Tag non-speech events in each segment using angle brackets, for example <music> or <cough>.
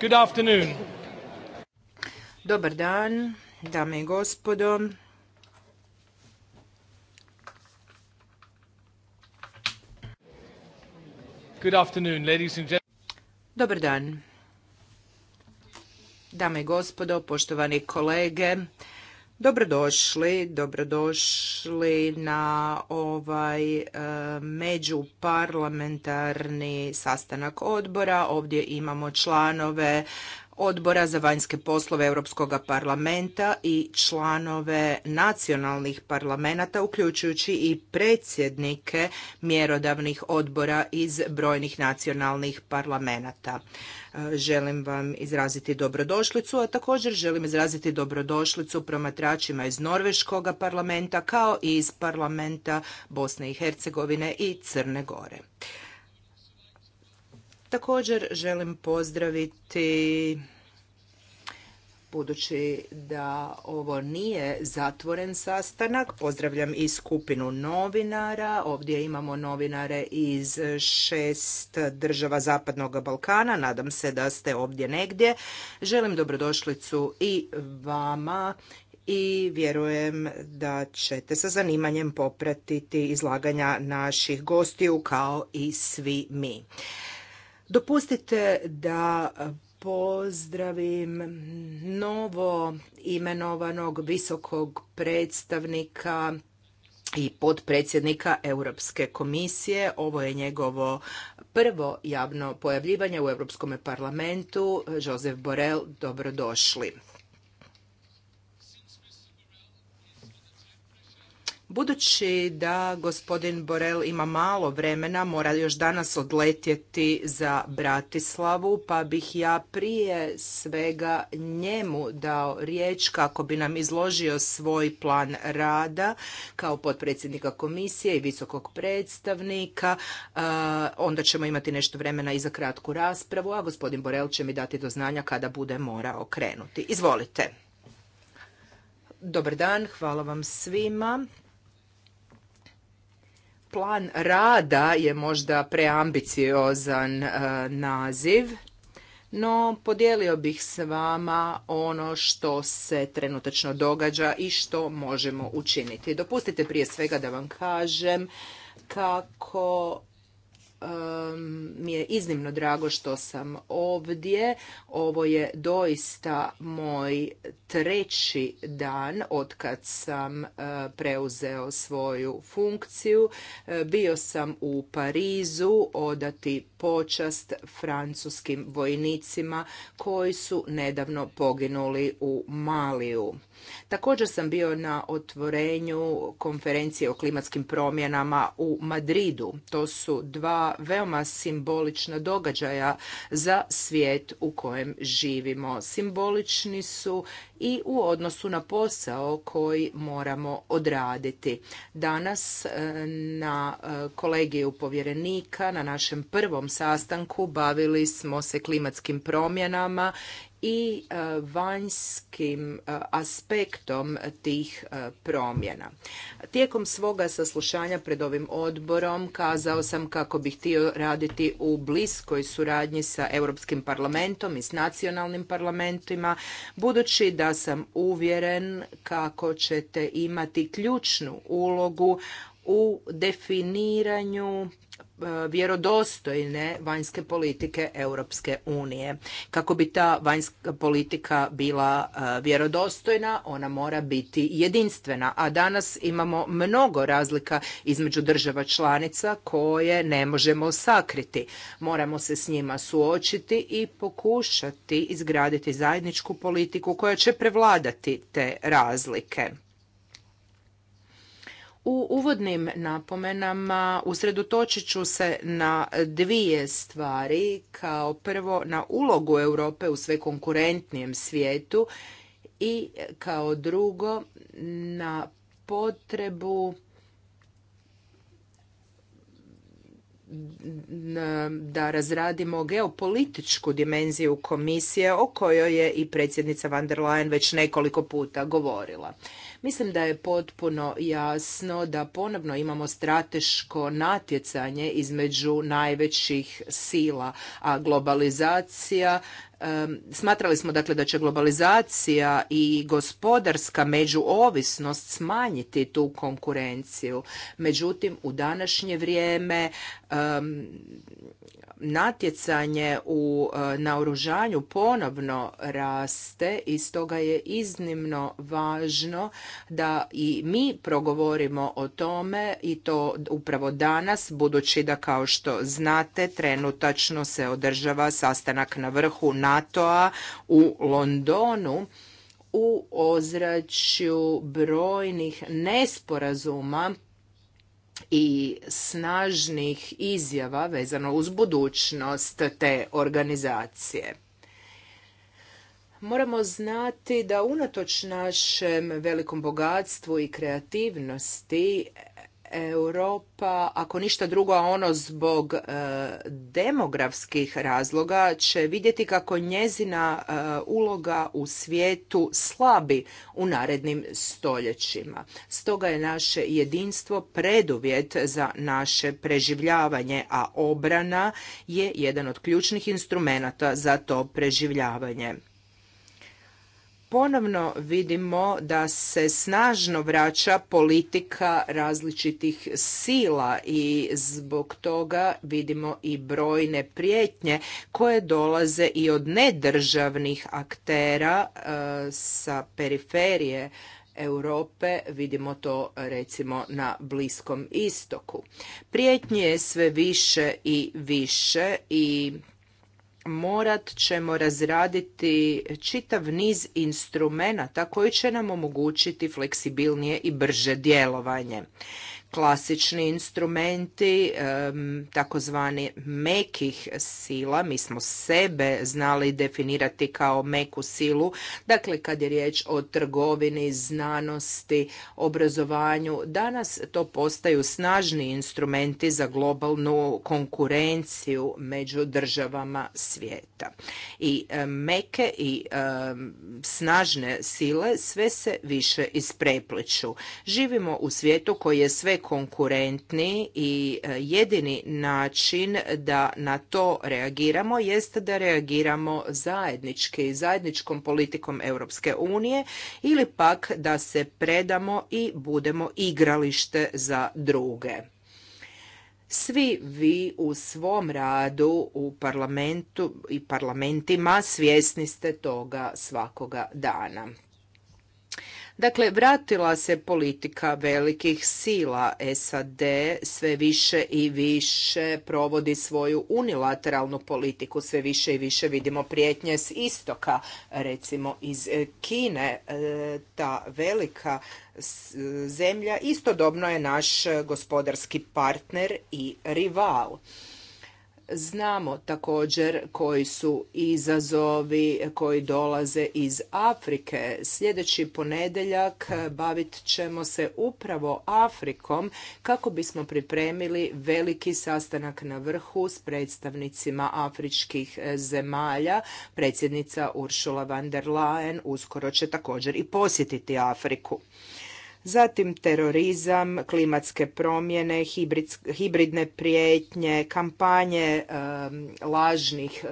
Good afternoon. Dobar dan, dame i gospodo. Good afternoon, ladies and gentlemen. Dobar dan. Dame i gospodo, poštovani kolege, Dobrodošli, dobrodošli na ovaj e, međuparlamentarni sastanak odbora. Ovdje imamo članove Odbora za vanjske poslove Europskog parlamenta i članove nacionalnih parlamenta, uključujući i predsjednike mjerodavnih odbora iz brojnih nacionalnih parlamenta. E, želim vam izraziti dobrodošlicu, a također želim izraziti dobrodošlicu promatračima iz Norveškoga parlamenta kao i iz parlamenta Bosne i Hercegovine i Crne Gore. Također želim pozdraviti budući da ovo nije zatvoren sastanak. Pozdravljam i skupinu novinara. Ovdje imamo novinare iz šest država Zapadnog Balkana. Nadam se da ste ovdje negdje. Želim dobrodošlicu i vama i vjerujem da ćete sa zanimanjem popratiti izlaganja naših gostiju kao i svi mi. Dopustite da pozdravim novo imenovanog visokog predstavnika i potpredsjednika Europske komisije. Ovo je njegovo prvo javno pojavljivanje u Europskom parlamentu. Josef Borel, dobrodošli. Budući da gospodin Borel ima malo vremena, mora još danas odletjeti za Bratislavu, pa bih ja prije svega njemu dao riječ kako bi nam izložio svoj plan rada kao potpredsjednika komisije i visokog predstavnika. E, onda ćemo imati nešto vremena i za kratku raspravu, a gospodin Borel će mi dati do znanja kada bude morao krenuti. Izvolite. Dobar dan, hvala vam svima plan rada je možda preambiciozan e, naziv, no podijelio bih s vama ono što se trenutačno događa i što možemo učiniti. Dopustite prije svega da vam kažem kako mi je iznimno drago što sam ovdje. Ovo je doista moj treći dan otkad sam eh, preuzeo svoju funkciju. Eh, bio sam u Parizu odati počast francuskim vojnicima koji su nedavno poginuli u Maliju. Također sam bio na otvorenju konferencije o klimatskim promjenama u Madridu. To su dva veoma simbolična događaja za svijet u kojem živimo. Simbolični su i u odnosu na posao koji moramo odraditi. Danas e, na e, kolegiju povjerenika, na našem prvom sastanku bavili smo se klimatskim promjenama i e, vanjskim e, aspektom tih e, promjena. Tijekom svoga saslušanja pred ovim odborom kazao sam kako bih htio raditi u bliskoj suradnji sa Europskim parlamentom i s nacionalnim parlamentima, budući da sam uvjeren kako ćete imati ključnu ulogu u definiranju E, vjerodostojne vanjske politike Europske unije. Kako bi ta vanjska politika bila e, vjerodostojna, ona mora biti jedinstvena, a danas imamo mnogo razlika između država članica koje ne možemo sakriti. Moramo se s njima suočiti i pokušati izgraditi zajedničku politiku koja će prevladati te razlike. U uvodnim napomenama usredotočit ću se na dvije stvari, kao prvo na ulogu Europe u sve konkurentnijem svijetu i kao drugo na potrebu da razradimo geopolitičku dimenziju komisije o kojoj je i predsjednica van der Leyen već nekoliko puta govorila. Mislim da je potpuno jasno da ponovno imamo strateško natjecanje između najvećih sila, a globalizacija Smatrali smo dakle da će globalizacija i gospodarska međuovisnost smanjiti tu konkurenciju. Međutim, u današnje vrijeme natjecanje u e, naoružanju ponovno raste i stoga je iznimno važno da i mi progovorimo o tome i to upravo danas budući da kao što znate trenutačno se održava sastanak na vrhu na nato u Londonu u ozračju brojnih nesporazuma i snažnih izjava vezano uz budućnost te organizacije. Moramo znati da unatoč našem velikom bogatstvu i kreativnosti Europa, ako ništa drugo, a ono zbog e, demografskih razloga, će vidjeti kako njezina e, uloga u svijetu slabi u narednim stoljećima. Stoga je naše jedinstvo preduvjet za naše preživljavanje, a obrana je jedan od ključnih instrumenata za to preživljavanje ponovno vidimo da se snažno vraća politika različitih sila i zbog toga vidimo i brojne prijetnje koje dolaze i od nedržavnih aktera e, sa periferije Europe, vidimo to recimo na Bliskom istoku. Prijetnje je sve više i više i morat ćemo razraditi čitav niz instrumenata koji će nam omogućiti fleksibilnije i brže djelovanje klasični instrumenti takozvani mekih sila. Mi smo sebe znali definirati kao meku silu. Dakle, kad je riječ o trgovini, znanosti, obrazovanju, danas to postaju snažni instrumenti za globalnu konkurenciju među državama svijeta. I meke i snažne sile sve se više isprepliču. Živimo u svijetu koji je sve konkurentni i e, jedini način da na to reagiramo jeste da reagiramo zajednički, zajedničkom politikom Europske unije ili pak da se predamo i budemo igralište za druge. Svi vi u svom radu u parlamentu i parlamentima svjesni ste toga svakoga dana. Dakle, vratila se politika velikih sila. SAD sve više i više provodi svoju unilateralnu politiku, sve više i više vidimo prijetnje s istoka, recimo iz Kine. E, ta velika zemlja istodobno je naš gospodarski partner i rival. Znamo također koji su izazovi koji dolaze iz Afrike. Sljedeći ponedjeljak bavit ćemo se upravo Afrikom kako bismo pripremili veliki sastanak na vrhu s predstavnicima afričkih zemalja. Predsjednica Uršula van der Leyen uskoro će također i posjetiti Afriku zatim terorizam, klimatske promjene, hibridne prijetnje, kampanje lažnih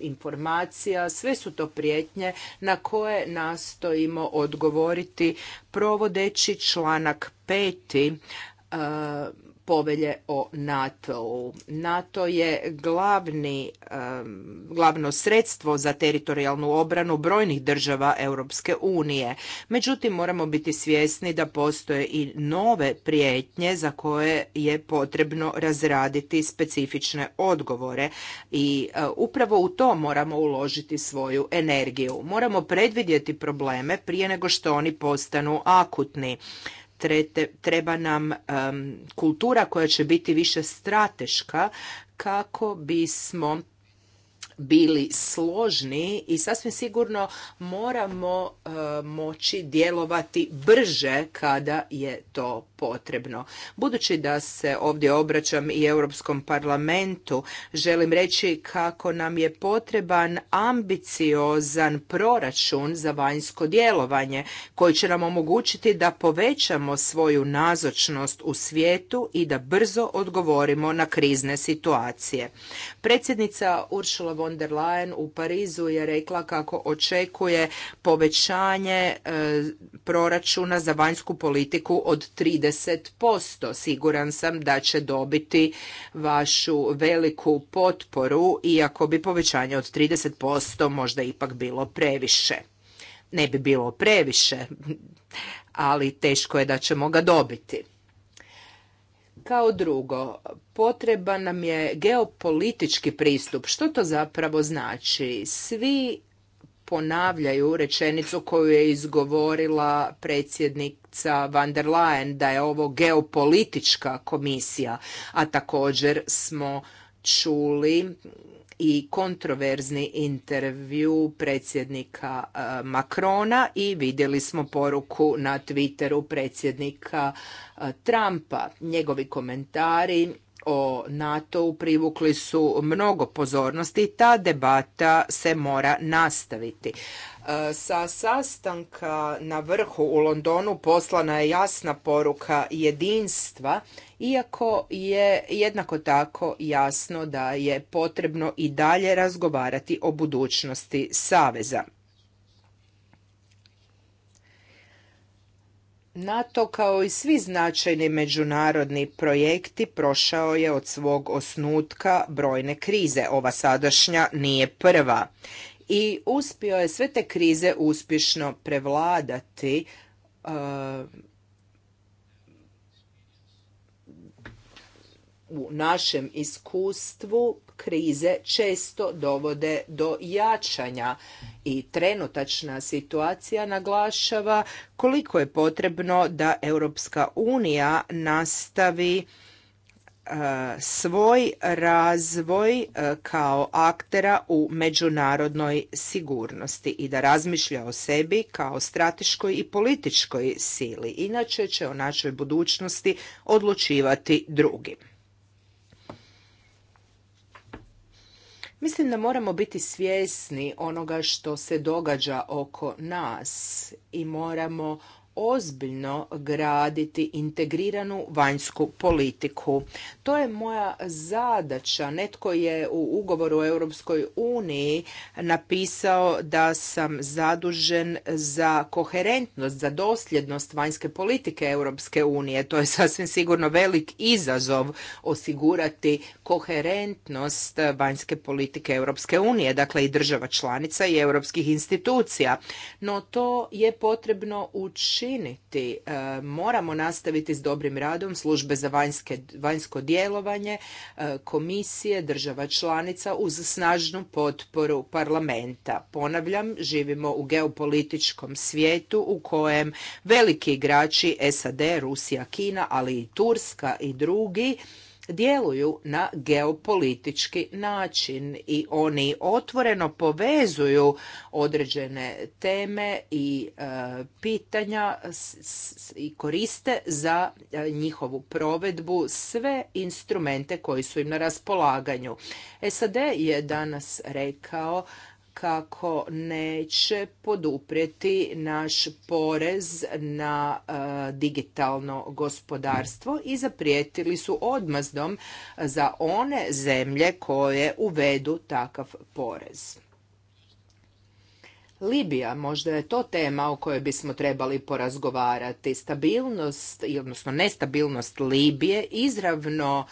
informacija, sve su to prijetnje na koje nastojimo odgovoriti provodeći članak peti povelje o NATO-u. NATO je glavni, glavno sredstvo za teritorijalnu obranu brojnih država Europske unije. Međutim, moramo biti svjesni da postoje i nove prijetnje za koje je potrebno razraditi specifične odgovore i e, upravo u to moramo uložiti svoju energiju. Moramo predvidjeti probleme prije nego što oni postanu akutni treba nam kultura koja će biti više strateška kako bismo bili složni i sasvim sigurno moramo e, moći djelovati brže kada je to potrebno. Budući da se ovdje obraćam i Europskom parlamentu, želim reći kako nam je potreban ambiciozan proračun za vanjsko djelovanje koji će nam omogućiti da povećamo svoju nazočnost u svijetu i da brzo odgovorimo na krizne situacije. Predsjednica Uršula von der Leyen u Parizu je rekla kako očekuje povećanje e, proračuna za vanjsku politiku od 30%. Siguran sam da će dobiti vašu veliku potporu, iako bi povećanje od 30% možda ipak bilo previše. Ne bi bilo previše, <laughs> ali teško je da ćemo ga dobiti. Kao drugo, potreban nam je geopolitički pristup. Što to zapravo znači? Svi ponavljaju rečenicu koju je izgovorila predsjednica van der Leyen da je ovo geopolitička komisija, a također smo čuli i kontroverzni intervju predsjednika e, Makrona i vidjeli smo poruku na Twitteru predsjednika e, Trumpa. Njegovi komentari o NATO-u privukli su mnogo pozornosti i ta debata se mora nastaviti. Sa sastanka na vrhu u Londonu poslana je jasna poruka jedinstva, iako je jednako tako jasno da je potrebno i dalje razgovarati o budućnosti Saveza. NATO kao i svi značajni međunarodni projekti prošao je od svog osnutka brojne krize. Ova sadašnja nije prva i uspio je sve te krize uspješno prevladati e, u našem iskustvu krize često dovode do jačanja i trenutačna situacija naglašava koliko je potrebno da Europska unija nastavi svoj razvoj e, kao aktera u međunarodnoj sigurnosti i da razmišlja o sebi kao strateškoj i političkoj sili. Inače će o našoj budućnosti odlučivati drugi. Mislim da moramo biti svjesni onoga što se događa oko nas i moramo ozbiljno graditi integriranu vanjsku politiku. To je moja zadaća. Netko je u ugovoru o Europskoj uniji napisao da sam zadužen za koherentnost, za dosljednost vanjske politike Europske unije. To je sasvim sigurno velik izazov osigurati koherentnost vanjske politike Europske unije, dakle i država članica i europskih institucija. No to je potrebno učiniti učiniti. E, moramo nastaviti s dobrim radom službe za vanjske, vanjsko djelovanje, e, komisije, država članica uz snažnu potporu parlamenta. Ponavljam, živimo u geopolitičkom svijetu u kojem veliki igrači SAD, Rusija, Kina, ali i Turska i drugi djeluju na geopolitički način i oni otvoreno povezuju određene teme i e, pitanja i koriste za e, njihovu provedbu sve instrumente koji su im na raspolaganju. SAD je danas rekao kako neće poduprijeti naš porez na e, digitalno gospodarstvo i zaprijetili su odmazdom za one zemlje koje uvedu takav porez. Libija, možda je to tema o kojoj bismo trebali porazgovarati. Stabilnost, odnosno nestabilnost Libije izravno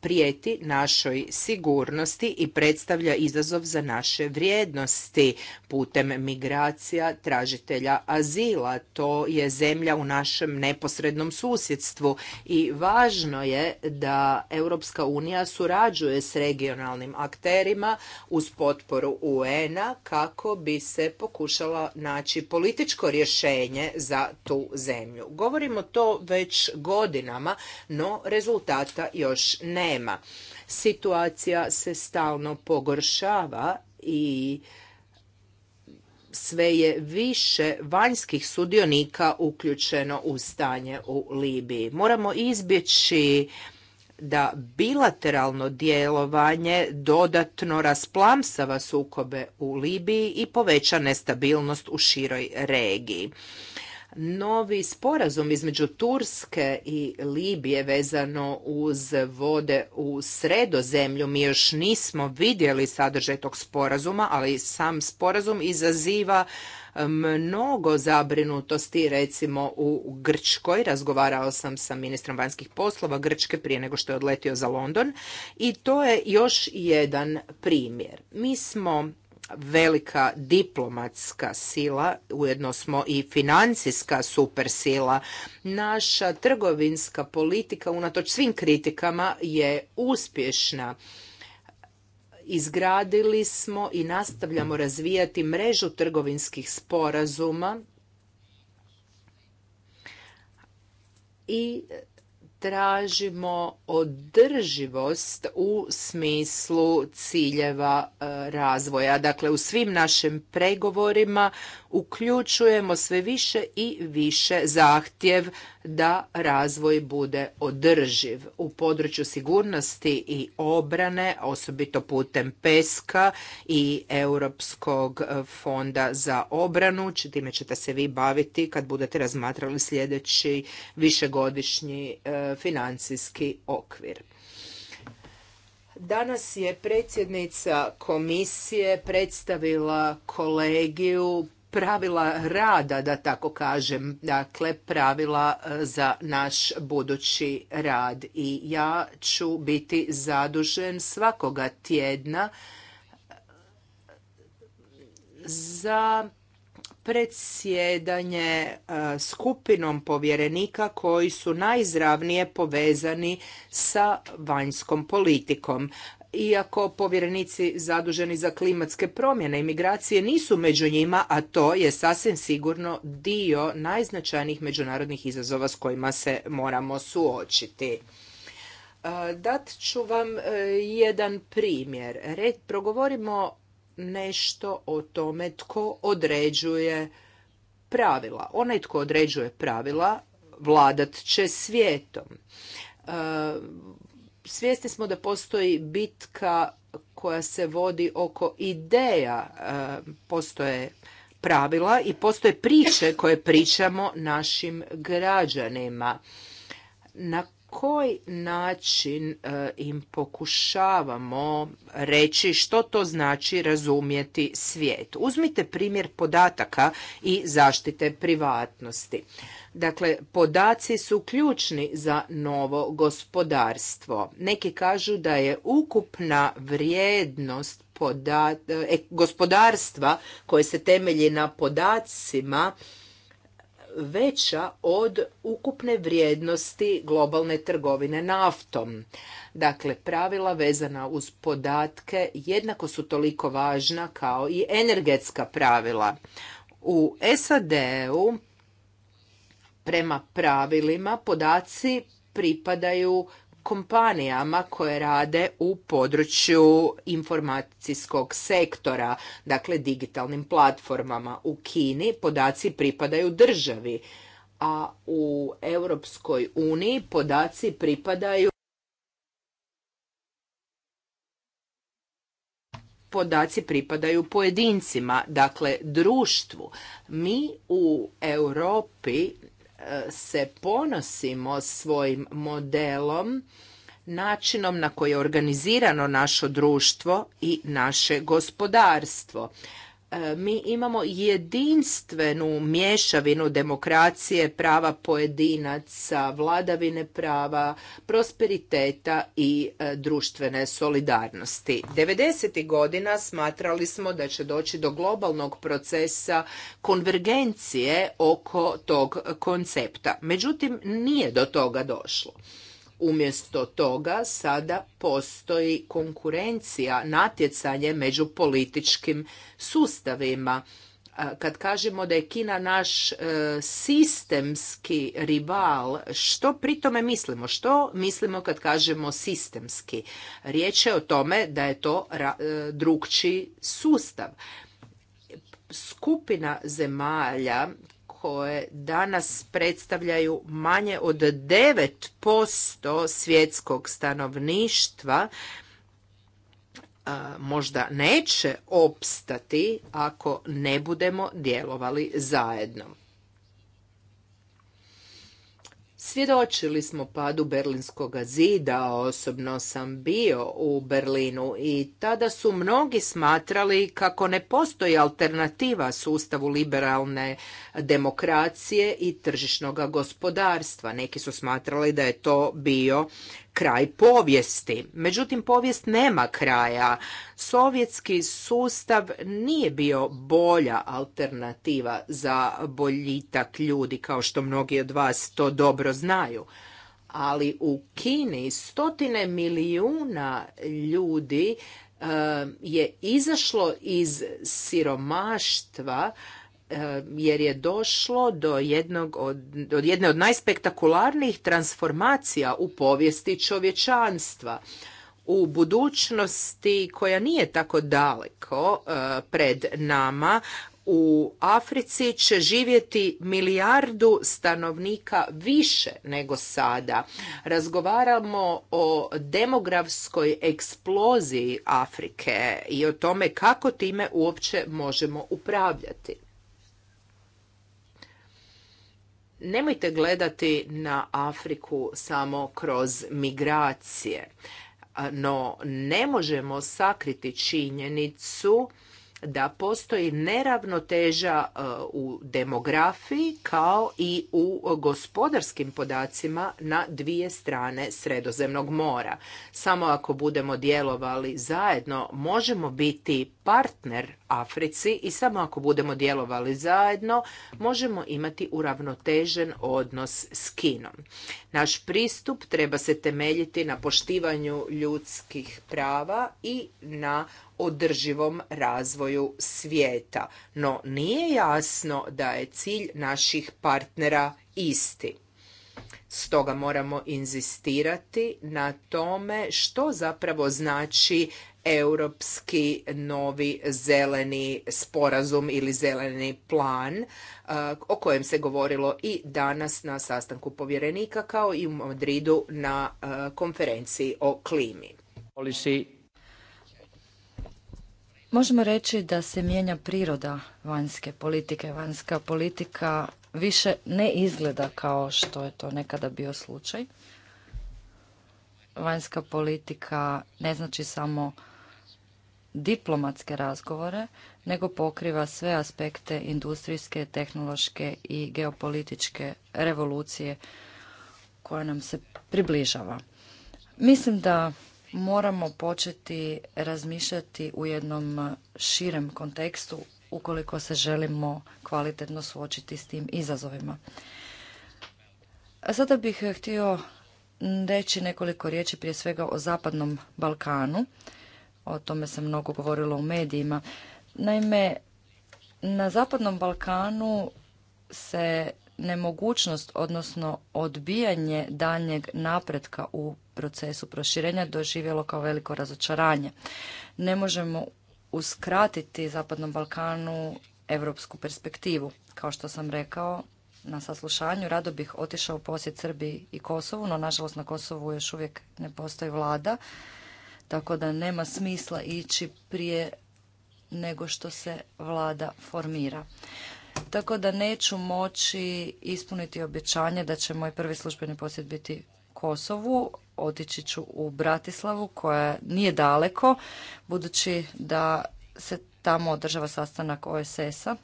prijeti našoj sigurnosti i predstavlja izazov za naše vrijednosti putem migracija tražitelja azila. To je zemlja u našem neposrednom susjedstvu i važno je da Europska unija surađuje s regionalnim akterima uz potporu UN-a kako bi se pokušala naći političko rješenje za tu zemlju. Govorimo to već godinama, no rezultata još ne nema. Situacija se stalno pogoršava i sve je više vanjskih sudionika uključeno u stanje u Libiji. Moramo izbjeći da bilateralno djelovanje dodatno rasplamsava sukobe u Libiji i poveća nestabilnost u široj regiji novi sporazum između Turske i Libije vezano uz vode u sredozemlju. Mi još nismo vidjeli sadržaj tog sporazuma, ali sam sporazum izaziva mnogo zabrinutosti recimo u Grčkoj. Razgovarao sam sa ministrom vanjskih poslova Grčke prije nego što je odletio za London i to je još jedan primjer. Mi smo velika diplomatska sila, ujedno smo i financijska supersila. Naša trgovinska politika, unatoč svim kritikama, je uspješna. Izgradili smo i nastavljamo razvijati mrežu trgovinskih sporazuma i tražimo održivost u smislu ciljeva e, razvoja. Dakle, u svim našim pregovorima uključujemo sve više i više zahtjev da razvoj bude održiv. U području sigurnosti i obrane, osobito putem PESKA i Europskog fonda za obranu, time ćete se vi baviti kad budete razmatrali sljedeći višegodišnji e, financijski okvir. Danas je predsjednica komisije predstavila kolegiju pravila rada, da tako kažem, dakle pravila e, za naš budući rad. I ja ću biti zadužen svakoga tjedna e, za predsjedanje e, skupinom povjerenika koji su najizravnije povezani sa vanjskom politikom iako povjerenici zaduženi za klimatske promjene i migracije nisu među njima, a to je sasvim sigurno dio najznačajnijih međunarodnih izazova s kojima se moramo suočiti. E, dat ću vam e, jedan primjer. Red, progovorimo nešto o tome tko određuje pravila. Onaj tko određuje pravila vladat će svijetom e, svjesni smo da postoji bitka koja se vodi oko ideja, e, postoje pravila i postoje priče koje pričamo našim građanima. Na koji način e, im pokušavamo reći što to znači razumjeti svijet. Uzmite primjer podataka i zaštite privatnosti. Dakle, podaci su ključni za novo gospodarstvo. Neki kažu da je ukupna vrijednost e, gospodarstva koje se temelji na podacima veća od ukupne vrijednosti globalne trgovine naftom. Dakle, pravila vezana uz podatke jednako su toliko važna kao i energetska pravila. U SAD-u Prema pravilima podaci pripadaju kompanijama koje rade u području informacijskog sektora, dakle digitalnim platformama. U Kini podaci pripadaju državi, a u Europskoj uniji podaci pripadaju podaci pripadaju pojedincima, dakle društvu. Mi u Europi se ponosimo svojim modelom, načinom na koji je organizirano naše društvo i naše gospodarstvo. E, mi imamo jedinstvenu mješavinu demokracije, prava pojedinaca, vladavine prava, prosperiteta i e, društvene solidarnosti. 90. godina smatrali smo da će doći do globalnog procesa konvergencije oko tog koncepta. Međutim, nije do toga došlo. Umjesto toga sada postoji konkurencija, natjecanje među političkim sustavima. Kad kažemo da je Kina naš e, sistemski rival, što pri tome mislimo? Što mislimo kad kažemo sistemski? Riječ je o tome da je to e, drugčiji sustav skupina zemalja koje danas predstavljaju manje od 9% svjetskog stanovništva možda neće opstati ako ne budemo djelovali zajedno. Svjedočili smo padu Berlinskog zida, osobno sam bio u Berlinu i tada su mnogi smatrali kako ne postoji alternativa sustavu liberalne demokracije i tržišnog gospodarstva. Neki su smatrali da je to bio kraj povijesti. Međutim, povijest nema kraja. Sovjetski sustav nije bio bolja alternativa za boljitak ljudi, kao što mnogi od vas to dobro znaju. Ali u Kini stotine milijuna ljudi eh, je izašlo iz siromaštva Eh, jer je došlo do, jednog od, do jedne od najspektakularnijih transformacija u povijesti čovječanstva u budućnosti koja nije tako daleko eh, pred nama u Africi će živjeti milijardu stanovnika više nego sada. Razgovaramo o demografskoj eksploziji Afrike i o tome kako time uopće možemo upravljati. nemojte gledati na Afriku samo kroz migracije, no ne možemo sakriti činjenicu da postoji neravnoteža e, u demografiji kao i u gospodarskim podacima na dvije strane Sredozemnog mora. Samo ako budemo djelovali zajedno možemo biti partner Africi i samo ako budemo djelovali zajedno možemo imati uravnotežen odnos s Kinom. Naš pristup treba se temeljiti na poštivanju ljudskih prava i na održivom razvoju svijeta, no nije jasno da je cilj naših partnera isti. Stoga moramo inzistirati na tome što zapravo znači europski novi zeleni sporazum ili zeleni plan o kojem se govorilo i danas na sastanku povjerenika kao i u Madridu na konferenciji o klimi. Možemo reći da se mijenja priroda vanjske politike. Vanjska politika više ne izgleda kao što je to nekada bio slučaj. Vanjska politika ne znači samo diplomatske razgovore, nego pokriva sve aspekte industrijske, tehnološke i geopolitičke revolucije koja nam se približava. Mislim da moramo početi razmišljati u jednom širem kontekstu ukoliko se želimo kvalitetno suočiti s tim izazovima. A sada bih htio reći nekoliko riječi prije svega o Zapadnom Balkanu. O tome se mnogo govorilo u medijima. Naime, na Zapadnom Balkanu se nemogućnost, odnosno odbijanje daljnjeg napretka u procesu proširenja doživjelo kao veliko razočaranje. Ne možemo uskratiti Zapadnom Balkanu europsku perspektivu. Kao što sam rekao, na saslušanju rado bih otišao u posjet Srbiji i Kosovu, no nažalost na Kosovu još uvijek ne postoji vlada, tako da nema smisla ići prije nego što se vlada formira. Tako da neću moći ispuniti obećanje da će moj prvi službeni posjet biti Kosovu. Otići ću u Bratislavu koja nije daleko, budući da se tamo održava sastanak OSS-a,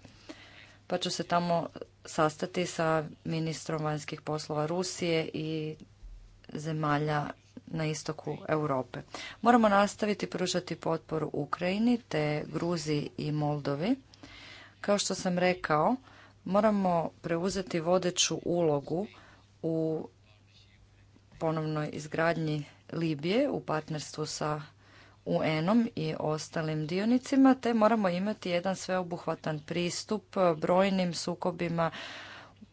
pa ću se tamo sastati sa ministrom vanjskih poslova Rusije i zemalja na istoku Europe. Moramo nastaviti pružati potporu Ukrajini te Gruziji i Moldovi. Kao što sam rekao, moramo preuzeti vodeću ulogu u ponovnoj izgradnji Libije u partnerstvu sa UN-om i ostalim dionicima, te moramo imati jedan sveobuhvatan pristup brojnim sukobima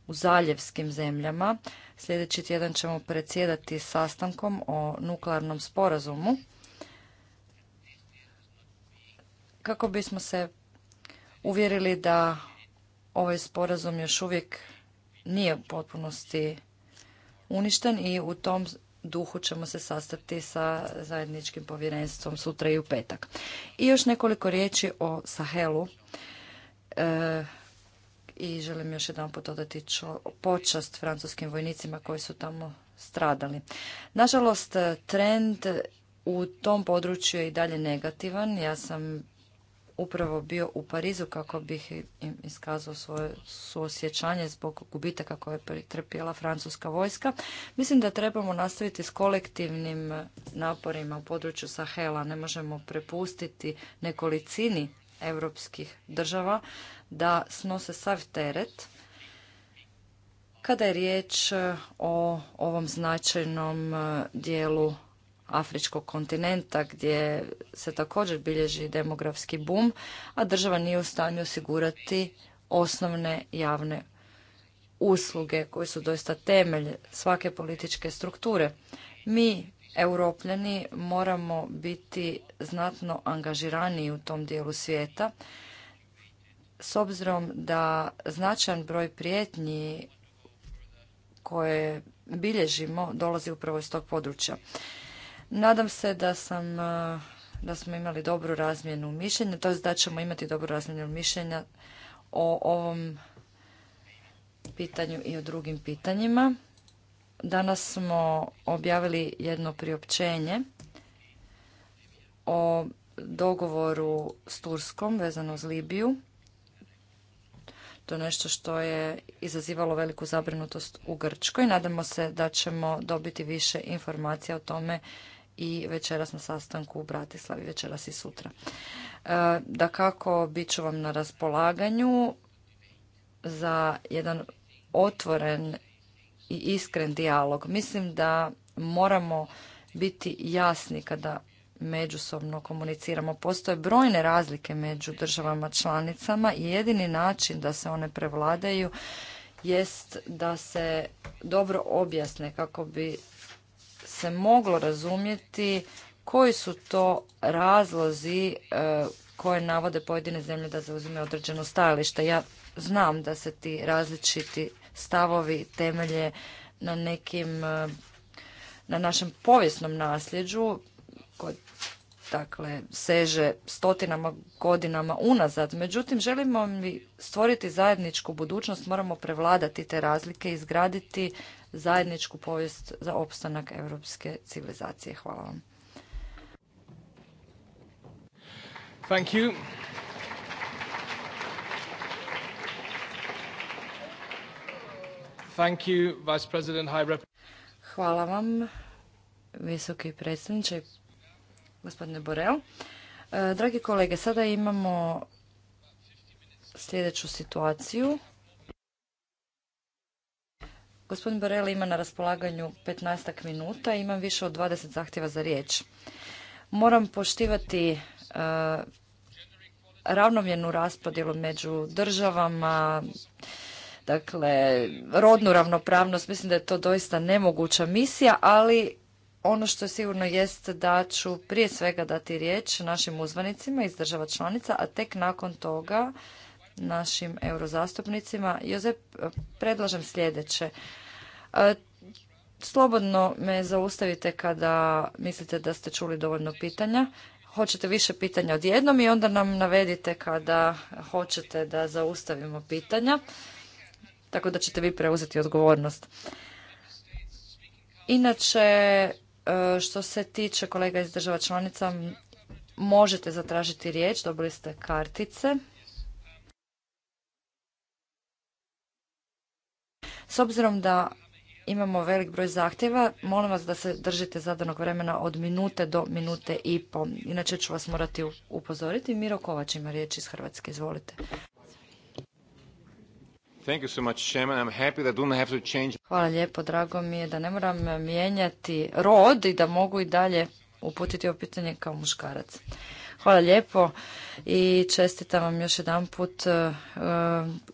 u zaljevskim zemljama. Sljedeći tjedan ćemo predsjedati sastankom o nuklearnom sporazumu kako bismo se uvjerili da ovaj sporazum još uvijek nije u potpunosti uništen i u tom duhu ćemo se sastati sa zajedničkim povjerenstvom sutra i u petak. I još nekoliko riječi o Sahelu. E, I želim još jedan pot odati počast francuskim vojnicima koji su tamo stradali. Nažalost, trend u tom području je i dalje negativan. Ja sam upravo bio u Parizu kako bih im iskazao svoje suosjećanje zbog gubitaka koje je pretrpjela francuska vojska. Mislim da trebamo nastaviti s kolektivnim eh, naporima u području Sahela. Ne možemo prepustiti nekolicini europskih država da snose sav teret kada je riječ eh, o ovom značajnom eh, dijelu afričkog kontinenta gdje se također bilježi demografski bum, a država nije u stanju osigurati osnovne javne usluge koje su doista temelj svake političke strukture. Mi, europljani, moramo biti znatno angažiraniji u tom dijelu svijeta s obzirom da značajan broj prijetnji koje bilježimo dolazi upravo iz tog područja. Nadam se da sam e, da smo imali dobru razmjenu mišljenja, to da ćemo imati dobru razmjenu mišljenja o ovom pitanju i o drugim pitanjima. Danas smo objavili jedno priopćenje o dogovoru s Turskom vezano uz Libiju. To je nešto što je izazivalo veliku zabrinutost u Grčkoj. Nadamo se da ćemo dobiti više informacija o tome i večeras na sastanku u Bratislavi, večeras i sutra. E, da kako, bit ću vam na raspolaganju za jedan otvoren i iskren dijalog. Mislim da moramo biti jasni kada međusobno komuniciramo. Postoje brojne razlike među državama članicama i jedini način da se one prevladaju jest da se dobro objasne kako bi se moglo razumjeti koji su to razlozi e, koje navode pojedine zemlje da zauzime određeno stajalište. Ja znam da se ti različiti stavovi temelje na nekim, e, na našem povijesnom nasljeđu, koje dakle, seže stotinama godinama unazad. Međutim, želimo mi stvoriti zajedničku budućnost, moramo prevladati te razlike, izgraditi zajedničku povijest za opstanak europske civilizacije. Hvala vam. Thank you. Thank you, Vice President High Hvala vam, visoki predsjedniče, gospodine Borel. E, dragi kolege, sada imamo sljedeću situaciju. Gospodin Borel ima na raspolaganju 15 minuta i imam više od 20 zahtjeva za riječ. Moram poštivati e, ravnomjernu raspodjelu među državama, dakle, rodnu ravnopravnost. Mislim da je to doista nemoguća misija, ali ono što sigurno jest da ću prije svega dati riječ našim uzvanicima iz država članica, a tek nakon toga našim eurozastupnicima. Jozef, predlažem sljedeće. Slobodno me zaustavite kada mislite da ste čuli dovoljno pitanja. Hoćete više pitanja odjednom i onda nam navedite kada hoćete da zaustavimo pitanja. Tako da ćete vi preuzeti odgovornost. Inače, e, što se tiče kolega iz država članica, možete zatražiti riječ, dobili ste kartice. S obzirom da imamo velik broj zahtjeva. Molim vas da se držite zadanog vremena od minute do minute i po. Inače ću vas morati upozoriti. Miro Kovač ima riječ iz Hrvatske. Izvolite. Hvala lijepo, drago mi je da ne moram mijenjati rod i da mogu i dalje uputiti ovo pitanje kao muškarac. Hvala lijepo i čestitam vam još jedan put, eh, eh,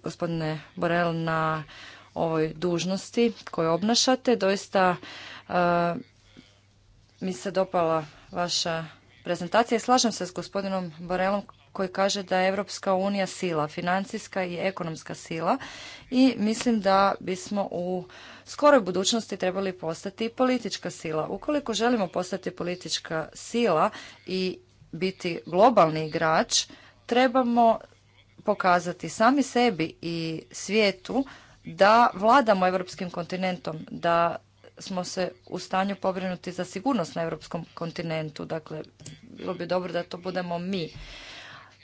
gospodine Borel, na ovoj dužnosti koju obnašate. Doista e, mi se dopala vaša prezentacija i slažem se s gospodinom Borelom koji kaže da je Europska unija sila, financijska i ekonomska sila i mislim da bismo u skoroj budućnosti trebali postati politička sila. Ukoliko želimo postati politička sila i biti globalni igrač, trebamo pokazati sami sebi i svijetu da vladamo europskim kontinentom, da smo se u stanju pobrinuti za sigurnost na europskom kontinentu. Dakle, bilo bi dobro da to budemo mi.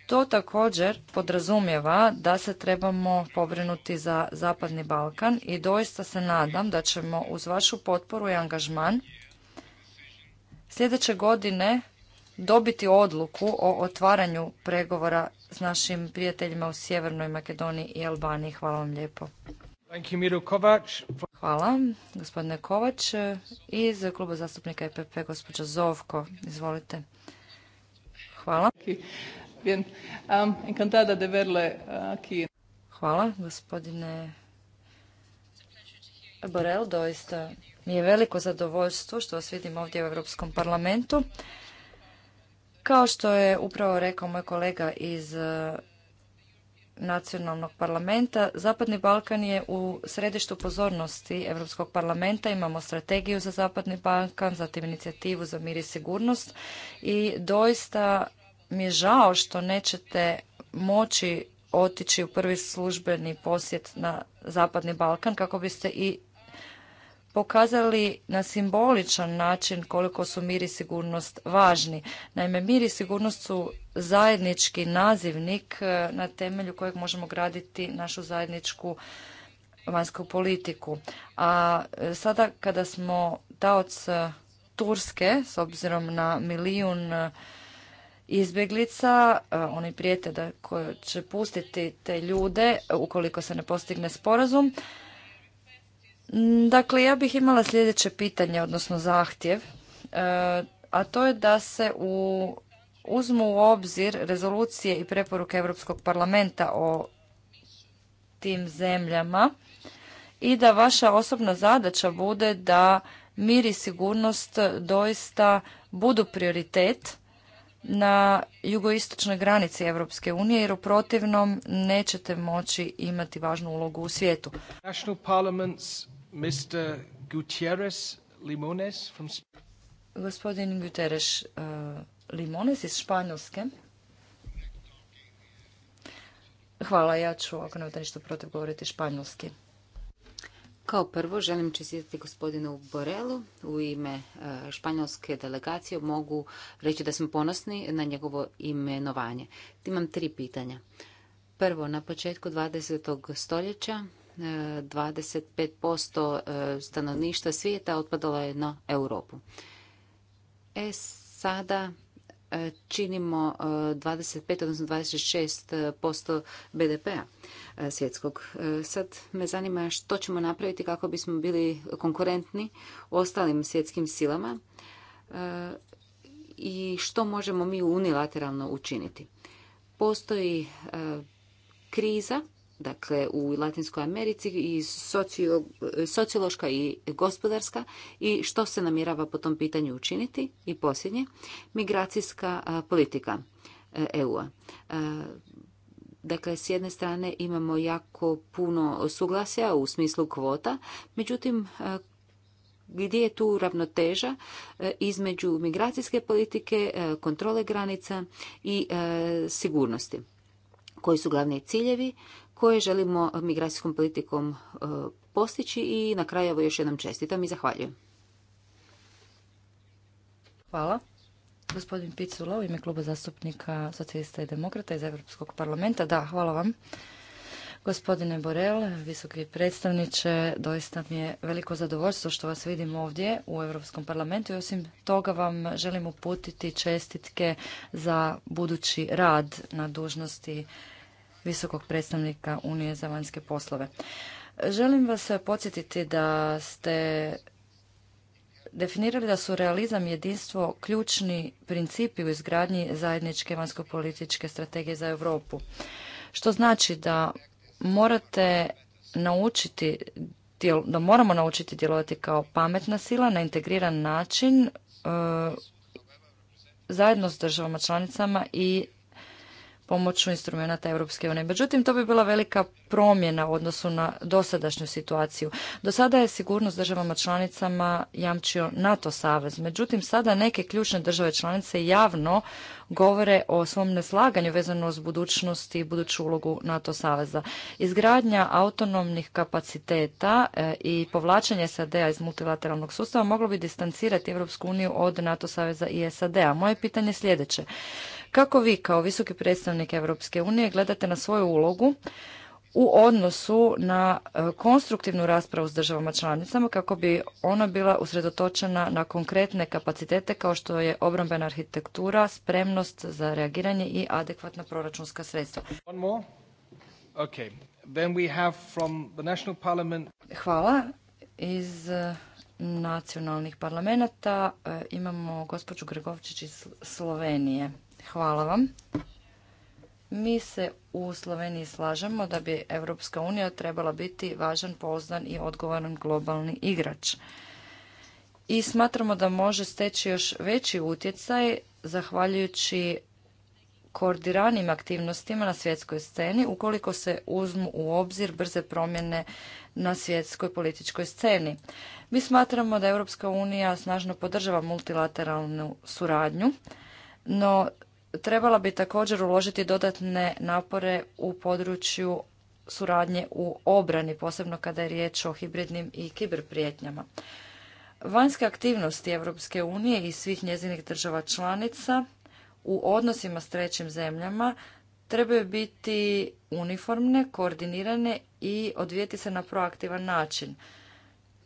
To također podrazumijeva da se trebamo pobrinuti za Zapadni Balkan i doista se nadam da ćemo uz vašu potporu i angažman sljedeće godine dobiti odluku o otvaranju pregovora s našim prijateljima u Sjevernoj Makedoniji i Albaniji. Hvala vam lijepo. Hvala, gospodine Kovač. Iz kluba zastupnika EPP, gospođa Zovko, izvolite. Hvala. Hvala, gospodine Borel, doista mi je veliko zadovoljstvo što vas vidim ovdje u Europskom parlamentu. Kao što je upravo rekao moj kolega iz nacionalnog parlamenta. Zapadni Balkan je u središtu pozornosti Europskog parlamenta. Imamo strategiju za Zapadni Balkan, zatim inicijativu za mir i sigurnost i doista mi je žao što nećete moći otići u prvi službeni posjet na Zapadni Balkan kako biste i pokazali na simboličan način koliko su mir i sigurnost važni. Naime, mir i sigurnost su zajednički nazivnik e, na temelju kojeg možemo graditi našu zajedničku vanjsku politiku. A e, sada kada smo taoc e, Turske, s obzirom na milijun izbjeglica, oni prijete da će pustiti te ljude ukoliko se ne postigne sporazum, Mm, dakle, ja bih imala sljedeće pitanje, odnosno zahtjev, e, a to je da se u, uzmu u obzir rezolucije i preporuke Europskog parlamenta o tim zemljama i da vaša osobna zadaća bude da mir i sigurnost doista budu prioritet na jugoistočnoj granici Europske unije jer u protivnom nećete moći imati važnu ulogu u svijetu. Mr. Gospodin Gutierrez uh, Limones iz Španjolske. Hvala, ja ću ako nemate ništa protiv govoriti španjolski. Kao prvo želim čestitati gospodinu Borelu u ime uh, španjolske delegacije. Mogu reći da sam ponosni na njegovo imenovanje. Imam tri pitanja. Prvo, na početku 20. stoljeća 25% e, stanovništva svijeta otpadalo je na Europu. E sada e, činimo 25 e, odnosno 26% BDP-a svjetskog. Sad me zanima što ćemo napraviti kako bismo bili konkurentni ostalim svjetskim silama i što možemo mi unilateralno učiniti. Postoji kriza dakle u Latinskoj Americi i sociološka i gospodarska i što se namjerava po tom pitanju učiniti i posljednje migracijska politika e, EU-a. E, dakle, s jedne strane imamo jako puno suglasja u smislu kvota, međutim, gdje je tu ravnoteža e, između migracijske politike, kontrole granica i sigurnosti? Koji su glavni ciljevi? koje želimo eh, migracijskom politikom eh, postići i na kraju evo još jednom čestitam i zahvaljujem. Hvala. Gospodin Picula u ime kluba zastupnika socijalista i demokrata iz Europskog parlamenta. Da, hvala vam. Gospodine Borel, visoki predstavniče, doista mi je veliko zadovoljstvo što vas vidim ovdje u Europskom parlamentu i osim toga vam želim uputiti čestitke za budući rad na dužnosti visokog predstavnika Unije za vanjske poslove. Želim vas podsjetiti da ste definirali da su realizam i jedinstvo ključni principi u izgradnji zajedničke vanjsko-političke strategije za Europu. Što znači da morate naučiti da moramo naučiti djelovati kao pametna sila na integriran način e, zajedno s državama članicama i pomoću instrumenta Europske unije. Međutim, to bi bila velika promjena u odnosu na dosadašnju situaciju. Do sada je sigurnost državama članicama jamčio NATO savez. Međutim, sada neke ključne države članice javno govore o svom neslaganju vezano uz budućnost i buduću ulogu NATO saveza. Izgradnja autonomnih kapaciteta eh, i povlačenje SAD-a iz multilateralnog sustava moglo bi distancirati Europsku uniju od NATO saveza i SAD-a. Moje pitanje je sljedeće. Kako vi kao visoki predstavnik Europske unije gledate na svoju ulogu u odnosu na e, konstruktivnu raspravu s državama članicama kako bi ona bila usredotočena na konkretne kapacitete kao što je obrambena arhitektura, spremnost za reagiranje i adekvatna proračunska sredstva. Hvala. Iz e, nacionalnih parlamenta e, imamo gospođu Gregovčić iz Slovenije. Hvala vam. Mi se u Sloveniji slažemo da bi Europska unija trebala biti važan, poznan i odgovoran globalni igrač. I smatramo da može steći još veći utjecaj zahvaljujući koordiranim aktivnostima na svjetskoj sceni ukoliko se uzmu u obzir brze promjene na svjetskoj političkoj sceni. Mi smatramo da Europska unija snažno podržava multilateralnu suradnju, no trebala bi također uložiti dodatne napore u području suradnje u obrani, posebno kada je riječ o hibridnim i prijetnjama. Vanjske aktivnosti Europske unije i svih njezinih država članica u odnosima s trećim zemljama trebaju biti uniformne, koordinirane i odvijeti se na proaktivan način.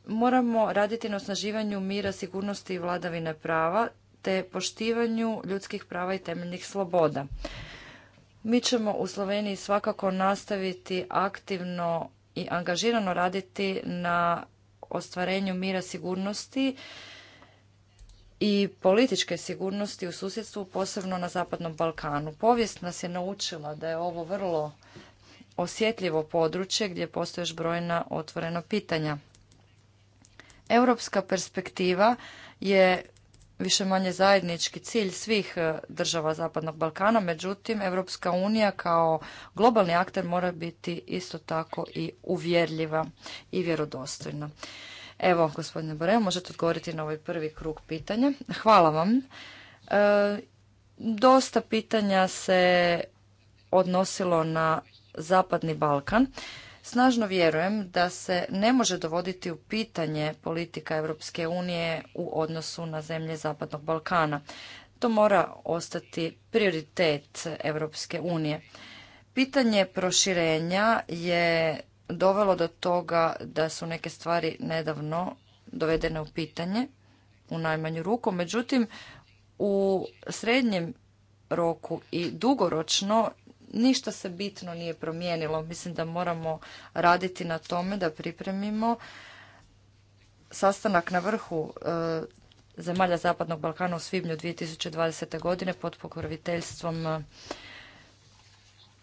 Moramo raditi na osnaživanju mira, sigurnosti i vladavine prava te poštivanju ljudskih prava i temeljnih sloboda. Mi ćemo u Sloveniji svakako nastaviti aktivno i angažirano raditi na ostvarenju mira sigurnosti i političke sigurnosti u susjedstvu, posebno na Zapadnom Balkanu. Povijest nas je naučila da je ovo vrlo osjetljivo područje gdje postoje još brojna otvorena pitanja. Europska perspektiva je više manje zajednički cilj svih e, država Zapadnog Balkana, međutim Europska unija kao globalni akter mora biti isto tako i uvjerljiva i vjerodostojna. Evo, gospodine Boreo, možete odgovoriti na ovaj prvi krug pitanja. Hvala vam. E, dosta pitanja se odnosilo na Zapadni Balkan. Snažno vjerujem da se ne može dovoditi u pitanje politika Europske unije u odnosu na zemlje Zapadnog Balkana. To mora ostati prioritet Europske unije. Pitanje proširenja je dovelo do toga da su neke stvari nedavno dovedene u pitanje, u najmanju ruku. Međutim, u srednjem roku i dugoročno ništa se bitno nije promijenilo. Mislim da moramo raditi na tome da pripremimo sastanak na vrhu e, zemalja Zapadnog Balkana u svibnju 2020. godine pod pokroviteljstvom e,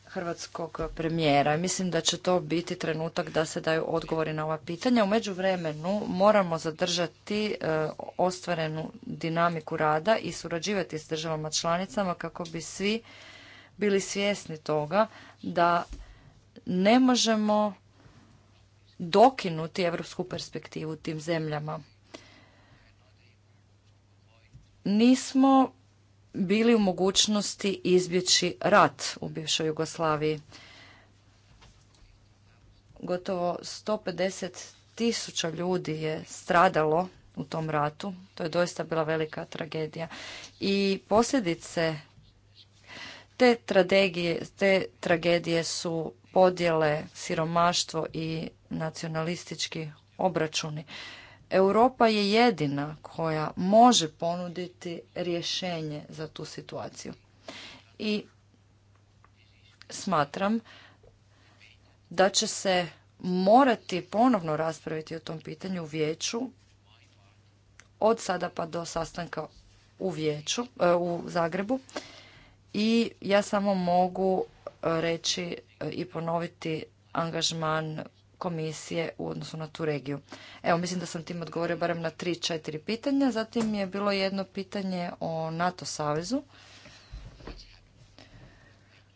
hrvatskog premijera. Mislim da će to biti trenutak da se daju odgovori na ova pitanja. U međuvremenu moramo zadržati e, ostvarenu dinamiku rada i surađivati s državama članicama kako bi svi bili svjesni toga da ne možemo dokinuti europsku perspektivu tim zemljama. Nismo bili u mogućnosti izbjeći rat u bivšoj Jugoslaviji. Gotovo 150 tisuća ljudi je stradalo u tom ratu. To je doista bila velika tragedija. I posljedice te, te tragedije su podjele, siromaštvo i nacionalistički obračuni. Europa je jedina koja može ponuditi rješenje za tu situaciju. I smatram da će se morati ponovno raspraviti o tom pitanju u vijeću od sada pa do sastanka u vijeću e, u Zagrebu i ja samo mogu e, reći e, i ponoviti angažman komisije u odnosu na tu regiju. Evo, mislim da sam tim odgovorio barem na tri, četiri pitanja. Zatim je bilo jedno pitanje o NATO savezu.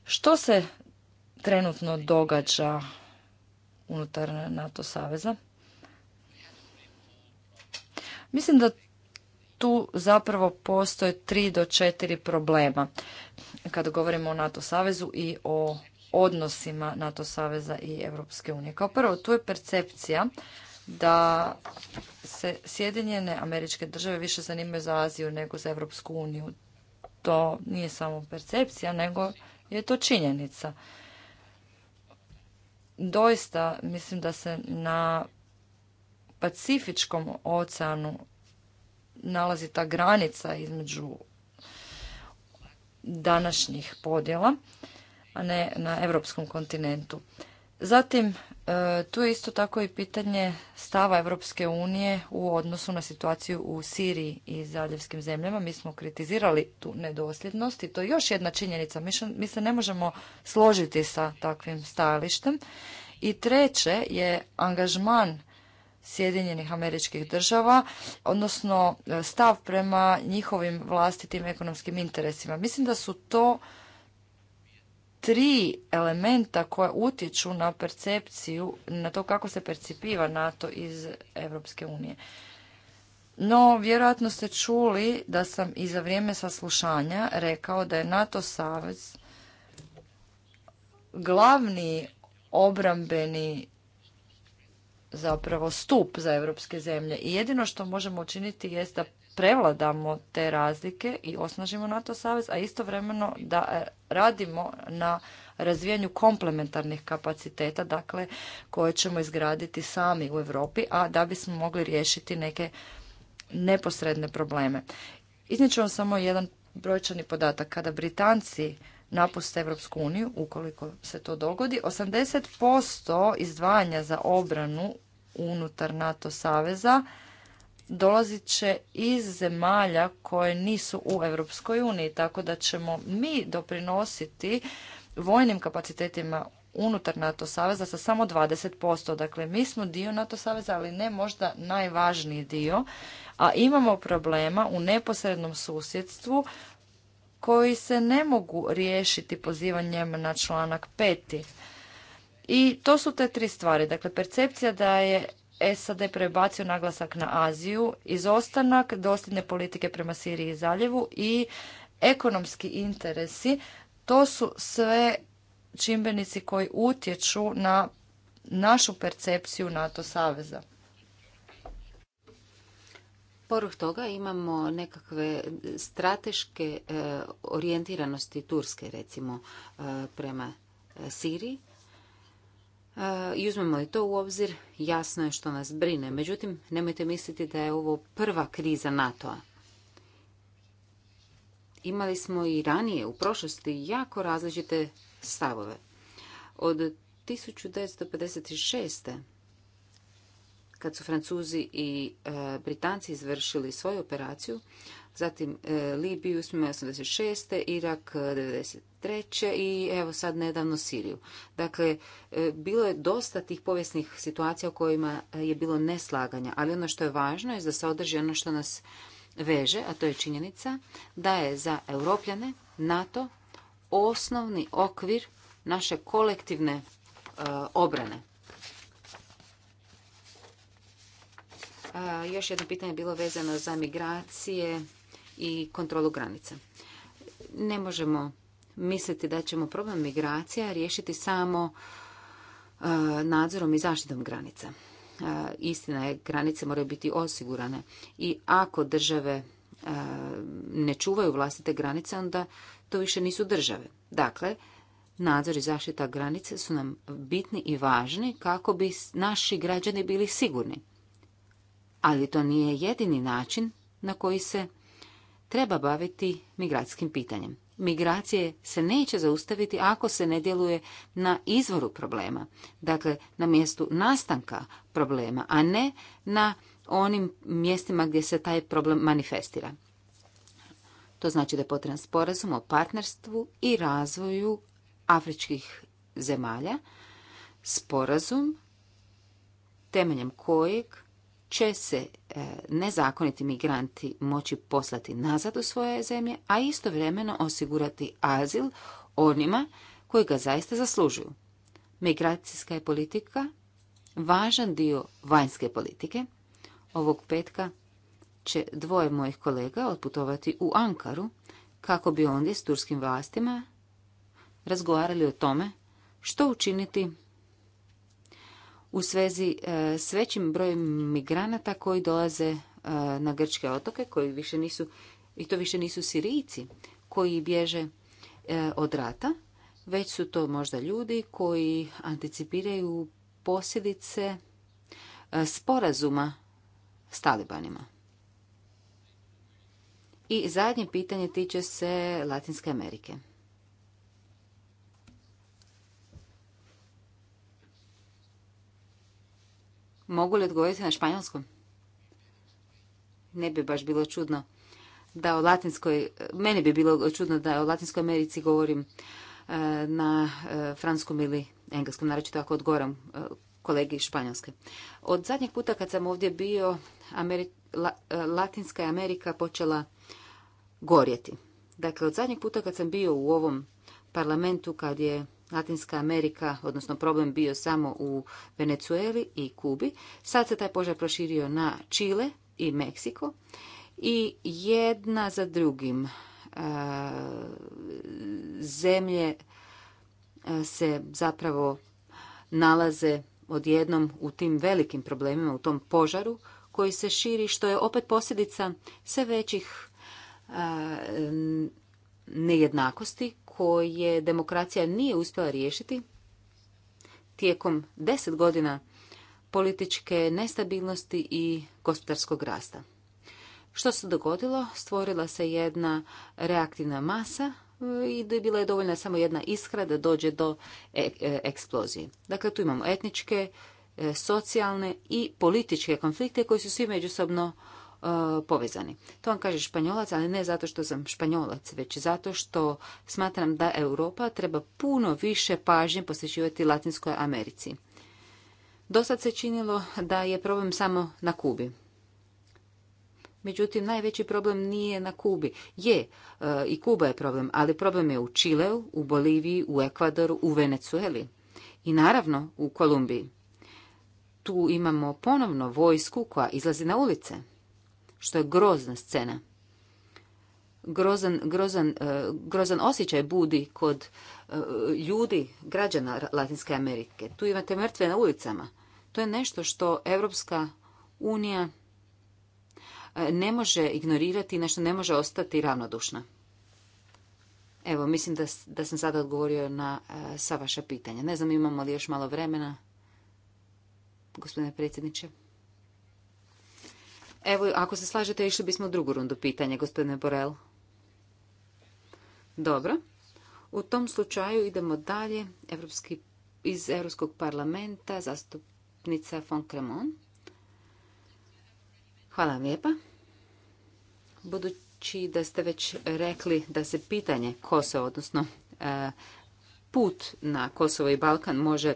Što se trenutno događa unutar NATO saveza? Mislim da tu zapravo postoje tri do četiri problema kada govorimo o NATO savezu i o odnosima NATO saveza i Europske unije. Kao prvo, tu je percepcija da se Sjedinjene američke države više zanimaju za Aziju nego za Europsku uniju. To nije samo percepcija, nego je to činjenica. Doista mislim da se na Pacifičkom oceanu nalazi ta granica između današnjih podjela, a ne na europskom kontinentu. Zatim, e, tu je isto tako i pitanje stava Europske unije u odnosu na situaciju u Siriji i zaljevskim zemljama. Mi smo kritizirali tu nedosljednost i to je još jedna činjenica. Mi se ne možemo složiti sa takvim stajalištem. I treće je angažman Sjedinjenih američkih država, odnosno e, stav prema njihovim vlastitim ekonomskim interesima. Mislim da su to tri elementa koja utječu na percepciju, na to kako se percipiva NATO iz Europske unije. No, vjerojatno ste čuli da sam i za vrijeme saslušanja rekao da je NATO savez glavni obrambeni zapravo stup za europske zemlje i jedino što možemo učiniti jest da prevladamo te razlike i osnažimo NATO savez, a istovremeno da e, radimo na razvijanju komplementarnih kapaciteta, dakle koje ćemo izgraditi sami u Europi, a da bismo mogli riješiti neke neposredne probleme. Iznijet ću vam samo jedan brojčani podatak. Kada Britanci napuste Evropsku uniju, ukoliko se to dogodi. 80% izdvajanja za obranu unutar NATO saveza dolazit će iz zemalja koje nisu u Europskoj uniji, tako da ćemo mi doprinositi vojnim kapacitetima unutar NATO saveza sa samo 20%. Dakle, mi smo dio NATO saveza, ali ne možda najvažniji dio, a imamo problema u neposrednom susjedstvu koji se ne mogu riješiti pozivanjem na članak peti. I to su te tri stvari. Dakle, percepcija da je SAD prebacio naglasak na Aziju, izostanak dosljedne politike prema Siriji i zaljevu i ekonomski interesi, to su sve čimbenici koji utječu na našu percepciju NATO saveza. Poruh toga imamo nekakve strateške e, orijentiranosti Turske, recimo, e, prema e, Siriji. I uzmemo li to u obzir, jasno je što nas brine. Međutim, nemojte misliti da je ovo prva kriza NATO-a. Imali smo i ranije u prošlosti jako različite stavove. Od 1956 kad su Francuzi i e, Britanci izvršili svoju operaciju, zatim e, Libiju smo 86. Irak 93. E, i evo sad nedavno Siriju. Dakle, bilo je dosta tih povijesnih situacija u kojima je bilo neslaganja, ali ono što je važno je da se održi ono što nas veže, a to je činjenica da je za europljane NATO osnovni okvir naše kolektivne obrane. Još jedno pitanje je bilo vezano za migracije i kontrolu granica. Ne možemo misliti da ćemo problem migracija riješiti samo nadzorom i zaštitom granica. Istina je, granice moraju biti osigurane i ako države ne čuvaju vlastite granice, onda to više nisu države. Dakle, nadzor i zaštita granice su nam bitni i važni kako bi naši građani bili sigurni ali to nije jedini način na koji se treba baviti migratskim pitanjem. Migracije se neće zaustaviti ako se ne djeluje na izvoru problema, dakle na mjestu nastanka problema, a ne na onim mjestima gdje se taj problem manifestira. To znači da je potreban sporazum o partnerstvu i razvoju afričkih zemalja, sporazum temeljem kojeg će se e, nezakoniti migranti moći poslati nazad u svoje zemlje, a istovremeno osigurati azil onima koji ga zaista zaslužuju. Migracijska je politika važan dio vanjske politike. Ovog petka će dvoje mojih kolega otputovati u Ankaru kako bi ondje s turskim vlastima razgovarali o tome što učiniti u svezi e, s većim brojem migranata koji dolaze e, na grčke otoke, koji više nisu, i to više nisu Sirijci koji bježe e, od rata, već su to možda ljudi koji anticipiraju posljedice sporazuma s talibanima. I zadnje pitanje tiče se Latinske Amerike. Mogu li odgovoriti na španjolskom? Ne bi baš bilo čudno da o latinskoj, meni bi bilo čudno da o Latinskoj Americi govorim e, na e, franskom ili engleskom, naročito tako odgovoram e, kolegi iz Španjolske. Od zadnjeg puta kad sam ovdje bio, Latinska Amerika počela gorjeti. Dakle, od zadnjeg puta kad sam bio u ovom parlamentu, kad je Latinska Amerika, odnosno problem bio samo u Venecueli i Kubi. Sad se taj požar proširio na Čile i Meksiko i jedna za drugim e, zemlje e, se zapravo nalaze odjednom u tim velikim problemima, u tom požaru koji se širi, što je opet posljedica sve većih e, nejednakosti koje demokracija nije uspjela riješiti tijekom deset godina političke nestabilnosti i gospodarskog rasta. Što se dogodilo? Stvorila se jedna reaktivna masa e, i bila je dovoljna samo jedna iskra da dođe do e, e, eksplozije. Dakle, tu imamo etničke, socijalne i političke konflikte koji su svi međusobno E, povezani. To vam kaže Španjolac, ali ne zato što sam Španjolac, već zato što smatram da Europa treba puno više pažnje posvećivati Latinskoj Americi. Dosad se činilo da je problem samo na Kubi. Međutim, najveći problem nije na Kubi. Je, e, i Kuba je problem, ali problem je u Čileu, u Boliviji, u Ekvadoru, u Venecueli i naravno u Kolumbiji. Tu imamo ponovno vojsku koja izlazi na ulice što je grozna scena. Grozan, grozan, e, grozan osjećaj budi kod e, ljudi, građana Latinske Amerike. Tu imate mrtve na ulicama. To je nešto što Europska unija e, ne može ignorirati i ne može ostati ravnodušna. Evo, mislim da, da sam sada odgovorio na sva vaša pitanja. Ne znam imamo li još malo vremena, gospodine predsjedniče. Evo, ako se slažete, išli bismo u drugu rundu pitanja, gospodine Borel. Dobro. U tom slučaju idemo dalje. Evropski, iz Europskog parlamenta zastupnica von Kremon. Hvala vam lijepa. Budući da ste već rekli da se pitanje Kosova, odnosno e, put na Kosovo i Balkan može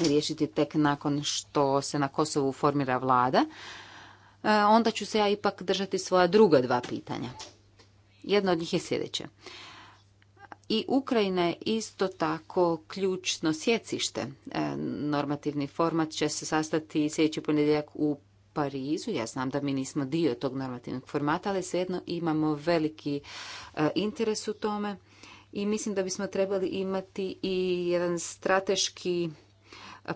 riješiti tek nakon što se na Kosovu formira vlada, E, onda ću se ja ipak držati svoja druga dva pitanja. Jedno od njih je sljedeće. I Ukrajina je isto tako ključno sjecište. E, normativni format će se sastati sljedeći ponedjeljak u Parizu. Ja znam da mi nismo dio tog normativnog formata, ali svejedno imamo veliki e, interes u tome i mislim da bismo trebali imati i jedan strateški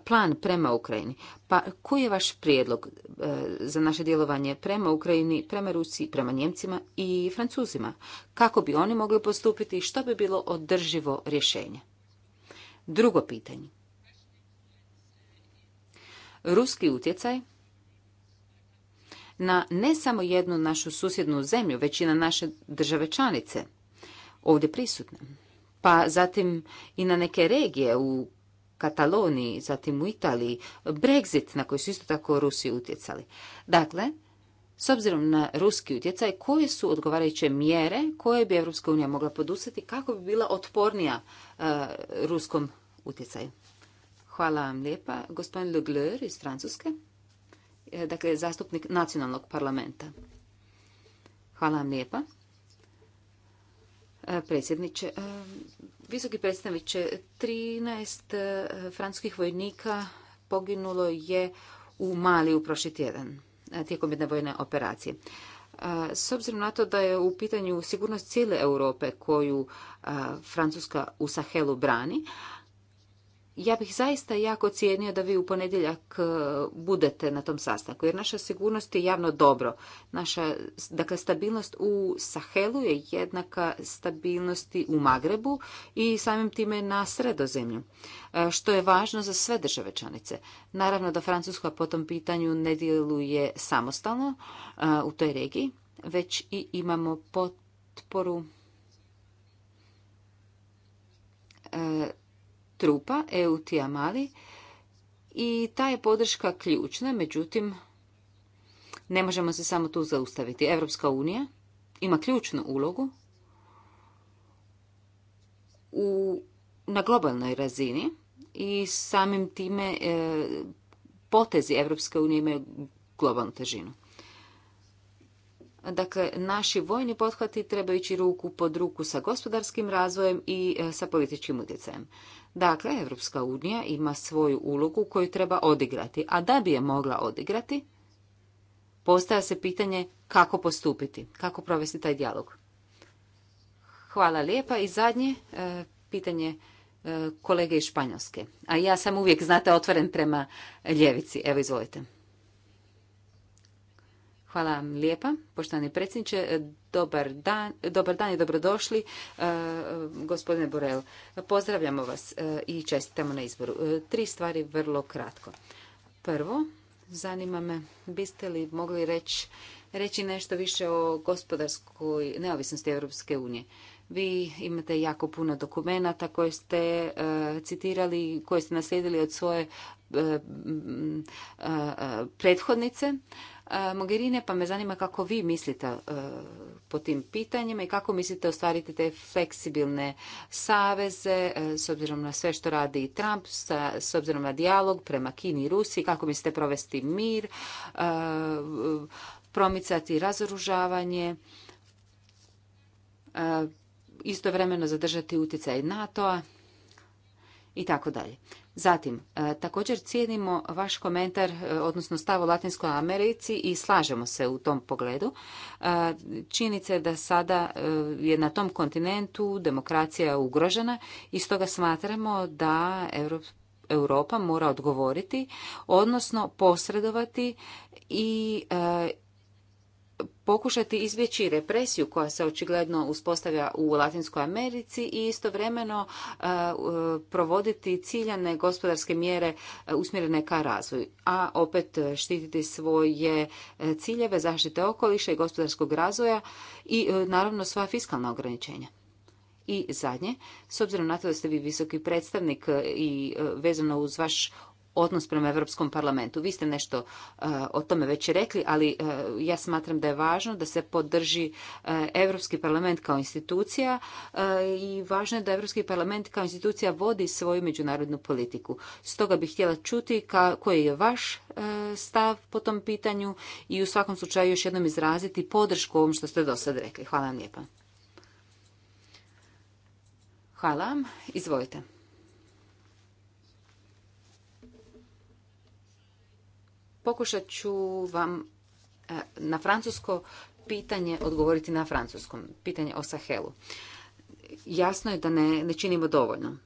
plan prema Ukrajini. Pa koji je vaš prijedlog e, za naše djelovanje prema Ukrajini, prema Rusiji, prema Njemcima i Francuzima? Kako bi oni mogli postupiti i što bi bilo održivo rješenje? Drugo pitanje. Ruski utjecaj na ne samo jednu našu susjednu zemlju, već i na naše države članice ovdje prisutne. Pa zatim i na neke regije u Kataloniji, zatim u Italiji, Brexit na koji su isto tako Rusi utjecali. Dakle, s obzirom na ruski utjecaj, koje su odgovarajuće mjere koje bi EU mogla poduzeti kako bi bila otpornija e, ruskom utjecaju? Hvala vam lijepa. Gospodin Gleur iz Francuske, e, dakle zastupnik nacionalnog parlamenta. Hvala vam lijepa. E, predsjedniče, Visoki predstavniče, 13 eh, francuskih vojnika poginulo je u Mali u prošli tjedan eh, tijekom jedne vojne operacije. Eh, s obzirom na to da je u pitanju sigurnost cijele Europe koju Francuska u Sahelu brani, ja bih zaista jako cijenio da vi u ponedjeljak e, budete na tom sastanku, jer naša sigurnost je javno dobro. Naša, dakle, stabilnost u Sahelu je jednaka stabilnosti u Magrebu i samim time na sredozemlju, e, što je važno za sve države članice. Naravno da Francuska po tom pitanju ne djeluje samostalno e, u toj regiji, već i imamo potporu trupa EU Tiamali i ta je podrška ključna, međutim ne možemo se samo tu zaustaviti. Evropska unija ima ključnu ulogu u, na globalnoj razini i samim time e, potezi Europske unije imaju globalnu težinu. Dakle, naši vojni pothvati trebaju ići ruku pod ruku sa gospodarskim razvojem i e, sa političkim utjecajem. Dakle, Evropska unija ima svoju ulogu koju treba odigrati, a da bi je mogla odigrati, postaja se pitanje kako postupiti, kako provesti taj dijalog. Hvala lijepa i zadnje e, pitanje e, kolege iz Španjolske. A ja sam uvijek, znate, otvoren prema ljevici. Evo, izvolite. Hvala vam lijepa, poštovani predsjedniče. Dobar dan, dobar dan i dobrodošli, e, gospodine Borel. Pozdravljamo vas e, i čestitamo na izboru. E, tri stvari vrlo kratko. Prvo, zanima me, biste li mogli reći, nešto više o gospodarskoj neovisnosti Europske unije? Vi imate jako puno dokumenata koje ste citirali, koje ste naslijedili od svoje prethodnice. E, Mogherine, pa me zanima kako vi mislite e, po tim pitanjima i kako mislite ostvariti te fleksibilne saveze e, s obzirom na sve što radi i Trump, s obzirom na dijalog prema Kini i Rusiji, kako mislite provesti mir, promicati razoružavanje, istovremeno zadržati utjecaj NATO-a i tako dalje. Zatim, e, također cijenimo vaš komentar, e, odnosno stav o Latinskoj Americi i slažemo se u tom pogledu. E, činjenica da sada je na tom kontinentu demokracija ugrožena i stoga smatramo da Europa mora odgovoriti, odnosno posredovati i pokušati izbjeći represiju koja se očigledno uspostavlja u Latinskoj Americi i istovremeno e, e, provoditi ciljane gospodarske mjere e, usmjerene ka razvoju, a opet štititi svoje ciljeve zaštite okoliša i gospodarskog razvoja i naravno sva fiskalna ograničenja. I zadnje, s obzirom na to da ste vi visoki predstavnik i vezano uz vaš odnos prema Europskom parlamentu. Vi ste nešto e, o tome već rekli, ali e, ja smatram da je važno da se podrži Europski parlament kao institucija e, i važno je da Europski parlament kao institucija vodi svoju međunarodnu politiku. Stoga bih htjela čuti koji je vaš stav po tom pitanju i u svakom slučaju još jednom izraziti podršku ovom što ste do sad rekli. Hvala vam lijepa. Hvala vam. Izvolite. Pokušat ću vam e, na francusko pitanje odgovoriti na francuskom. Pitanje o Sahelu. Jasno je da ne, ne činimo dovoljno.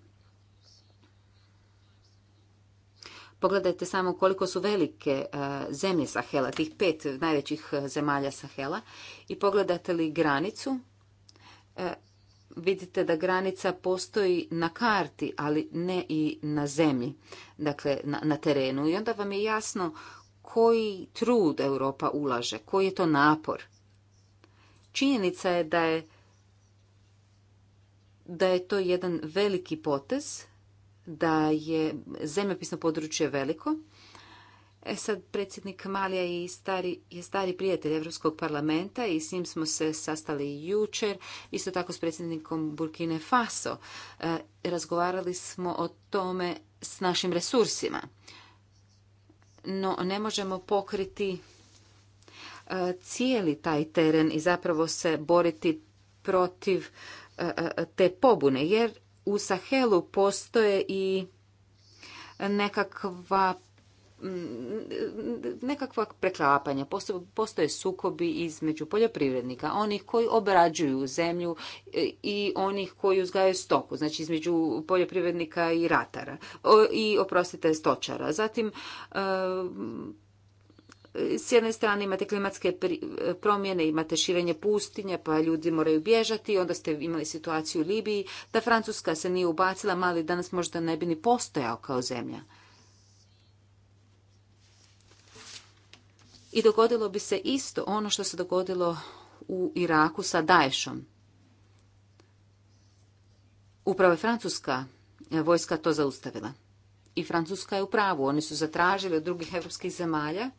Pogledajte samo koliko su velike e, zemlje Sahela, tih pet najvećih e, zemalja Sahela i pogledate li granicu, vidite da granica postoji na karti, ali ne i na zemlji, dakle na terenu. I onda vam je jasno koji trud Europa ulaže, koji je to napor. Činjenica je da je da je to jedan veliki potez, da je zemljopisno područje veliko. E sad, predsjednik Malija je stari, je stari prijatelj Europskog parlamenta i s njim smo se sastali jučer, isto tako s predsjednikom Burkine Faso. E, razgovarali smo o tome s našim resursima no ne možemo pokriti e, cijeli taj teren i zapravo se boriti protiv e, e, te pobune jer u Sahelu postoje i nekakva Mm, nekakva preklapanja, postoje sukobi između poljoprivrednika, onih koji obrađuju zemlju e, i onih koji uzgajaju stoku, znači između poljoprivrednika i ratara i oprostite stočara. Zatim e, s jedne strane imate klimatske e, promjene, imate širenje pustinje pa ljudi moraju bježati, onda ste imali situaciju u Libiji, da Francuska se nije ubacila, mali danas možda ne bi ni postojao kao zemlja. i dogodilo bi se isto ono što se dogodilo u Iraku sa Daješom. Upravo je Francuska vojska to zaustavila. I Francuska je u pravu. Oni su zatražili od drugih evropskih zemalja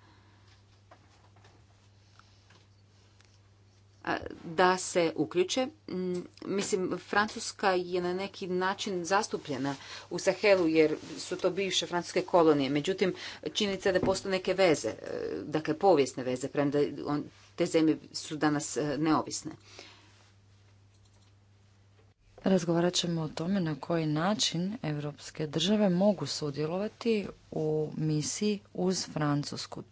da se uključe. Mm, mislim, Francuska je na neki način zastupljena u Sahelu jer su to bivše francuske kolonije. Međutim, činjenica da postoje neke veze, e, dakle povijesne veze, premda te zemlje su danas e, neovisne. Razgovarat ćemo o tome na koji način evropske države mogu sudjelovati u misiji uz Francusku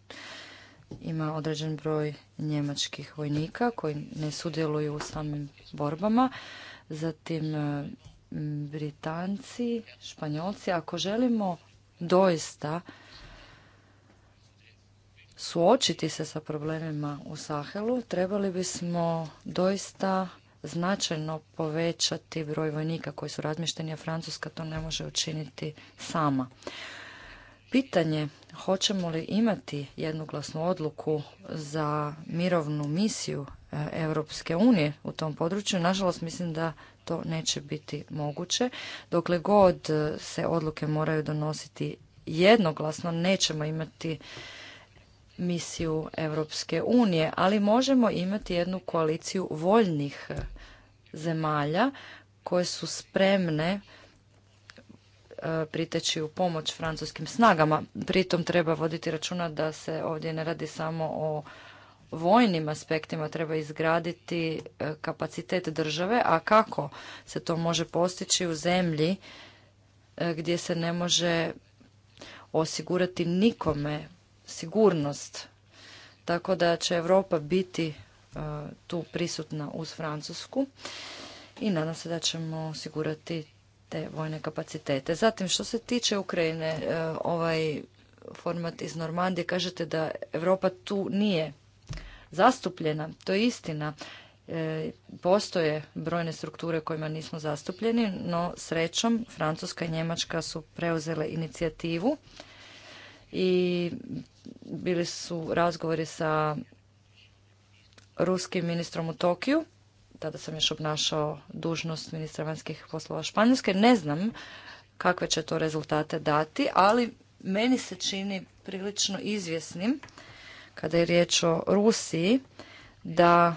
ima određen broj njemačkih vojnika koji ne sudjeluju u samim borbama. Zatim e, Britanci, Španjolci. Ako želimo doista suočiti se sa problemima u Sahelu, trebali bismo doista značajno povećati broj vojnika koji su razmješteni, a Francuska to ne može učiniti sama. Pitanje hoćemo li imati jednoglasnu odluku za mirovnu misiju e, Europske unije u tom području, nažalost mislim da to neće biti moguće. Dokle god e, se odluke moraju donositi jednoglasno, nećemo imati misiju Europske unije, ali možemo imati jednu koaliciju voljnih e, zemalja koje su spremne E, priteći u pomoć francuskim snagama. Pritom treba voditi računa da se ovdje ne radi samo o vojnim aspektima, treba izgraditi e, kapacitet države, a kako se to može postići u zemlji e, gdje se ne može osigurati nikome sigurnost. Tako da će Europa biti tu prisutna uz Francusku i nadam se da ćemo osigurati te vojne kapacitete. Zatim, što se tiče Ukrajine, e, ovaj format iz Normandije, kažete da Europa tu nije zastupljena. To je istina. E, postoje brojne strukture kojima nismo zastupljeni, no srećom Francuska i Njemačka su preuzele inicijativu i bili su razgovori sa ruskim ministrom u Tokiju tada sam još obnašao dužnost ministra vanjskih poslova Španjolske. Ne znam kakve će to rezultate dati, ali meni se čini prilično izvjesnim kada je riječ o Rusiji da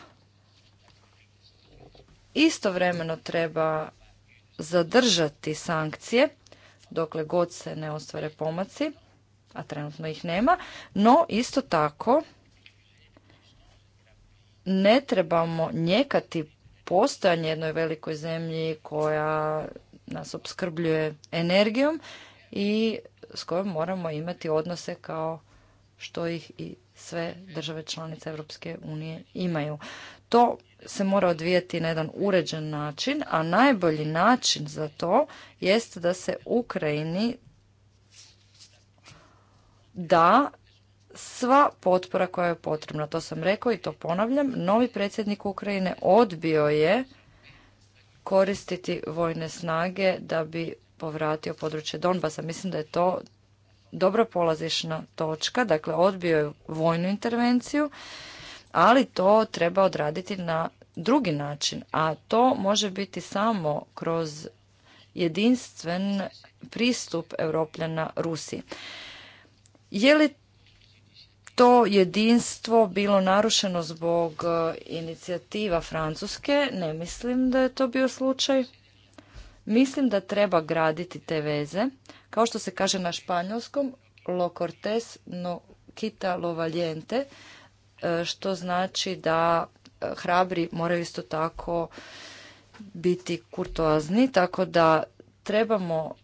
istovremeno treba zadržati sankcije dokle god se ne ostvare pomaci, a trenutno ih nema, no isto tako ne trebamo njekati postojanje jednoj velikoj zemlji koja nas opskrbljuje energijom i s kojom moramo imati odnose kao što ih i sve države članice Europske unije imaju. To se mora odvijati na jedan uređen način, a najbolji način za to jeste da se Ukrajini da sva potpora koja je potrebna. To sam rekao i to ponavljam. Novi predsjednik Ukrajine odbio je koristiti vojne snage da bi povratio područje Donbasa. Mislim da je to dobro polazišna točka. Dakle, odbio je vojnu intervenciju, ali to treba odraditi na drugi način. A to može biti samo kroz jedinstven pristup Europljana Rusiji. Je li to jedinstvo bilo narušeno zbog e, inicijativa Francuske. Ne mislim da je to bio slučaj. Mislim da treba graditi te veze. Kao što se kaže na španjolskom, lo cortes no quita lo valiente, e, što znači da e, hrabri moraju isto tako biti kurtoazni, tako da trebamo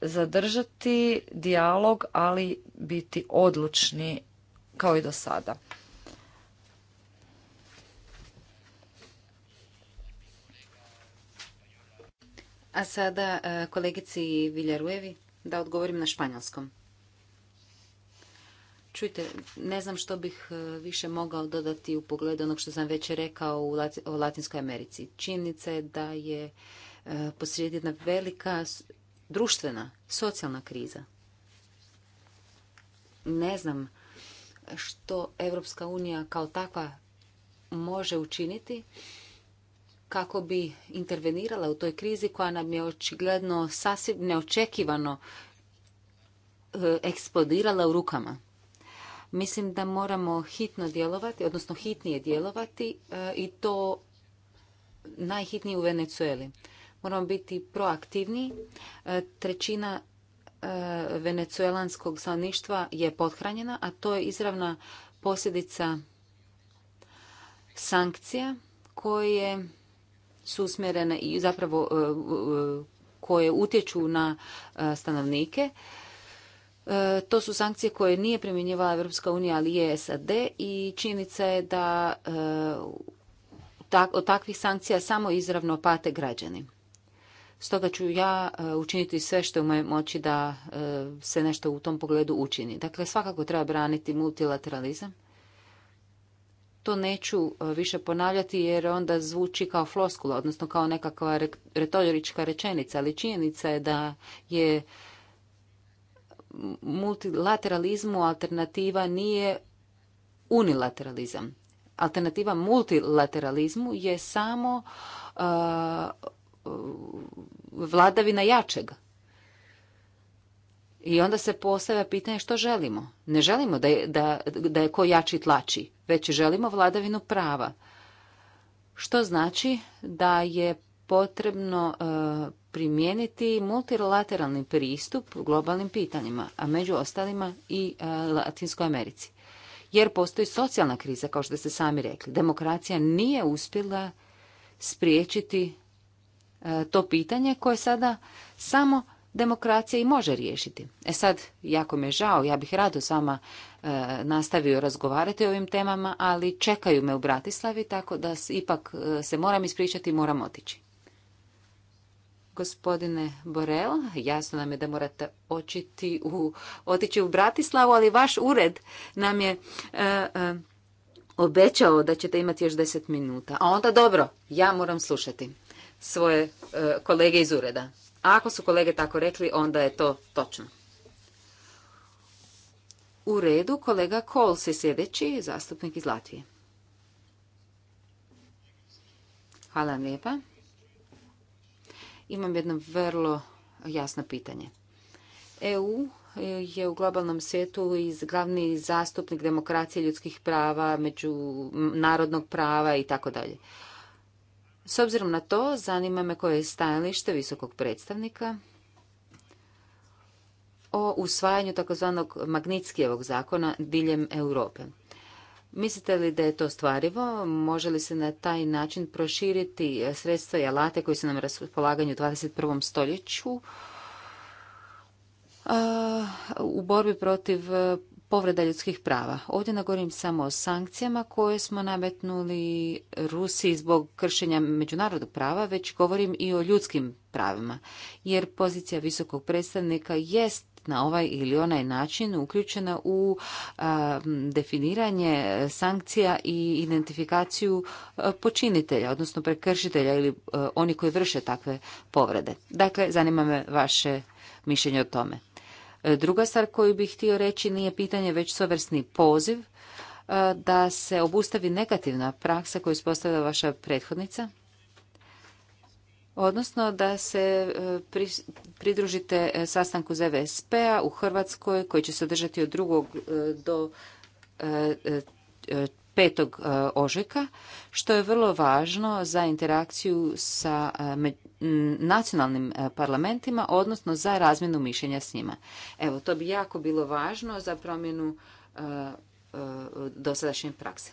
zadržati dijalog, ali biti odlučni kao i do sada. A sada e, kolegici Viljarujevi da odgovorim na španjolskom. Čujte, ne znam što bih e, više mogao dodati u pogledu onog što sam već rekao u Latinskoj Americi. Činjenica je da je e, posrijedi jedna velika društvena, socijalna kriza. Ne znam što Europska unija kao takva može učiniti kako bi intervenirala u toj krizi koja nam je očigledno sasvim neočekivano e, eksplodirala u rukama. Mislim da moramo hitno djelovati, odnosno hitnije djelovati e, i to najhitnije u Venecueli. Moramo biti proaktivni. E, trećina E, venecuelanskog stanovništva je pothranjena, a to je izravna posljedica sankcija koje su usmjerene i zapravo e, koje utječu na e, stanovnike. To su sankcije koje nije primjenjivala Europska unija, ali je SAD i činjenica je da od takvih sankcija samo izravno pate građani. Stoga ću ja e, učiniti sve što je u moći da e, se nešto u tom pogledu učini. Dakle, svakako treba braniti multilateralizam. To neću e, više ponavljati jer onda zvuči kao floskula, odnosno kao nekakva retorička rečenica, ali činjenica je da je multilateralizmu alternativa nije unilateralizam. Alternativa multilateralizmu je samo Uh, vladavina jačega. I onda se postavlja pitanje što želimo. Ne želimo da je, da, da je ko jači tlači, već želimo vladavinu prava. Što znači da je potrebno uh, primijeniti multilateralni pristup globalnim pitanjima, a među ostalima i uh, Latinskoj Americi. Jer postoji socijalna kriza, kao što ste sami rekli. Demokracija nije uspjela spriječiti E, to pitanje koje sada samo demokracija i može riješiti. E sad, jako me žao, ja bih rado s vama e, nastavio razgovarati o ovim temama, ali čekaju me u Bratislavi, tako da ipak e, se moram ispričati i moram otići. Gospodine Borel, jasno nam je da morate u, otići u Bratislavu, ali vaš ured nam je obećao da ćete imati još deset minuta. A onda dobro, ja moram slušati svoje e, kolege iz ureda. A ako su kolege tako rekli, onda je to točno. U redu, kolega kol je sljedeći, zastupnik iz Latvije. Hvala vam lijepa. Imam jedno vrlo jasno pitanje. EU je u globalnom svijetu iz glavni zastupnik demokracije ljudskih prava, međunarodnog prava i tako dalje. S obzirom na to, zanima me koje je stajalište visokog predstavnika o usvajanju tzv. magnitskijevog zakona diljem Europe. Mislite li da je to stvarivo? Može li se na taj način proširiti sredstva i alate koji su nam raspolaganju u 21. stoljeću u borbi protiv povreda ljudskih prava. Ovdje ne govorim samo o sankcijama koje smo nametnuli Rusiji zbog kršenja međunarodnog prava, već govorim i o ljudskim pravima. Jer pozicija visokog predstavnika jest na ovaj ili onaj način uključena u definiranje sankcija i identifikaciju počinitelja, odnosno prekršitelja ili oni koji vrše takve povrede. Dakle, zanima me vaše mišljenje o tome. E, druga stvar koju bih htio reći nije pitanje već sovrsni poziv e, da se obustavi negativna praksa koju ispostavila vaša prethodnica, odnosno da se e, pridružite sastanku ZVSP-a u Hrvatskoj koji će se održati od 2. do 5. E, ožujka, što je vrlo važno za interakciju sa e, nacionalnim e, parlamentima, odnosno za razmjenu mišljenja s njima. Evo, to bi jako bilo važno za promjenu dosadašnje prakse.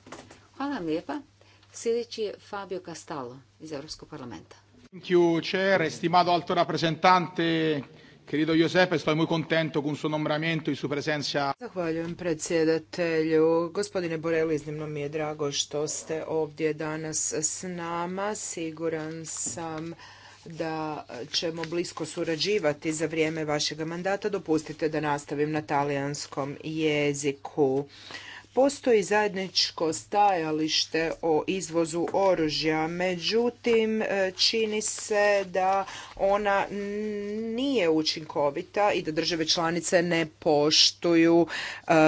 Hvala vam lijepa. Sljedeći je Fabio Castallo iz Europskog parlamenta. Querido Giuseppe, estoy muy contento con su nombramiento su presencia. Zahvaljujem predsjedatelju. Gospodine Borel, iznimno mi je drago što ste ovdje danas s nama. Siguran sam da ćemo blisko surađivati za vrijeme vašeg mandata. Dopustite da nastavim na talijanskom jeziku. Postoji zajedničko stajalište o izvozu oružja, međutim e, čini se da ona nije učinkovita i da države članice ne poštuju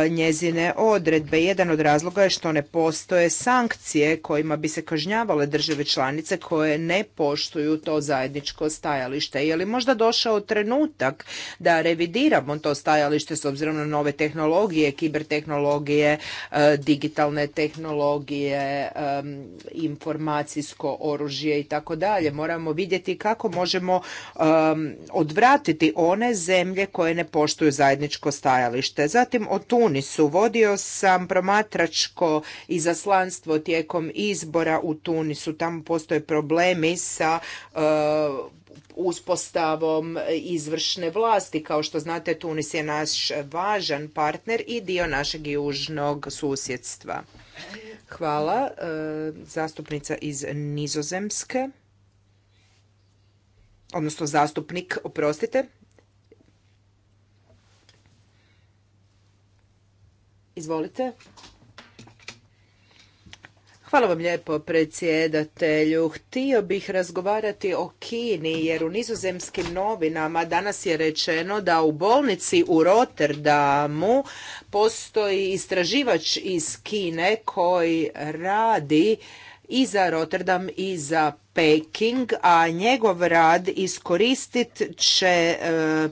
e, njezine odredbe. Jedan od razloga je što ne postoje sankcije kojima bi se kažnjavale države članice koje ne poštuju to zajedničko stajalište. Je li možda došao trenutak da revidiramo to stajalište s obzirom na nove tehnologije, kibertehnologije, E, digitalne tehnologije, e, informacijsko oružje i tako dalje. Moramo vidjeti kako možemo e, odvratiti one zemlje koje ne poštuju zajedničko stajalište. Zatim o Tunisu vodio sam promatračko izaslanstvo tijekom izbora u Tunisu. Tamo postoje problemi sa uspostavom izvršne vlasti. Kao što znate, Tunis je naš važan partner i dio našeg južnog susjedstva. Hvala. E, zastupnica iz Nizozemske. Odnosno zastupnik, oprostite. Izvolite. Hvala vam lijepo predsjedatelju. Htio bih razgovarati o Kini jer u nizozemskim novinama danas je rečeno da u bolnici u Rotterdamu postoji istraživač iz Kine koji radi i za Rotterdam i za Peking, a njegov rad iskoristit će e,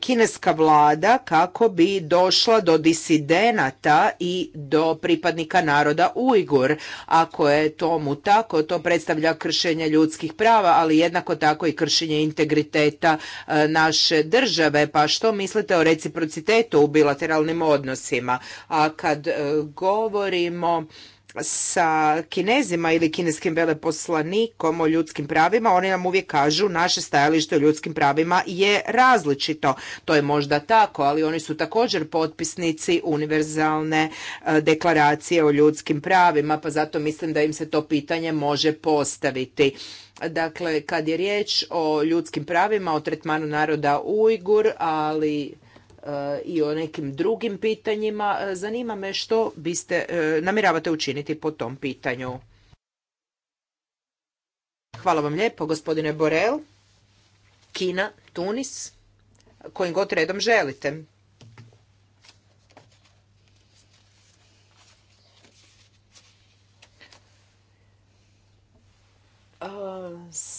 kineska vlada kako bi došla do disidenata i do pripadnika naroda Ujgur. Ako je tomu tako, to predstavlja kršenje ljudskih prava, ali jednako tako i kršenje integriteta e, naše države. Pa što mislite o reciprocitetu u bilateralnim odnosima? A kad e, govorimo sa kinezima ili kineskim veleposlanikom o ljudskim pravima, oni nam uvijek kažu naše stajalište o ljudskim pravima je različito. To je možda tako, ali oni su također potpisnici univerzalne e, deklaracije o ljudskim pravima, pa zato mislim da im se to pitanje može postaviti. Dakle, kad je riječ o ljudskim pravima, o tretmanu naroda Ujgur, ali i o nekim drugim pitanjima. E, zanima me što biste e, namjeravate učiniti po tom pitanju. Hvala vam lijepo, gospodine Borel. Kina, Tunis, kojim god redom želite. E,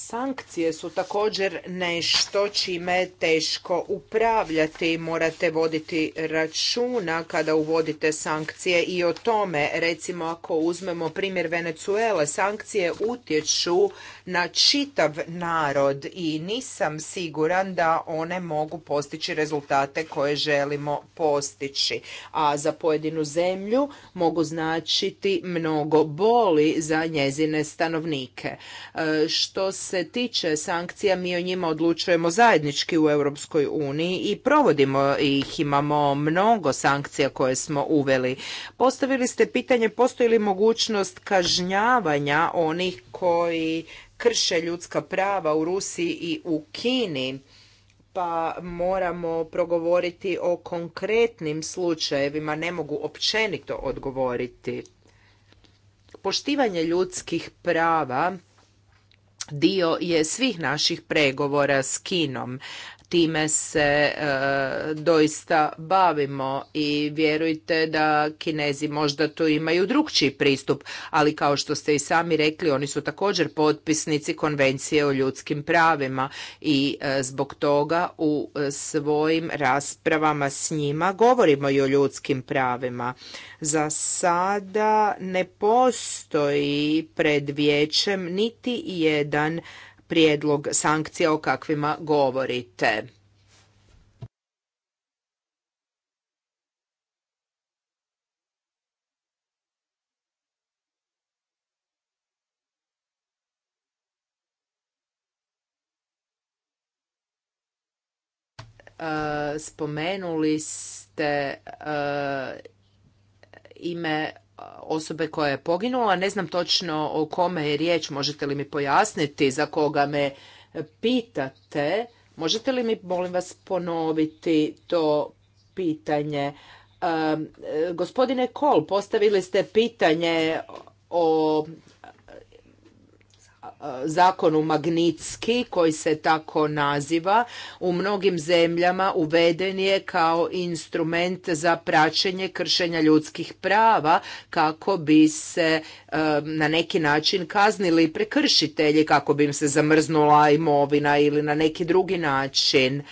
Sankcije su također nešto čime je teško upravljati. Morate voditi računa kada uvodite sankcije i o tome. Recimo ako uzmemo primjer Venecuele, sankcije utječu na čitav narod i nisam siguran da one mogu postići rezultate koje želimo postići. A za pojedinu zemlju mogu značiti mnogo boli za njezine stanovnike. E, što se tiče sankcija, mi o njima odlučujemo zajednički u Europskoj uniji i provodimo ih. Imamo mnogo sankcija koje smo uveli. Postavili ste pitanje postoji li mogućnost kažnjavanja onih koji krše ljudska prava u Rusiji i u Kini pa moramo progovoriti o konkretnim slučajevima, ne mogu općenito odgovoriti. Poštivanje ljudskih prava dio je svih naših pregovora s Kinom time se e, doista bavimo i vjerujte da Kinezi možda tu imaju drukčiji pristup, ali kao što ste i sami rekli, oni su također potpisnici konvencije o ljudskim pravima i e, zbog toga u e, svojim raspravama s njima govorimo i o ljudskim pravima. Za sada ne postoji pred vijećem niti jedan prijedlog sankcija o kakvima govorite. E, spomenuli ste e, ime osobe koja je poginula. Ne znam točno o kome je riječ, možete li mi pojasniti za koga me pitate. Možete li mi, molim vas, ponoviti to pitanje? E, gospodine Kol, postavili ste pitanje o zakonu Magnitski koji se tako naziva u mnogim zemljama uveden je kao instrument za praćenje kršenja ljudskih prava kako bi se e, na neki način kaznili prekršitelji kako bi im se zamrznula imovina ili na neki drugi način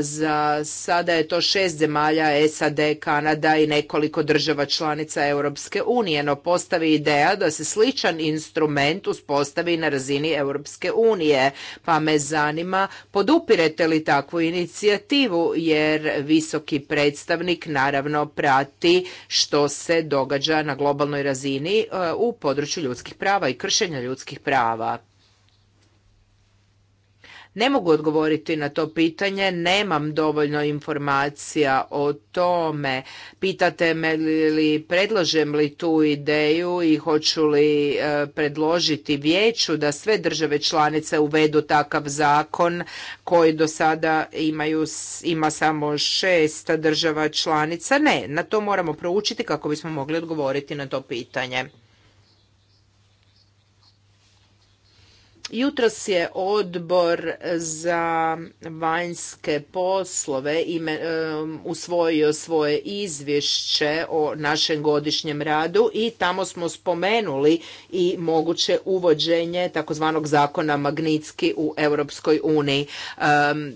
za sada je to šest zemalja, SAD, Kanada i nekoliko država članica Europske unije, no postavi ideja da se sličan instrument uspostavi na razini Europske unije. Pa me zanima, podupirete li takvu inicijativu, jer visoki predstavnik naravno prati što se događa na globalnoj razini e, u području ljudskih prava i kršenja ljudskih prava. Ne mogu odgovoriti na to pitanje, nemam dovoljno informacija o tome. Pitate me li predlažem li tu ideju i hoću li e, predložiti vijeću da sve države članice uvedu takav zakon koji do sada imaju, ima samo šest država članica. Ne, na to moramo proučiti kako bismo mogli odgovoriti na to pitanje. Jutros je odbor za vanjske poslove usvojio svoje izvješće o našem godišnjem radu i tamo smo spomenuli i moguće uvođenje takozvanog zakona Magnitski u Europskoj uniji.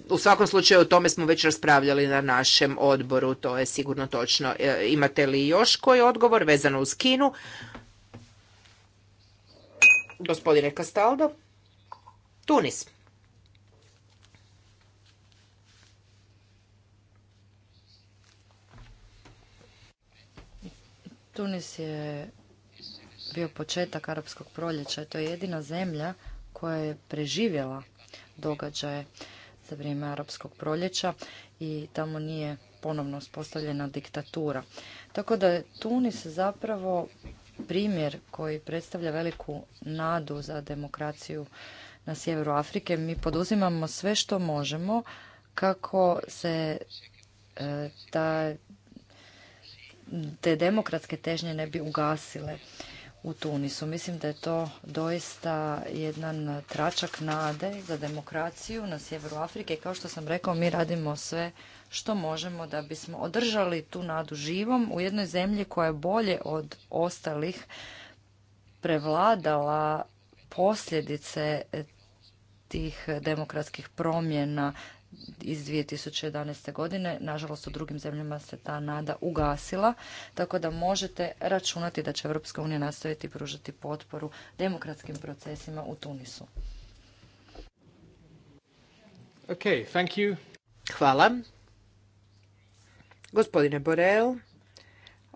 u svakom slučaju o tome smo već raspravljali na našem odboru, to je sigurno točno. E, imate li još koji odgovor vezano uz Kinu? Gospodine Castaldo. Tunis. Tunis je bio početak arapskog proljeća. To je jedina zemlja koja je preživjela događaje za vrijeme arapskog proljeća i tamo nije ponovno uspostavljena diktatura. Tako da je Tunis zapravo primjer koji predstavlja veliku nadu za demokraciju na sjeveru Afrike. Mi poduzimamo sve što možemo kako se e, ta, te demokratske težnje ne bi ugasile u Tunisu. Mislim da je to doista jedan tračak nade za demokraciju na sjeveru Afrike. kao što sam rekao, mi radimo sve što možemo da bismo održali tu nadu živom u jednoj zemlji koja je bolje od ostalih prevladala posljedice tih demokratskih promjena iz 2011. godine. Nažalost, u drugim zemljama se ta nada ugasila, tako da možete računati da će Europska unija nastaviti pružati potporu demokratskim procesima u Tunisu. thank you. Hvala. Gospodine Borel,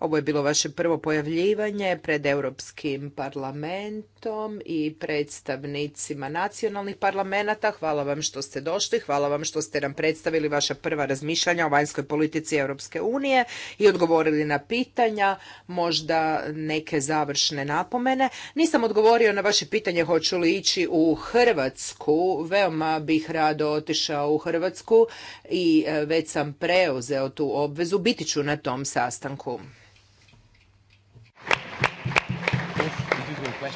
ovo je bilo vaše prvo pojavljivanje pred Europskim parlamentom i predstavnicima nacionalnih parlamenta. Hvala vam što ste došli, hvala vam što ste nam predstavili vaša prva razmišljanja o vanjskoj politici Europske unije i odgovorili na pitanja, možda neke završne napomene. Nisam odgovorio na vaše pitanje hoću li ići u Hrvatsku. Veoma bih rado otišao u Hrvatsku i e, već sam preuzeo tu obvezu. Biti ću na tom sastanku. Eh?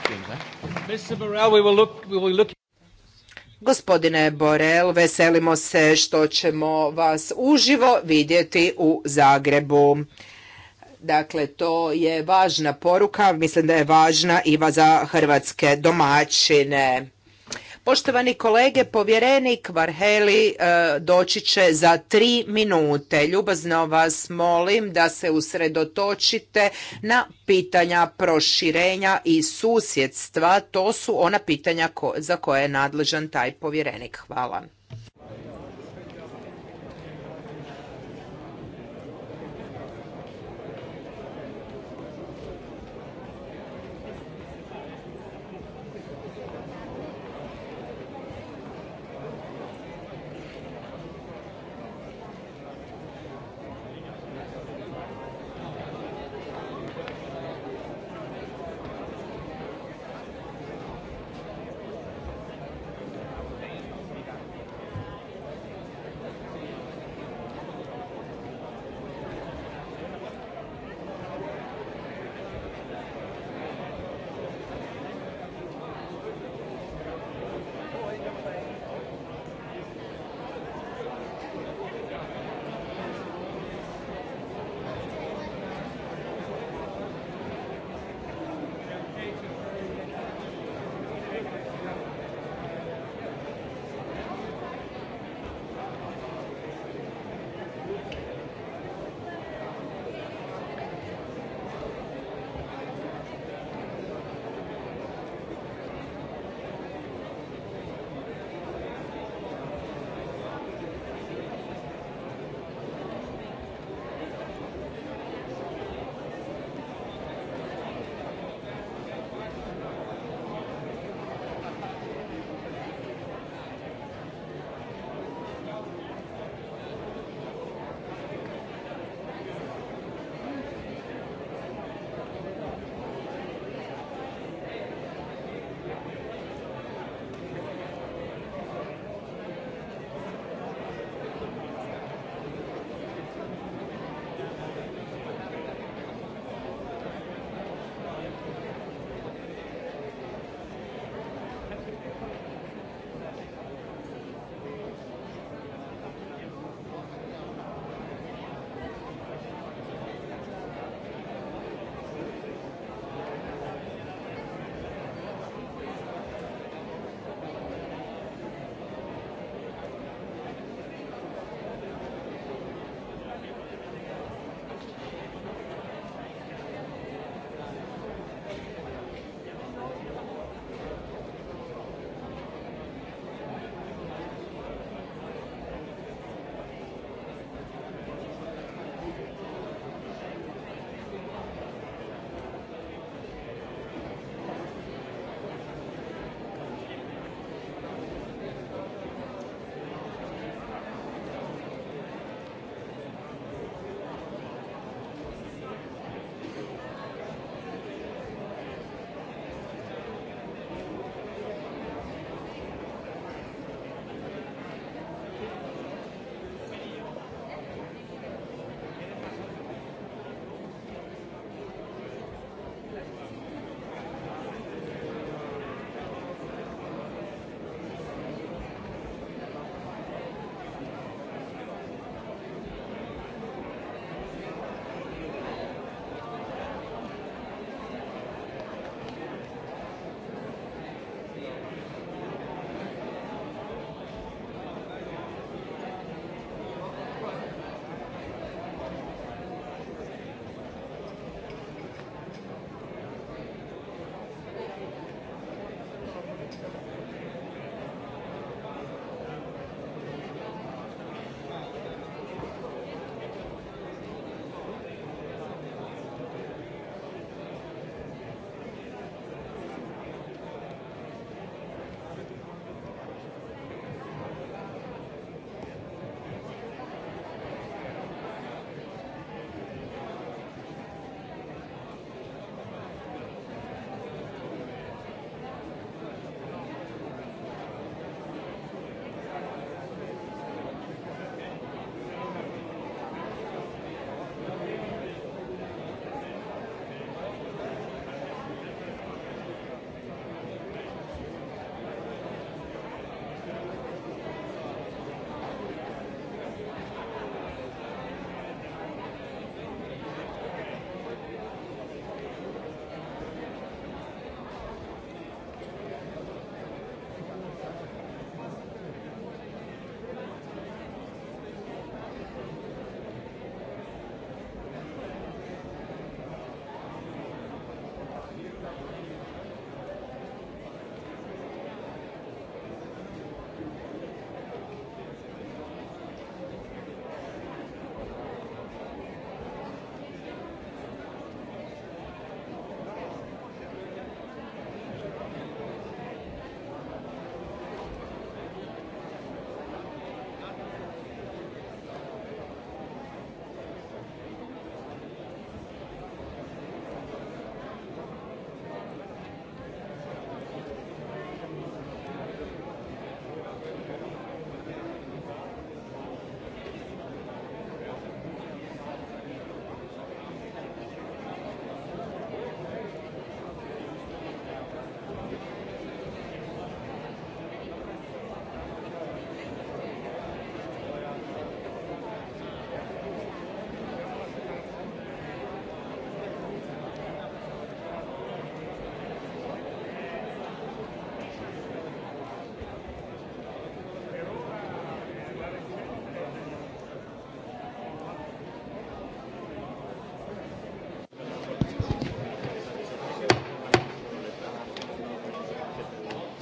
Gospodine Borel, veselimo se što ćemo vas uživo vidjeti u Zagrebu. Dakle, to je važna poruka, mislim da je važna i za hrvatske domaćine. Poštovani kolege, povjerenik Varheli e, doći će za tri minute. Ljubazno vas molim da se usredotočite na pitanja proširenja i susjedstva. To su ona pitanja za koje je nadležan taj povjerenik. Hvala.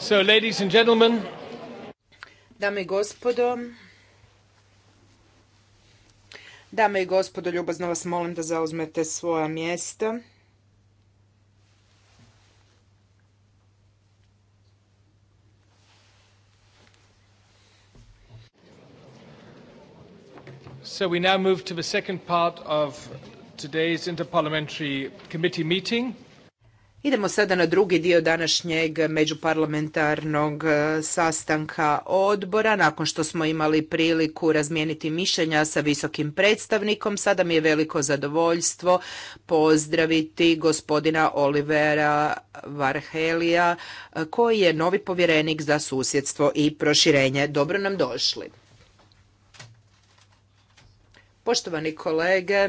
So, ladies and gentlemen. Dame i gospodo. Dame i gospodo, ljubazno vas molim da zauzmete svoja mjesta. So we now move to the second part of today's interparliamentary committee meeting. Idemo sada na drugi dio današnjeg međuparlamentarnog e, sastanka odbora. Nakon što smo imali priliku razmijeniti mišljenja sa visokim predstavnikom, sada mi je veliko zadovoljstvo pozdraviti gospodina Olivera Varhelija, e, koji je novi povjerenik za susjedstvo i proširenje. Dobro nam došli. Poštovani kolege,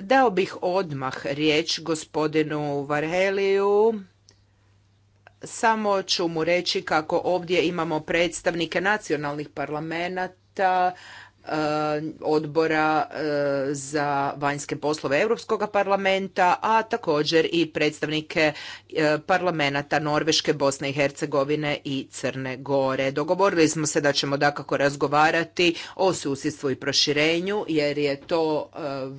Dao bih odmah riječ gospodinu Varheliju. Samo ću mu reći kako ovdje imamo predstavnike nacionalnih parlamenta, E, odbora e, za vanjske poslove Europskog parlamenta, a također i predstavnike e, parlamenta Norveške, Bosne i Hercegovine i Crne Gore. Dogovorili smo se da ćemo dakako razgovarati o susjedstvu i proširenju jer je to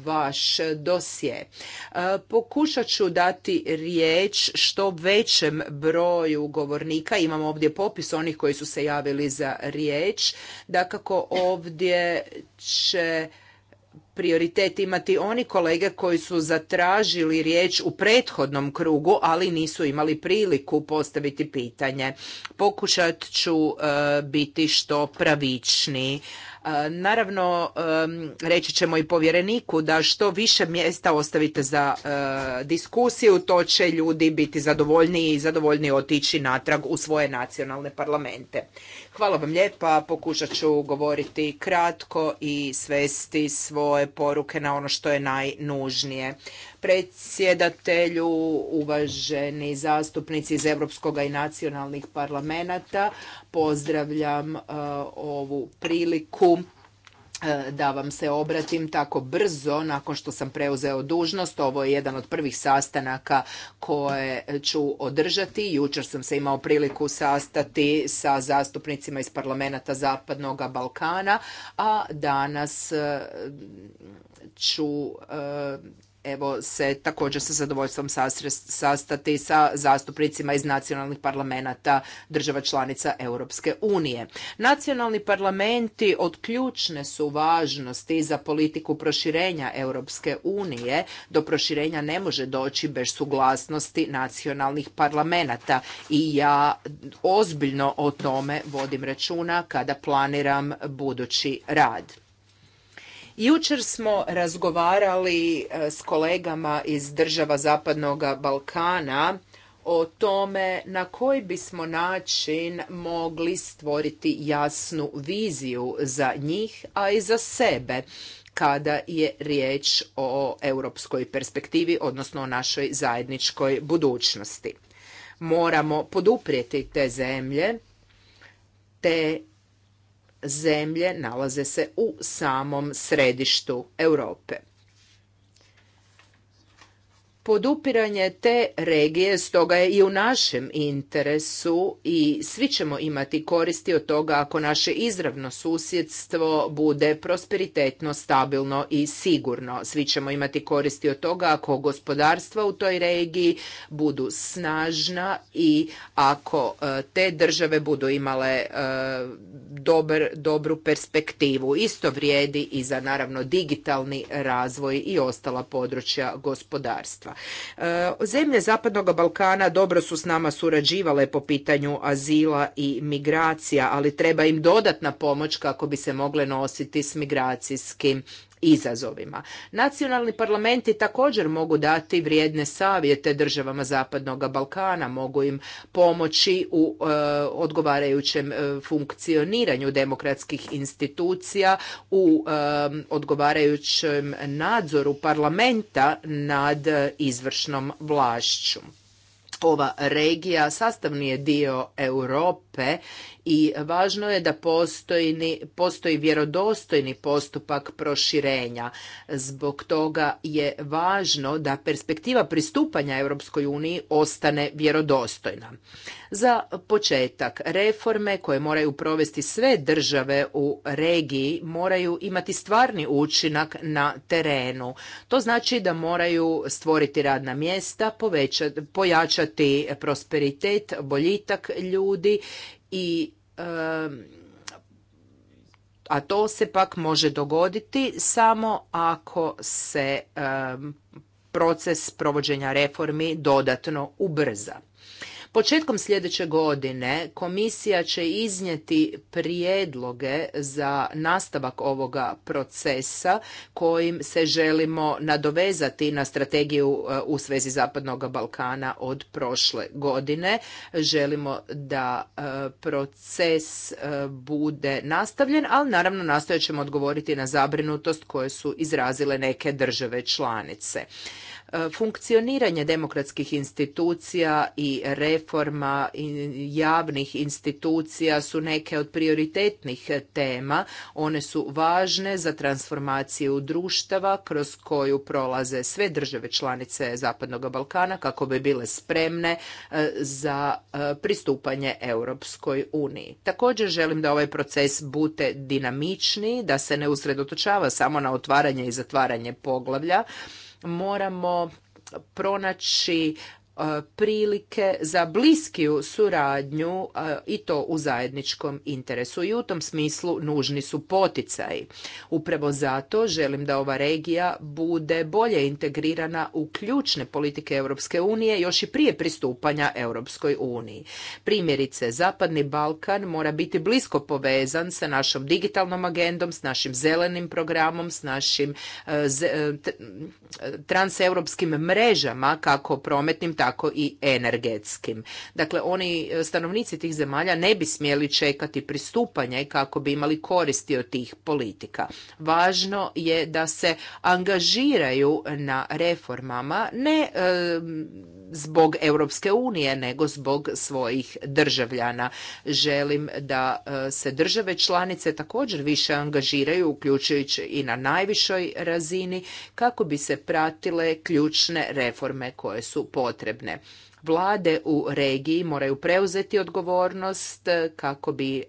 vaš dosje. Pokušat ću dati riječ što većem broju govornika. Imamo ovdje popis onih koji su se javili za riječ. Dakako ovdje će prioritet imati oni kolege koji su zatražili riječ u prethodnom krugu, ali nisu imali priliku postaviti pitanje. Pokušat ću e, biti što pravičniji. E, naravno, e, reći ćemo i povjereniku da što više mjesta ostavite za diskusiju, to će ljudi biti zadovoljniji i zadovoljni otići natrag u svoje nacionalne parlamente. Hvala vam lijepa, pokušat ću govoriti kratko i svesti svoje poruke na ono što je najnužnije. Predsjedatelju, uvaženi zastupnici iz Europskog i nacionalnih parlamenta, pozdravljam e, ovu priliku E, da vam se obratim tako brzo nakon što sam preuzeo dužnost. Ovo je jedan od prvih sastanaka koje ću održati. Jučer sam se imao priliku sastati sa zastupnicima iz parlamenta Zapadnog Balkana, a danas e, ću e, evo se također sa zadovoljstvom sastati sa zastupnicima iz nacionalnih parlamenta država članica Europske unije. Nacionalni parlamenti od ključne su važnosti za politiku proširenja Europske unije. Do proširenja ne može doći bez suglasnosti nacionalnih parlamenta i ja ozbiljno o tome vodim računa kada planiram budući rad. Jučer smo razgovarali e, s kolegama iz država Zapadnog Balkana o tome na koji bismo način mogli stvoriti jasnu viziju za njih, a i za sebe kada je riječ o europskoj perspektivi, odnosno o našoj zajedničkoj budućnosti. Moramo poduprijeti te zemlje, te zemlje nalaze se u samom središtu Europe. Podupiranje te regije stoga je i u našem interesu i svi ćemo imati koristi od toga ako naše izravno susjedstvo bude prosperitetno, stabilno i sigurno. Svi ćemo imati koristi od toga ako gospodarstva u toj regiji budu snažna i ako e, te države budu imale e, dobar, dobru perspektivu. Isto vrijedi i za naravno digitalni razvoj i ostala područja gospodarstva. E, zemlje Zapadnog Balkana dobro su s nama surađivale po pitanju azila i migracija, ali treba im dodatna pomoć kako bi se mogle nositi s migracijskim izazovima. Nacionalni parlamenti također mogu dati vrijedne savjete državama Zapadnog Balkana, mogu im pomoći u e, odgovarajućem e, funkcioniranju demokratskih institucija, u e, odgovarajućem nadzoru parlamenta nad izvršnom vlašću ova regija sastavni je dio Europe i važno je da postoji, postoji vjerodostojni postupak proširenja. Zbog toga je važno da perspektiva pristupanja Europskoj uniji ostane vjerodostojna. Za početak, reforme koje moraju provesti sve države u regiji moraju imati stvarni učinak na terenu. To znači da moraju stvoriti radna mjesta, povećati, pojačati prosperitet, boljitak ljudi i a to se pak može dogoditi samo ako se proces provođenja reformi dodatno ubrza. Početkom sljedeće godine komisija će iznijeti prijedloge za nastavak ovoga procesa kojim se želimo nadovezati na strategiju e, u svezi Zapadnog Balkana od prošle godine. Želimo da e, proces e, bude nastavljen, ali naravno nastojećemo ćemo odgovoriti na zabrinutost koje su izrazile neke države članice. E, funkcioniranje demokratskih institucija i reforma javnih institucija su neke od prioritetnih tema. One su važne za transformaciju društava kroz koju prolaze sve države članice Zapadnog Balkana kako bi bile spremne e, za e, pristupanje Europskoj uniji. Također želim da ovaj proces bude dinamičniji, da se ne usredotočava samo na otvaranje i zatvaranje poglavlja, moramo pronaći E, prilike za bliskiju suradnju e, i to u zajedničkom interesu i u tom smislu nužni su poticaji. Upravo zato želim da ova regija bude bolje integrirana u ključne politike Europske unije još i prije pristupanja Europskoj uniji. Primjerice, Zapadni Balkan mora biti blisko povezan sa našom digitalnom agendom, s našim zelenim programom, s našim e, transeuropskim mrežama, kako prometnim, tako i energetskim. Dakle, oni e, stanovnici tih zemalja ne bi smjeli čekati pristupanje kako bi imali koristi od tih politika. Važno je da se angažiraju na reformama ne e, zbog Europske unije, nego zbog svojih državljana. Želim da e, se države članice također više angažiraju, uključujući i na najvišoj razini, kako bi se pratile ključne reforme koje su potrebne potrebne Vlade u regiji moraju preuzeti odgovornost eh, kako bi eh,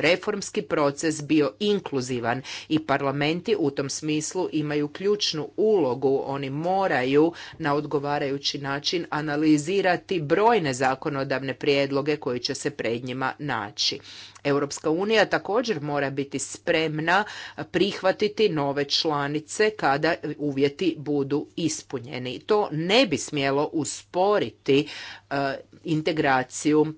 reformski proces bio inkluzivan i parlamenti u tom smislu imaju ključnu ulogu. Oni moraju na odgovarajući način analizirati brojne zakonodavne prijedloge koji će se pred njima naći. Europska unija također mora biti spremna prihvatiti nove članice kada uvjeti budu ispunjeni. To ne bi smjelo usporiti E, integraciju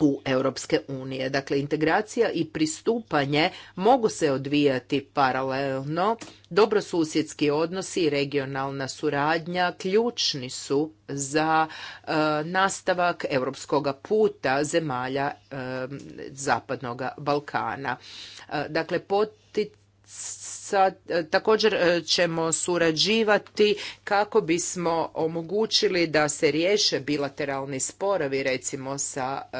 u Europske unije. Dakle, integracija i pristupanje mogu se odvijati paralelno. Dobrosusjedski odnosi i regionalna suradnja ključni su za e, nastavak europskoga puta zemalja e, Zapadnog Balkana. dakle, potit E, također e, ćemo surađivati kako bismo omogućili da se riješe bilateralni sporovi recimo sa e,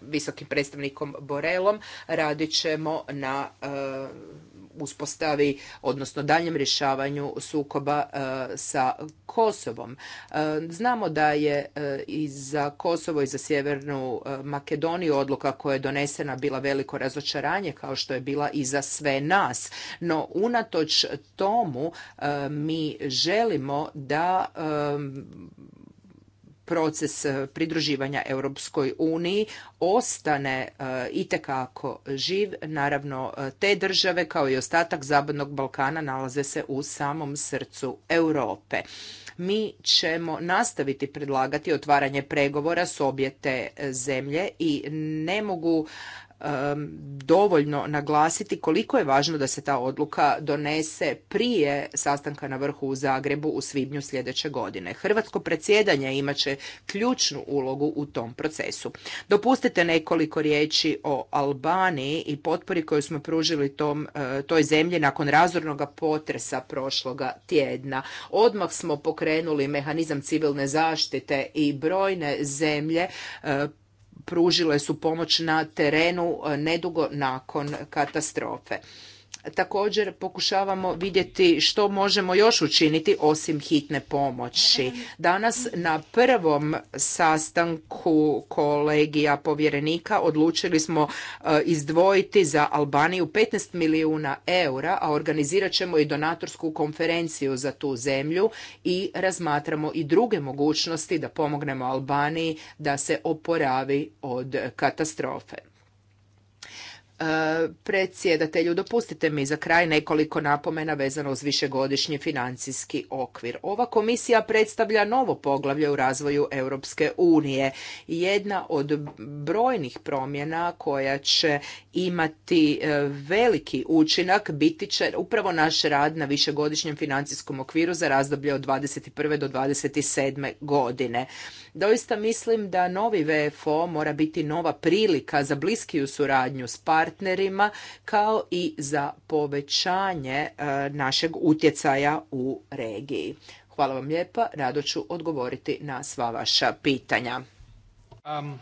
visokim predstavnikom Borelom radit ćemo na uspostavi, odnosno daljem rješavanju sukoba e, sa Kosovom. E, znamo da je e, i za Kosovo i za Sjevernu Makedoniju odluka koja je donesena bila veliko razočaranje kao što je bila i za sve nas. No unatoč tomu mi želimo da proces e, pridruživanja Europskoj uniji ostane e, itekako živ. Naravno, e, te države kao i ostatak Zapadnog Balkana nalaze se u samom srcu Europe. Mi ćemo nastaviti predlagati otvaranje pregovora s obje te zemlje i ne mogu dovoljno naglasiti koliko je važno da se ta odluka donese prije sastanka na vrhu u Zagrebu u svibnju sljedeće godine. Hrvatsko predsjedanje imaće ključnu ulogu u tom procesu. Dopustite nekoliko riječi o Albaniji i potpori koju smo pružili tom, e, toj zemlji nakon razornog potresa prošloga tjedna. Odmah smo pokrenuli mehanizam civilne zaštite i brojne zemlje e, pružile su pomoć na terenu eh, nedugo nakon katastrofe također pokušavamo vidjeti što možemo još učiniti osim hitne pomoći. Danas na prvom sastanku kolegija povjerenika odlučili smo e, izdvojiti za Albaniju 15 milijuna eura, a organizirat ćemo i donatorsku konferenciju za tu zemlju i razmatramo i druge mogućnosti da pomognemo Albaniji da se oporavi od katastrofe. E, predsjedatelju, dopustite mi za kraj nekoliko napomena vezano uz višegodišnji financijski okvir. Ova komisija predstavlja novo poglavlje u razvoju Europske unije. Jedna od brojnih promjena koja će imati e, veliki učinak biti će upravo naš rad na višegodišnjem financijskom okviru za razdoblje od 21. do 27. godine. Doista mislim da novi VFO mora biti nova prilika za bliskiju suradnju s partnerima kao i za povećanje e, našeg utjecaja u regiji. Hvala vam lijepa, rado ću odgovoriti na sva vaša pitanja. Um,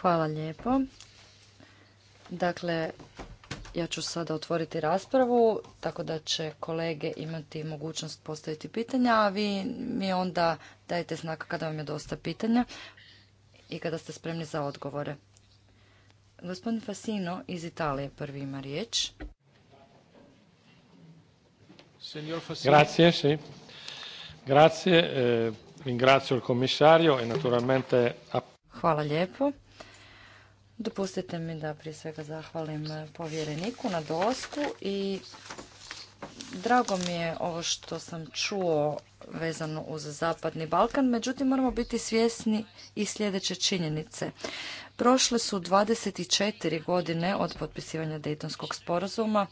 Hvala lijepo. Dakle, ja ću sada otvoriti raspravu, tako da će kolege imati mogućnost postaviti pitanja, a vi mi onda dajte znak kada vam je dosta pitanja i kada ste spremni za odgovore. Gospodin Fasino iz Italije prvi ima riječ. Grazie, sì. Grazie, eh, ringrazio il commissario e naturalmente... Hvala lijepo. Dopustite mi da prije svega zahvalim eh, povjereniku na dostu i drago mi je ovo što sam čuo vezano uz Zapadni Balkan, međutim moramo biti svjesni i sljedeće činjenice. Prošle su 24 godine od potpisivanja Dejtonskog sporazuma.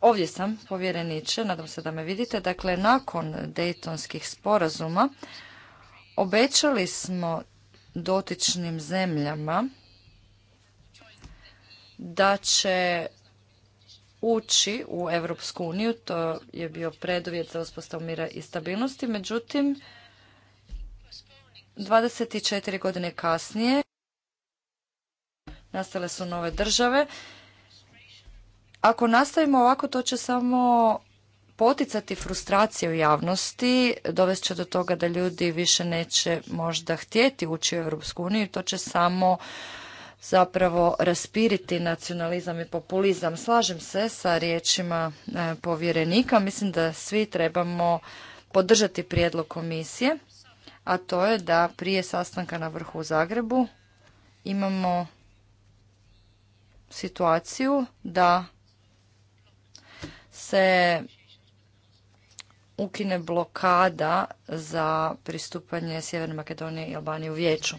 Ovdje sam, povjereniče, nadam se da me vidite. Dakle, nakon Dejtonskih sporazuma obećali smo dotičnim zemljama da će ući u Europsku uniju, to je bio preduvjet za uspostavu mira i stabilnosti, međutim 24 godine kasnije nastale su nove države. Ako nastavimo ovako, to će samo poticati frustracije u javnosti, dovest će do toga da ljudi više neće možda htjeti ući u Europsku uniju, to će samo zapravo raspiriti nacionalizam i populizam. Slažem se sa riječima e, povjerenika. Mislim da svi trebamo podržati prijedlog komisije, a to je da prije sastanka na vrhu u Zagrebu imamo situaciju da se ukine blokada za pristupanje Sjeverne Makedonije i Albanije u vijeću.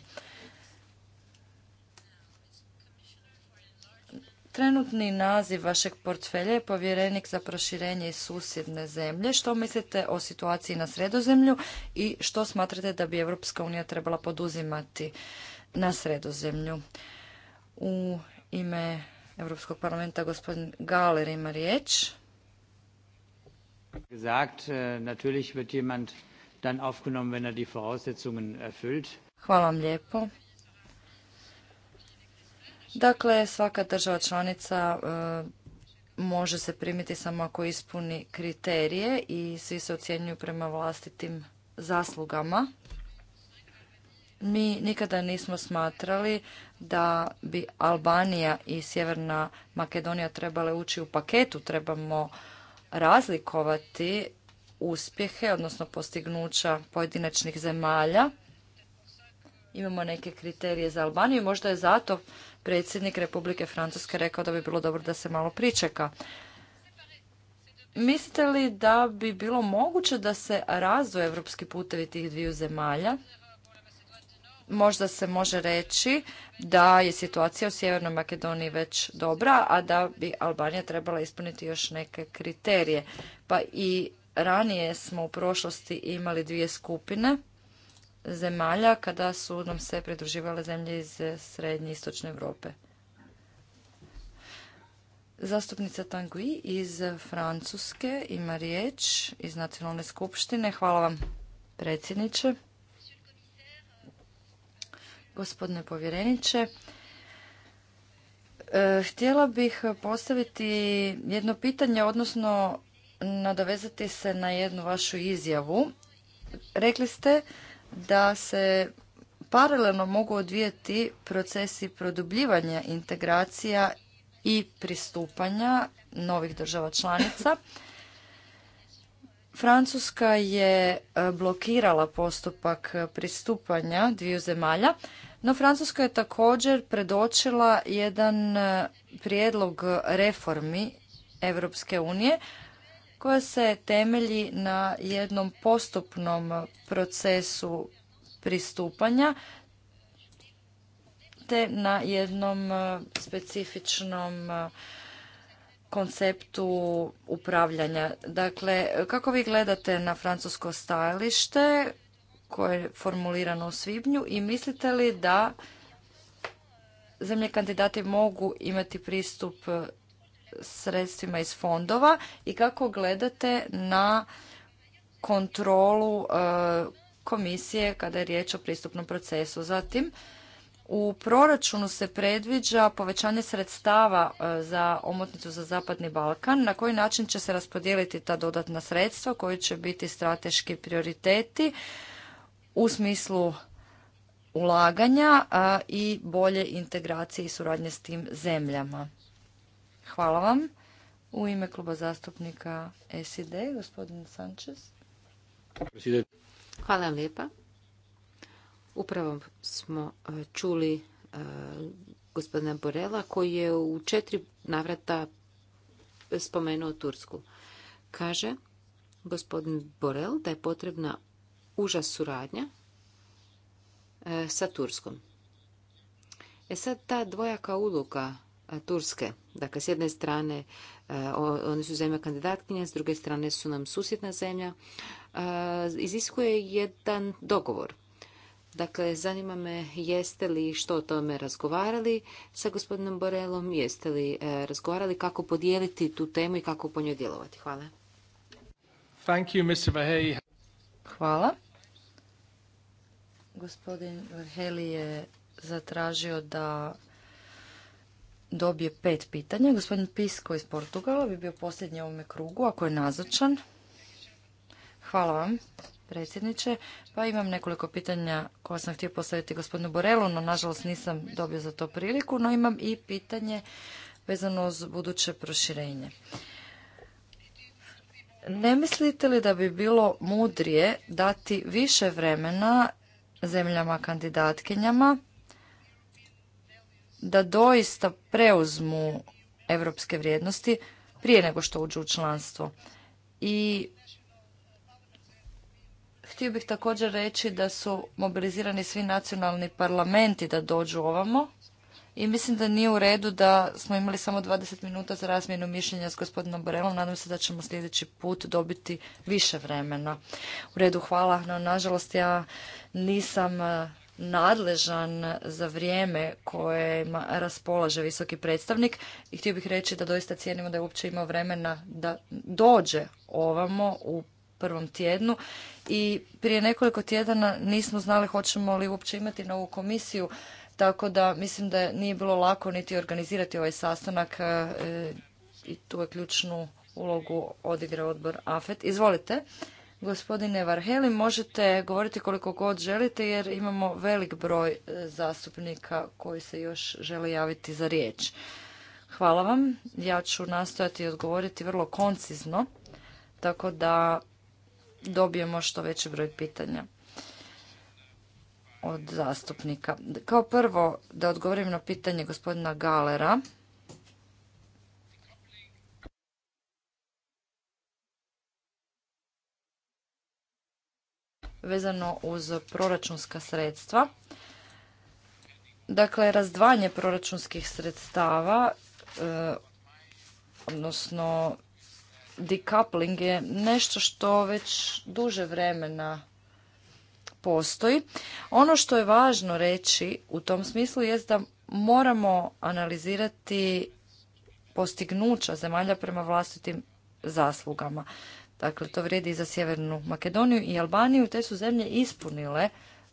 Trenutni naziv vašeg portfelja je povjerenik za proširenje iz susjedne zemlje. Što mislite o situaciji na sredozemlju i što smatrate da bi Europska unija trebala poduzimati na sredozemlju? U ime Europskog parlamenta gospodin Galer ima riječ. Gesagt, eh, natürlich wird jemand dann aufgenommen, er Hvala vam lijepo. Dakle, svaka država članica e, može se primiti samo ako ispuni kriterije i svi se ocjenjuju prema vlastitim zaslugama. Mi nikada nismo smatrali da bi Albanija i Sjeverna Makedonija trebale ući u paketu. Trebamo razlikovati uspjehe, odnosno postignuća pojedinačnih zemalja imamo neke kriterije za Albaniju. Možda je zato predsjednik Republike Francuske rekao da bi bilo dobro da se malo pričeka. Mislite li da bi bilo moguće da se razvoje evropski putevi tih dviju zemalja? Možda se može reći da je situacija u Sjevernoj Makedoniji već dobra, a da bi Albanija trebala ispuniti još neke kriterije. Pa i ranije smo u prošlosti imali dvije skupine zemalja kada su nam se pridruživale zemlje iz srednje i istočne Europe. Zastupnica Tanguy iz Francuske ima riječ iz Nacionalne skupštine. Hvala vam predsjedniče. Gospodine povjereniče, e, htjela bih postaviti jedno pitanje, odnosno nadovezati se na jednu vašu izjavu. Rekli ste da se paralelno mogu odvijeti procesi produbljivanja integracija i pristupanja novih država članica. Francuska je e, blokirala postupak pristupanja dviju zemalja, no Francuska je također predočila jedan e, prijedlog reformi Europske unije koja se temelji na jednom postupnom procesu pristupanja te na jednom e, specifičnom e, konceptu upravljanja. Dakle, kako vi gledate na francusko stajalište koje je formulirano u svibnju i mislite li da zemlje kandidati mogu imati pristup sredstvima iz fondova i kako gledate na kontrolu e, komisije kada je riječ o pristupnom procesu. Zatim, u proračunu se predviđa povećanje sredstava e, za omotnicu za Zapadni Balkan. Na koji način će se raspodijeliti ta dodatna sredstva, koji će biti strateški prioriteti u smislu ulaganja i bolje integracije i suradnje s tim zemljama? Hvala vam. U ime kluba zastupnika SID, gospodin Sanchez. Hvala vam lijepa. Upravo smo e, čuli e, gospodina Borela koji je u četiri navrata spomenuo Tursku. Kaže gospodin Borel da je potrebna užas suradnja e, sa Turskom. E sad ta dvojaka uloga Turske. Dakle, s jedne strane oni su zemlja kandidatkinja, s druge strane su nam susjedna zemlja. Iziskuje jedan dogovor. Dakle, zanima me jeste li što o tome razgovarali sa gospodinom Borelom, jeste li e, razgovarali kako podijeliti tu temu i kako po njoj djelovati. Hvala. Hvala. Gospodin Vaheli je zatražio da dobije pet pitanja. Gospodin Pisko iz Portugala bi bio posljednji u ovome krugu, ako je nazočan. Hvala vam, predsjedniče. Pa imam nekoliko pitanja koja sam htio postaviti gospodinu Borelu, no nažalost nisam dobio za to priliku, no imam i pitanje vezano uz buduće proširenje. Ne mislite li da bi bilo mudrije dati više vremena zemljama kandidatkinjama da doista preuzmu europske vrijednosti prije nego što uđu u članstvo. I htio bih također reći da su mobilizirani svi nacionalni parlamenti da dođu ovamo i mislim da nije u redu da smo imali samo 20 minuta za razmjenu mišljenja s gospodinom Borelom. Nadam se da ćemo sljedeći put dobiti više vremena. U redu, hvala. No, nažalost, ja nisam nadležan za vrijeme koje raspolaže visoki predstavnik i htio bih reći da doista cijenimo da je uopće imao vremena da dođe ovamo u prvom tjednu i prije nekoliko tjedana nismo znali hoćemo li uopće imati novu komisiju tako da mislim da nije bilo lako niti organizirati ovaj sastanak e, i tu je ključnu ulogu odigrao odbor AFET. Izvolite. Gospodine Varheli, možete govoriti koliko god želite jer imamo velik broj e, zastupnika koji se još žele javiti za riječ. Hvala vam. Ja ću nastojati odgovoriti vrlo koncizno, tako da dobijemo što veći broj pitanja od zastupnika. Kao prvo, da odgovorim na pitanje gospodina Galera vezano uz proračunska sredstva. Dakle, razdvanje proračunskih sredstava, e, odnosno decoupling je nešto što već duže vremena postoji. Ono što je važno reći u tom smislu je da moramo analizirati postignuća zemalja prema vlastitim zaslugama. Dakle, to vrijedi i za Sjevernu Makedoniju i Albaniju. Te su zemlje ispunile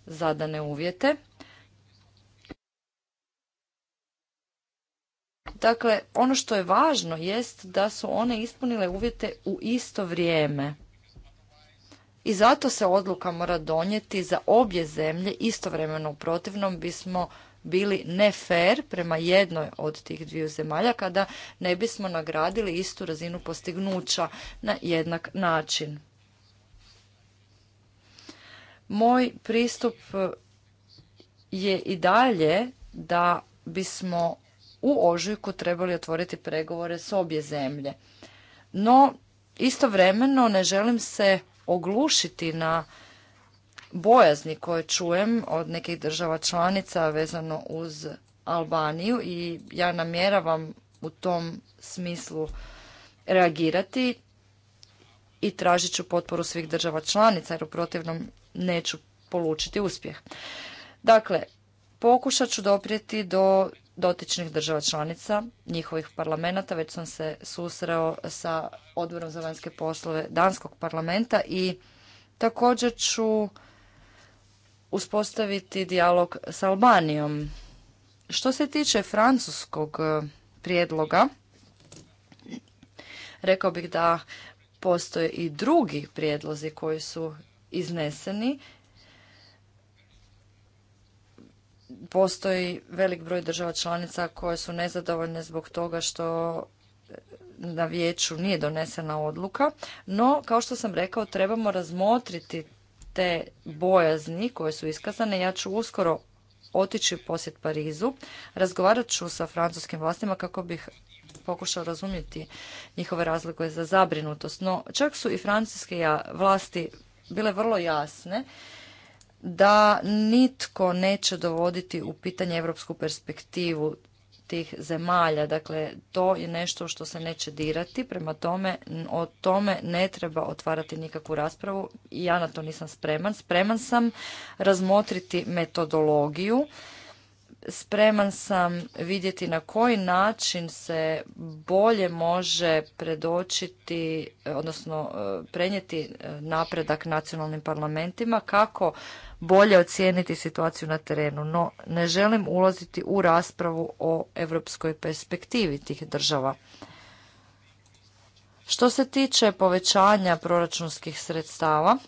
zadane uvjete. Dakle, ono što je važno jest da su one ispunile uvjete u isto vrijeme. I zato se odluka mora donijeti za obje zemlje istovremeno. U protivnom bismo bili ne fair prema jednoj od tih dviju zemalja kada ne bismo nagradili istu razinu postignuća na jednak način. Moj pristup je i dalje da bismo u ožujku trebali otvoriti pregovore s obje zemlje. No, istovremeno ne želim se oglušiti na bojazni koje čujem od nekih država članica vezano uz Albaniju i ja namjeravam u tom smislu reagirati i tražit ću potporu svih država članica jer u protivnom neću polučiti uspjeh. Dakle, pokušat ću doprijeti do dotičnih država članica, njihovih parlamenta. Već sam se susreo sa odborom za vanjske poslove Danskog parlamenta i također ću uspostaviti dijalog s Albanijom. Što se tiče francuskog e, prijedloga, rekao bih da postoje i drugi prijedlozi koji su izneseni. Postoji velik broj država članica koje su nezadovoljne zbog toga što na vijeću nije donesena odluka, no kao što sam rekao trebamo razmotriti te bojazni koje su iskazane. Ja ću uskoro otići u posjet Parizu. Razgovarat ću sa francuskim vlastima kako bih pokušao razumjeti njihove razlike za zabrinutost. No, čak su i francuske vlasti bile vrlo jasne da nitko neće dovoditi u pitanje europsku perspektivu tih zemalja. Dakle, to je nešto što se neće dirati, prema tome o tome ne treba otvarati nikakvu raspravu i ja na to nisam spreman. Spreman sam razmotriti metodologiju spreman sam vidjeti na koji način se bolje može predočiti, odnosno e, prenijeti e, napredak nacionalnim parlamentima, kako bolje ocijeniti situaciju na terenu. No, ne želim ulaziti u raspravu o europskoj perspektivi tih država. Što se tiče povećanja proračunskih sredstava,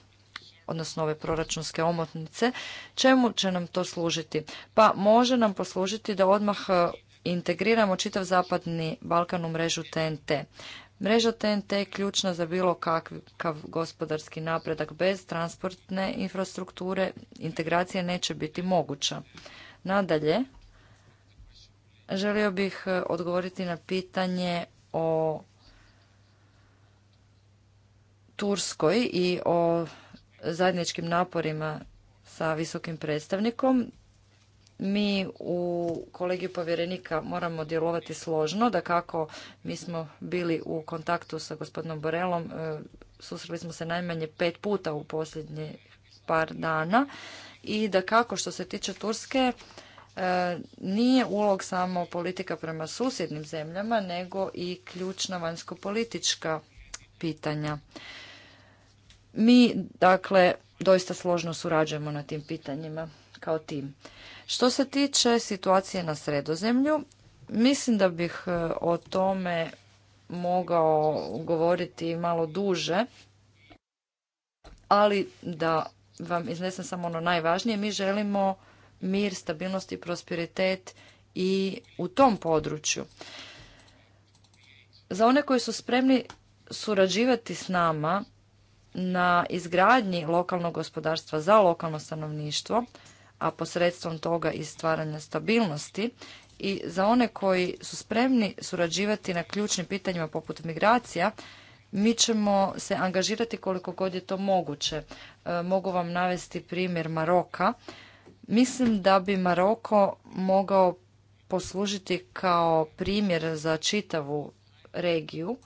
odnosno ove proračunske omotnice. Čemu će nam to služiti? Pa može nam poslužiti da odmah e, integriramo čitav zapadni Balkan u mrežu TNT. Mreža TNT je ključna za bilo kakav gospodarski napredak. Bez transportne infrastrukture integracija neće biti moguća. Nadalje, želio bih e, odgovoriti na pitanje o Turskoj i o zajedničkim naporima sa visokim predstavnikom. Mi u kolegiju povjerenika moramo djelovati složno, da kako mi smo bili u kontaktu sa gospodinom Borelom, e, susreli smo se najmanje pet puta u posljednje par dana i da kako što se tiče Turske e, nije ulog samo politika prema susjednim zemljama, nego i ključna vanjsko-politička pitanja. Mi, dakle, doista složno surađujemo na tim pitanjima kao tim. Što se tiče situacije na sredozemlju, mislim da bih e, o tome mogao govoriti malo duže, ali da vam iznesem samo ono najvažnije, mi želimo mir, stabilnost i prosperitet i u tom području. Za one koji su spremni surađivati s nama na izgradnji lokalnog gospodarstva za lokalno stanovništvo, a posredstvom toga i stvaranja stabilnosti i za one koji su spremni surađivati na ključnim pitanjima poput migracija, mi ćemo se angažirati koliko god je to moguće. E, mogu vam navesti primjer Maroka. Mislim da bi Maroko mogao poslužiti kao primjer za čitavu regiju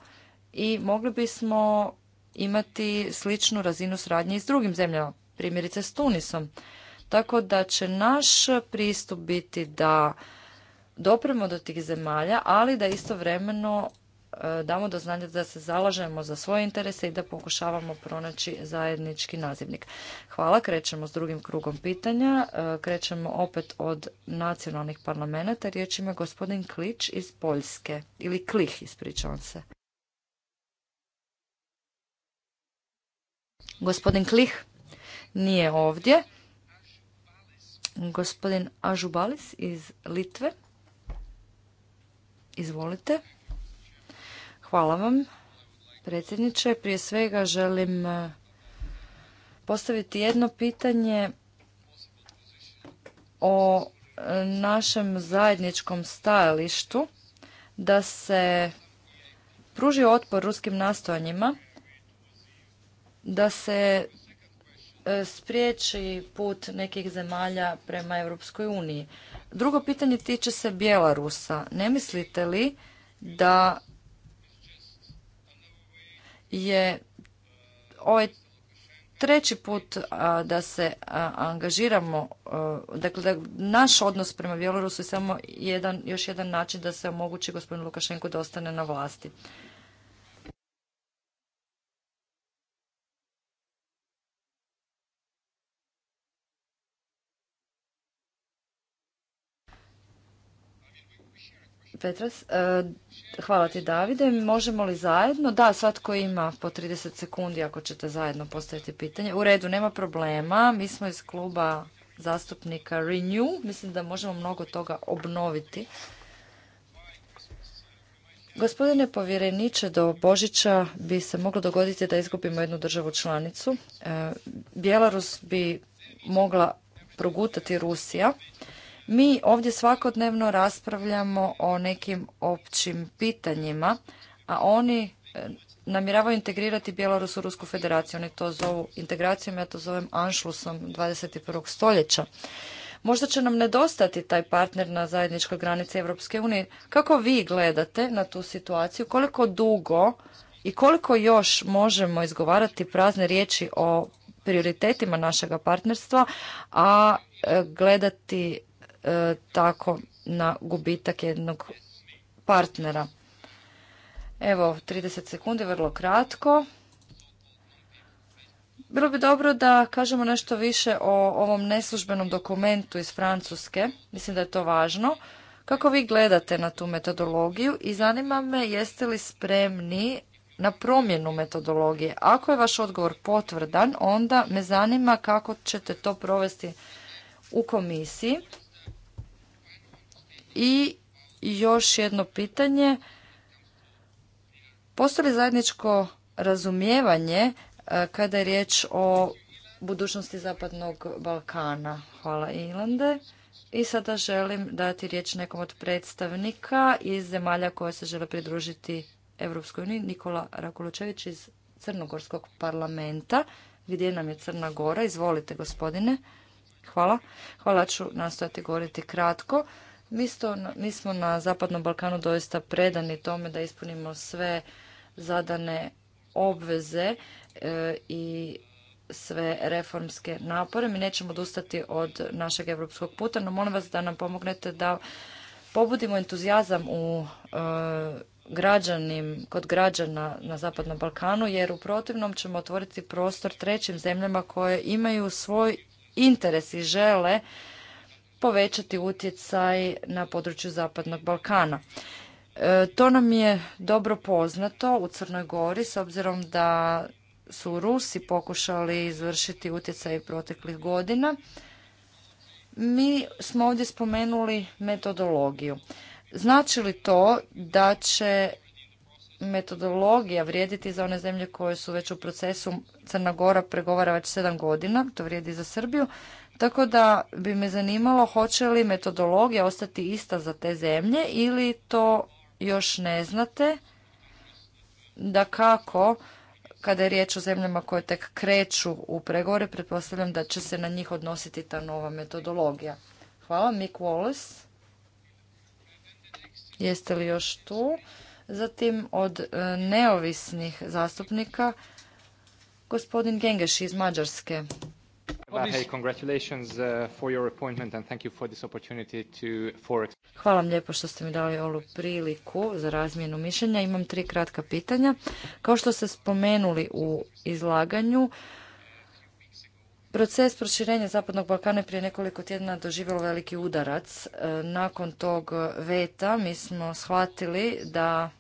i mogli bismo imati sličnu razinu suradnje i s drugim zemljama, primjerice s Tunisom. Tako da će naš pristup biti da dopremo do tih zemalja, ali da istovremeno e, damo do znanja da se zalažemo za svoje interese i da pokušavamo pronaći zajednički nazivnik. Hvala, krećemo s drugim krugom pitanja. E, krećemo opet od nacionalnih parlamenta. Riječ ima gospodin Klić iz Poljske, ili Klih, ispričavam se. Gospodin Klih nije ovdje. Gospodin Ažubalis iz Litve. Izvolite. Hvala vam, predsjedniče. Prije svega želim e, postaviti jedno pitanje o e, našem zajedničkom stajalištu da se pruži otpor ruskim nastojanjima da se e, spriječi put nekih zemalja prema Europskoj uniji. Drugo pitanje tiče se Bjelarusa. Ne mislite li da je ovaj treći put da se angažiramo, e, dakle da naš odnos prema Bjelorusu je samo jedan, još jedan način da se omogući gospodinu Lukašenku da ostane na vlasti. Petras. E, hvala ti Davide. Možemo li zajedno? Da, svatko ima po 30 sekundi ako ćete zajedno postaviti pitanje. U redu, nema problema. Mi smo iz kluba zastupnika Renew. Mislim da možemo mnogo toga obnoviti. Gospodine povjereniče, do Božića bi se moglo dogoditi da izgubimo jednu državu članicu. E, Bjelarus bi mogla progutati Rusija. Mi ovdje svakodnevno raspravljamo o nekim općim pitanjima, a oni e, namjeravaju integrirati Bjelorus u Rusku federaciju. Oni to zovu integracijom, ja to zovem anšlusom 21. stoljeća. Možda će nam nedostati taj partner na zajedničkoj granici Europske unije. Kako vi gledate na tu situaciju? Koliko dugo i koliko još možemo izgovarati prazne riječi o prioritetima našega partnerstva, a e, gledati E, tako na gubitak jednog partnera. Evo, 30 sekundi, vrlo kratko. Bilo bi dobro da kažemo nešto više o ovom neslužbenom dokumentu iz Francuske. Mislim da je to važno. Kako vi gledate na tu metodologiju i zanima me jeste li spremni na promjenu metodologije? Ako je vaš odgovor potvrdan, onda me zanima kako ćete to provesti u komisiji i još jedno pitanje. Postoji li zajedničko razumijevanje e, kada je riječ o budućnosti Zapadnog Balkana? Hvala Ilande. I sada želim dati riječ nekom od predstavnika iz zemalja koja se žele pridružiti Europskoj uniji, Nikola Rakuločević iz Crnogorskog parlamenta. Gdje nam je Crna Gora? Izvolite, gospodine. Hvala. Hvala ću nastojati govoriti kratko. Mi, smo na Zapadnom Balkanu doista predani tome da ispunimo sve zadane obveze e, i sve reformske napore. Mi nećemo odustati od našeg europskog puta, no molim vas da nam pomognete da pobudimo entuzijazam u e, kod građana na Zapadnom Balkanu, jer u protivnom ćemo otvoriti prostor trećim zemljama koje imaju svoj interes i žele povećati utjecaj na području Zapadnog Balkana. E, to nam je dobro poznato u Crnoj Gori s obzirom da su Rusi pokušali izvršiti utjecaj proteklih godina. Mi smo ovdje spomenuli metodologiju. Znači li to da će metodologija vrijediti za one zemlje koje su već u procesu Crna Gora pregovara već sedam godina, to vrijedi za Srbiju, tako da bi me zanimalo hoće li metodologija ostati ista za te zemlje ili to još ne znate da kako kada je riječ o zemljama koje tek kreću u pregovore, pretpostavljam da će se na njih odnositi ta nova metodologija. Hvala, Mick Wallace. Jeste li još tu? Zatim od e, neovisnih zastupnika, gospodin Gengeš iz Mađarske. Hvala vam lijepo što ste mi dali ovu priliku za razmjenu mišljenja. Imam tri kratka pitanja. Kao što ste spomenuli u izlaganju, Proces proširenja Zapadnog Balkana je prije nekoliko tjedana doživjelo veliki udarac. E, nakon tog veta mi smo shvatili da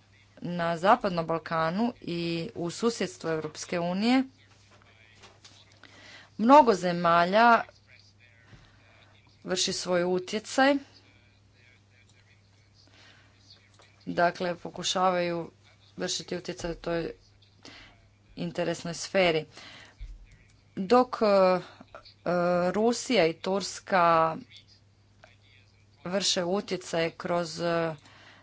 na Zapadnom Balkanu i u susjedstvu Europske unije Mnogo zemalja vrši svoj utjecaj. Dakle, pokušavaju vršiti utjecaj u toj interesnoj sferi. Dok e, e, Rusija i Turska vrše utjecaj kroz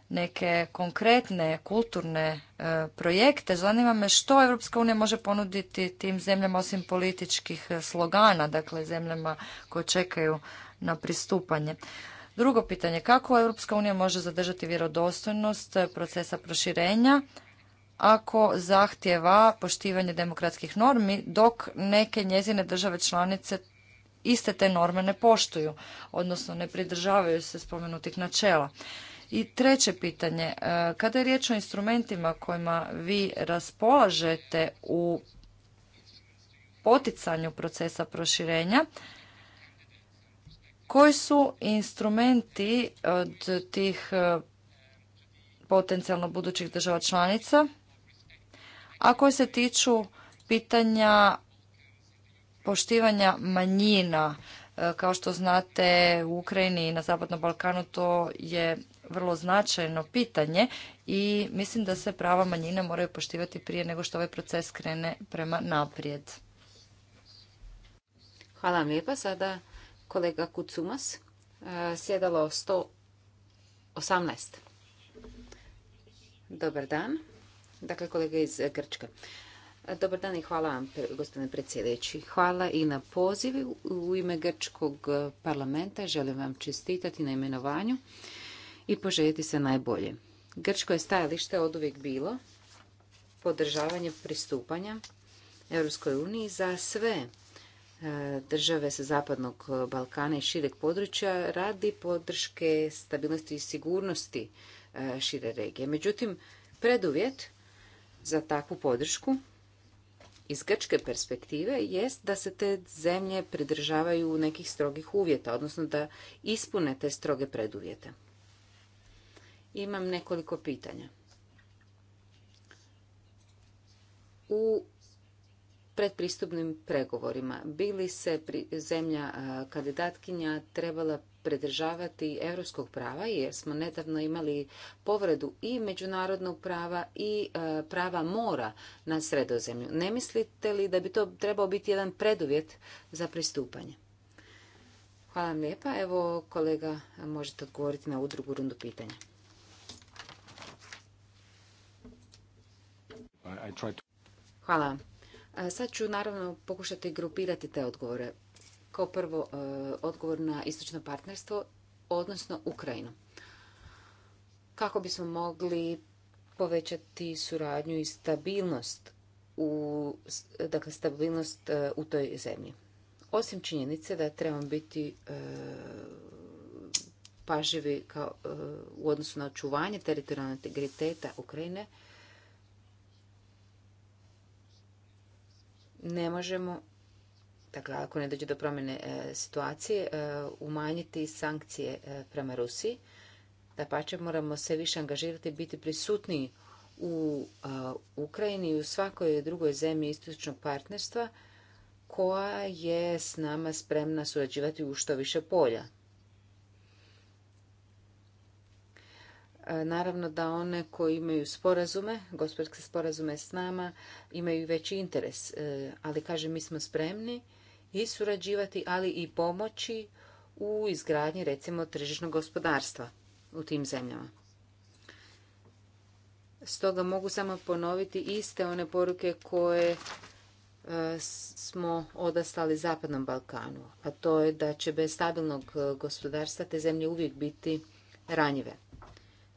neke konkretne kulturne e, projekte. Zanima me što Europska unija može ponuditi tim zemljama osim političkih e, slogana, dakle zemljama koje čekaju na pristupanje. Drugo pitanje, kako Europska unija može zadržati vjerodostojnost e, procesa proširenja ako zahtjeva poštivanje demokratskih normi dok neke njezine države članice iste te norme ne poštuju, odnosno ne pridržavaju se spomenutih načela. I treće pitanje, e, kada je riječ o instrumentima kojima vi raspolažete u poticanju procesa proširenja, koji su instrumenti od tih e, potencijalno budućih država članica, a koji se tiču pitanja poštivanja manjina. E, kao što znate, u Ukrajini i na Zapadnom Balkanu to je vrlo značajno pitanje i mislim da se prava manjina moraju poštivati prije nego što ovaj proces krene prema naprijed. Hvala vam lijepa. Sada kolega Kucumas, e, sjedalo 118. Dobar dan. Dakle, kolega iz Grčke. Dobar dan i hvala vam, gospodine predsjedeći. Hvala i na pozivu. U ime Grčkog parlamenta želim vam čestitati na imenovanju i poželjeti se najbolje. Grčko je stajalište oduvijek bilo podržavanje pristupanja Europskoj uniji za sve e, države sa zapadnog Balkana i šireg područja radi podrške stabilnosti i sigurnosti e, šire regije. Međutim, preduvjet za takvu podršku iz grčke perspektive jest da se te zemlje pridržavaju nekih strogih uvjeta, odnosno da ispune te stroge preduvjete. Imam nekoliko pitanja. U predpristupnim pregovorima bili se zemlja kandidatkinja trebala predržavati europskog prava jer smo nedavno imali povredu i međunarodnog prava i prava mora na sredozemlju. Ne mislite li da bi to trebao biti jedan preduvjet za pristupanje? Hvala vam lijepa. Evo kolega možete odgovoriti na drugu rundu pitanja. Hvala. E, sad ću naravno pokušati grupirati te odgovore. Kao prvo, e, odgovor na istočno partnerstvo, odnosno Ukrajinu. Kako bismo mogli povećati suradnju i stabilnost u, dakle, stabilnost e, u toj zemlji. Osim činjenice da trebamo biti paživi kao, u odnosu na očuvanje teritorijalnog integriteta Ukrajine, ne možemo, dakle ako ne dođe do promjene e, situacije, e, umanjiti sankcije e, prema Rusiji. Da pače moramo se više angažirati, i biti prisutniji u Ukrajini i u svakoj drugoj zemlji istočnog partnerstva koja je s nama spremna surađivati u što više polja. E, naravno da one koji imaju sporazume, gospodarske sporazume s nama, imaju veći interes. E, ali kažem, mi smo spremni i surađivati, ali i pomoći u izgradnji recimo tržišnog gospodarstva u tim zemljama. Stoga mogu samo ponoviti iste one poruke koje e, smo odastali Zapadnom Balkanu, a to je da će bez stabilnog gospodarstva te zemlje uvijek biti ranjive.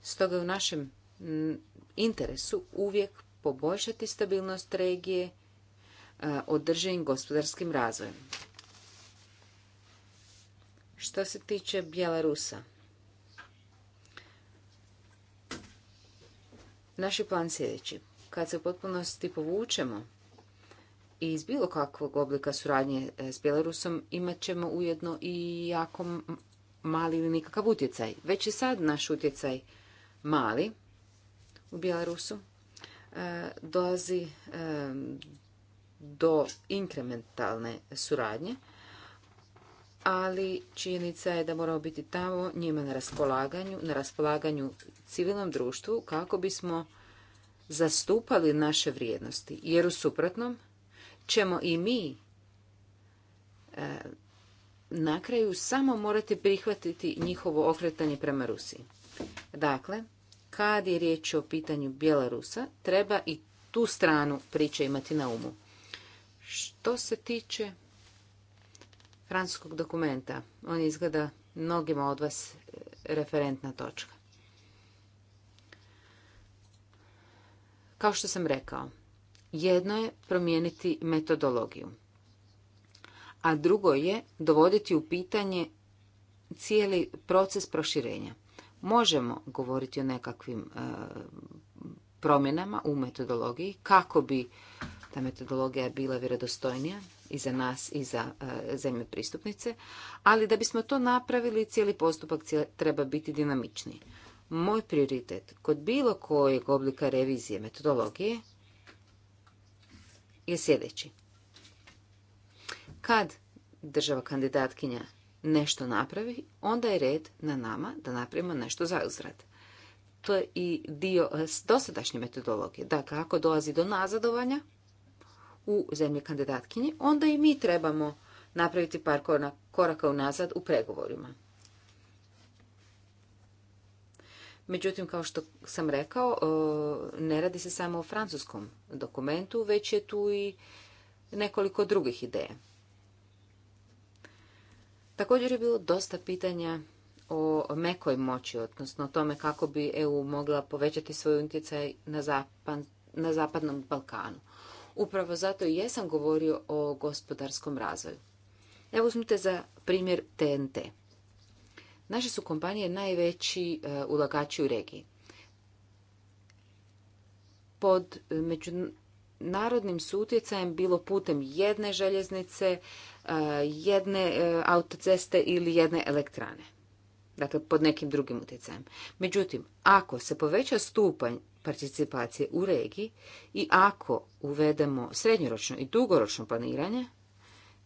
Stoga je u našem mm, interesu uvijek poboljšati stabilnost regije e, održivim gospodarskim razvojem. Što se tiče Bjelarusa, naš je plan sljedeći. Kad se u potpunosti povučemo iz bilo kakvog oblika suradnje e, s Bjelarusom, imat ćemo ujedno i jako mali ili nikakav utjecaj. Već je sad naš utjecaj mali u Bjelarusu, e, dolazi e, do inkrementalne suradnje, ali činjenica je da moramo biti tamo njima na raspolaganju, na raspolaganju civilnom društvu kako bismo zastupali naše vrijednosti, jer u suprotnom ćemo i mi e, na kraju samo morati prihvatiti njihovo okretanje prema Rusiji. Dakle, kad je riječ o pitanju Bjelarusa, treba i tu stranu priče imati na umu. Što se tiče francuskog dokumenta, on izgleda mnogima od vas referentna točka. Kao što sam rekao, jedno je promijeniti metodologiju, a drugo je dovoditi u pitanje cijeli proces proširenja možemo govoriti o nekakvim e, promjenama u metodologiji kako bi ta metodologija bila vjerodostojnija i za nas i za e, zemlje pristupnice, ali da bismo to napravili cijeli postupak treba biti dinamičniji. Moj prioritet kod bilo kojeg oblika revizije metodologije je sljedeći. Kad država kandidatkinja nešto napravi, onda je red na nama da napravimo nešto za uzrad. To je i dio e, dosadašnje metodologije. Dakle, ako dolazi do nazadovanja u zemlji kandidatkinje, onda i mi trebamo napraviti par koraka unazad u pregovorima. Međutim, kao što sam rekao, e, ne radi se samo o francuskom dokumentu, već je tu i nekoliko drugih ideja. Također je bilo dosta pitanja o mekoj moći, odnosno o tome kako bi EU mogla povećati svoj utjecaj na, zapadnom Balkanu. Upravo zato i jesam govorio o gospodarskom razvoju. Evo uzmite za primjer TNT. Naše su kompanije najveći e, ulagači u regiji. Pod među, narodnim su utjecajem bilo putem jedne željeznice, e, jedne e, autoceste ili jedne elektrane. Dakle, pod nekim drugim utjecajem. Međutim, ako se poveća stupanj participacije u regiji i ako uvedemo srednjoročno i dugoročno planiranje,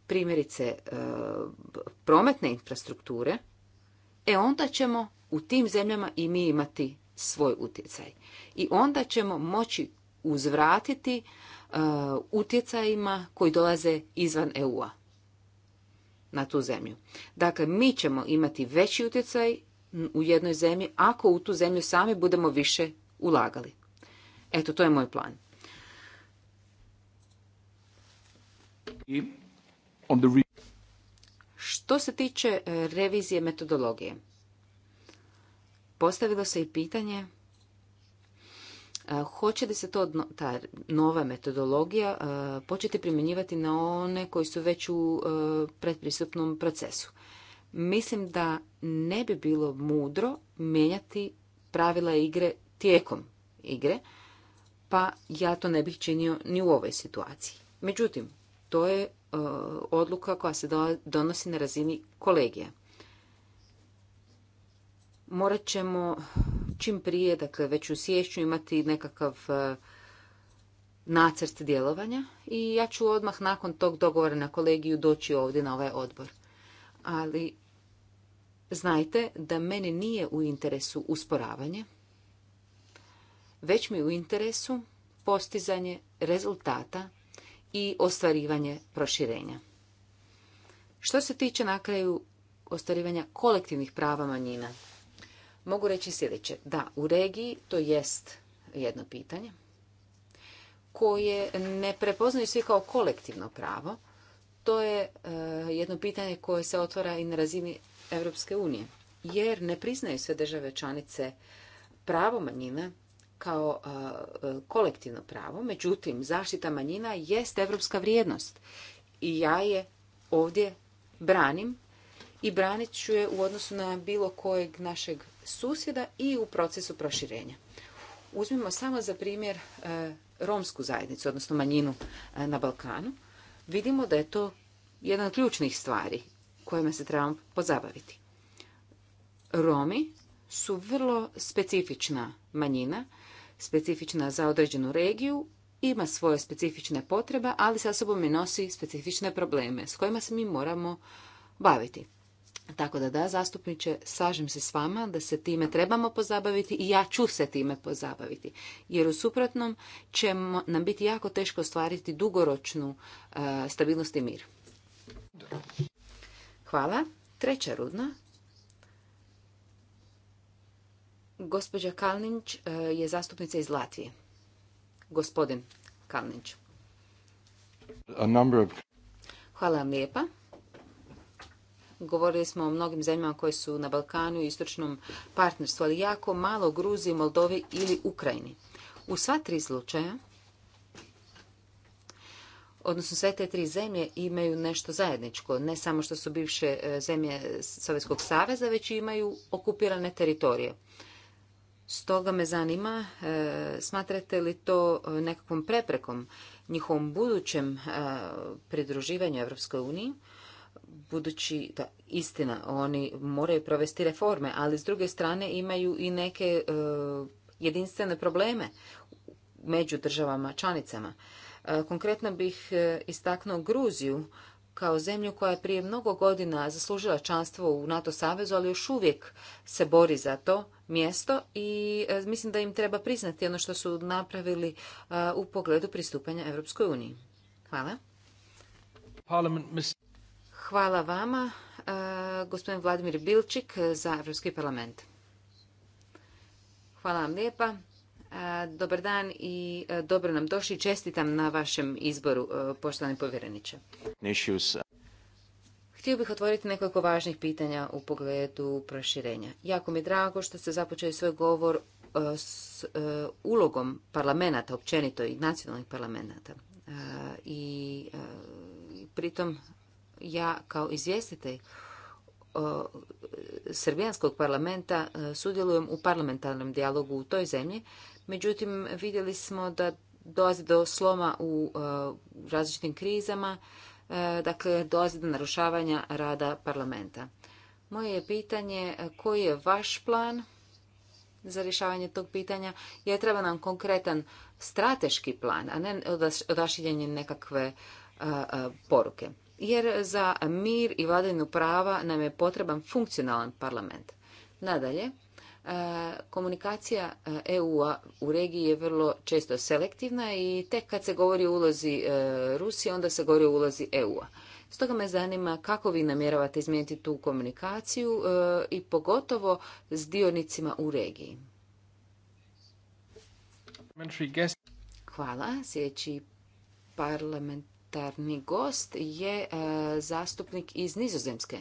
primjerice e, prometne infrastrukture, e onda ćemo u tim zemljama i mi imati svoj utjecaj. I onda ćemo moći uzvratiti e, utjecajima koji dolaze izvan EU-a na tu zemlju. Dakle, mi ćemo imati veći utjecaj u jednoj zemlji ako u tu zemlju sami budemo više ulagali. Eto, to je moj plan. Što se tiče e, revizije metodologije, postavilo se i pitanje Hoće li se to, ta nova metodologija početi primjenjivati na one koji su već u e, predpristupnom procesu? Mislim da ne bi bilo mudro mijenjati pravila igre tijekom igre, pa ja to ne bih činio ni u ovoj situaciji. Međutim, to je e, odluka koja se donosi na razini kolegija. Morat ćemo čim prije, dakle već u siječnju imati nekakav e, nacrt djelovanja i ja ću odmah nakon tog dogovora na kolegiju doći ovdje na ovaj odbor. Ali znajte da meni nije u interesu usporavanje, već mi je u interesu postizanje rezultata i ostvarivanje proširenja. Što se tiče na kraju ostvarivanja kolektivnih prava manjina, Mogu reći sljedeće. Da, u regiji to jest jedno pitanje koje ne prepoznaju svi kao kolektivno pravo. To je e, jedno pitanje koje se otvara i na razini Europske unije. Jer ne priznaju sve države članice pravo manjina kao e, e, kolektivno pravo. Međutim, zaštita manjina jest europska vrijednost. I ja je ovdje branim i branit ću je u odnosu na bilo kojeg našeg susjeda i u procesu proširenja. Uzmimo samo za primjer e, romsku zajednicu, odnosno manjinu e, na Balkanu. Vidimo da je to jedna od ključnih stvari kojima se trebamo pozabaviti. Romi su vrlo specifična manjina, specifična za određenu regiju, ima svoje specifične potrebe, ali sa sobom i nosi specifične probleme s kojima se mi moramo baviti. Tako da da, zastupniče, slažem se s vama da se time trebamo pozabaviti i ja ću se time pozabaviti. Jer u suprotnom će nam biti jako teško ostvariti dugoročnu e, stabilnost i mir. Hvala. Treća rudna. Gospođa Kalnić e, je zastupnica iz Latvije. Gospodin Kalnić. Hvala vam lijepa. Govorili smo o mnogim zemljama koje su na Balkanu i istočnom partnerstvu, ali jako malo Gruziji, Moldovi ili Ukrajini. U sva tri slučaja, odnosno sve te tri zemlje imaju nešto zajedničko. Ne samo što su bivše e, zemlje Sovjetskog saveza, već imaju okupirane teritorije. Stoga me zanima, e, smatrate li to e, nekakvom preprekom njihovom budućem pridruživanju Evropskoj uniji? budući da istina oni moraju provesti reforme, ali s druge strane imaju i neke e, jedinstvene probleme među državama članicama. E, konkretno bih e, istaknuo Gruziju kao zemlju koja je prije mnogo godina zaslužila članstvo u NATO savezu, ali još uvijek se bori za to mjesto i mislim da im treba priznati ono što su napravili u pogledu pristupanja Europskoj uniji. Hvala. Parliament Hvala vama, e, gospodin Vladimir Bilčik za Europski parlament. Hvala vam lijepa. E, dobar dan i e, dobro nam došli. Čestitam na vašem izboru, poštovani povjereniče. Htio bih otvoriti nekoliko važnih pitanja u pogledu proširenja. Jako mi je drago što ste započeli svoj govor s ulogom parlamenta općenito i nacionalnih parlamenta. I pritom ja kao izvjestitelj srbijanskog parlamenta e, sudjelujem u parlamentarnom dijalogu u toj zemlji. Međutim, vidjeli smo da dolazi do sloma u e, različitim krizama, e, dakle dolazi do narušavanja rada parlamenta. Moje je pitanje koji je vaš plan za rješavanje tog pitanja, je treba nam konkretan strateški plan, a ne odašiljanje nekakve poruke jer za mir i vladavinu prava nam je potreban funkcionalan parlament. Nadalje, e, komunikacija e, EU-a u regiji je vrlo često selektivna i tek kad se govori o ulozi e, Rusije, onda se govori o ulozi EU-a. Stoga me zanima kako vi namjeravate izmijeniti tu komunikaciju i pogotovo s dionicima u regiji. Hvala. Sljedeći parlament parlamentarni gost je e, zastupnik iz Nizozemske.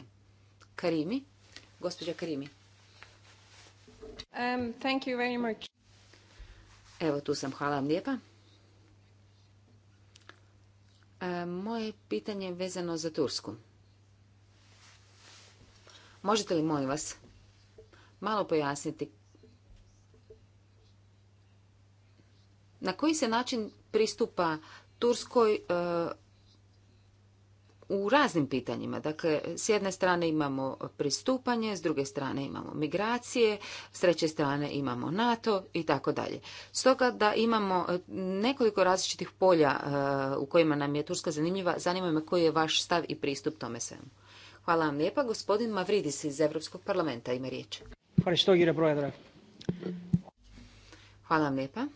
Karimi, gospođa Karimi. Um, thank you very much. Evo tu sam, hvala vam lijepa. E, moje pitanje je vezano za Tursku. Možete li, molim vas, malo pojasniti na koji se način pristupa Turskoj e, u raznim pitanjima. Dakle, s jedne strane imamo pristupanje, s druge strane imamo migracije, s treće strane imamo NATO i tako dalje. Stoga da imamo e, nekoliko različitih polja e, u kojima nam je Turska zanimljiva, zanima me koji je vaš stav i pristup tome svemu. Hvala vam lijepa. Gospodin Mavridis iz Europskog parlamenta ima riječ. Hvala vam lijepa.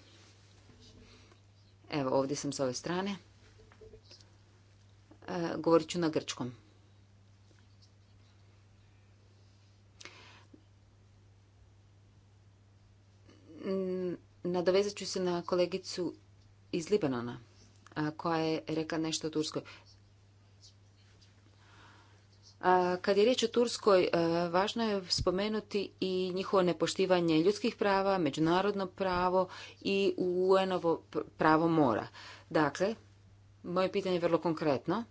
Evo, ovdje sam s ove strane. E, govorit ću na grčkom. Nadovezat ću se na kolegicu iz Libanona e, koja je rekla nešto o Turskoj. E, kad je riječ o Turskoj, važno je spomenuti i njihovo nepoštivanje ljudskih prava, međunarodno pravo i UN-ovo pravo mora. Dakle, moje pitanje je vrlo konkretno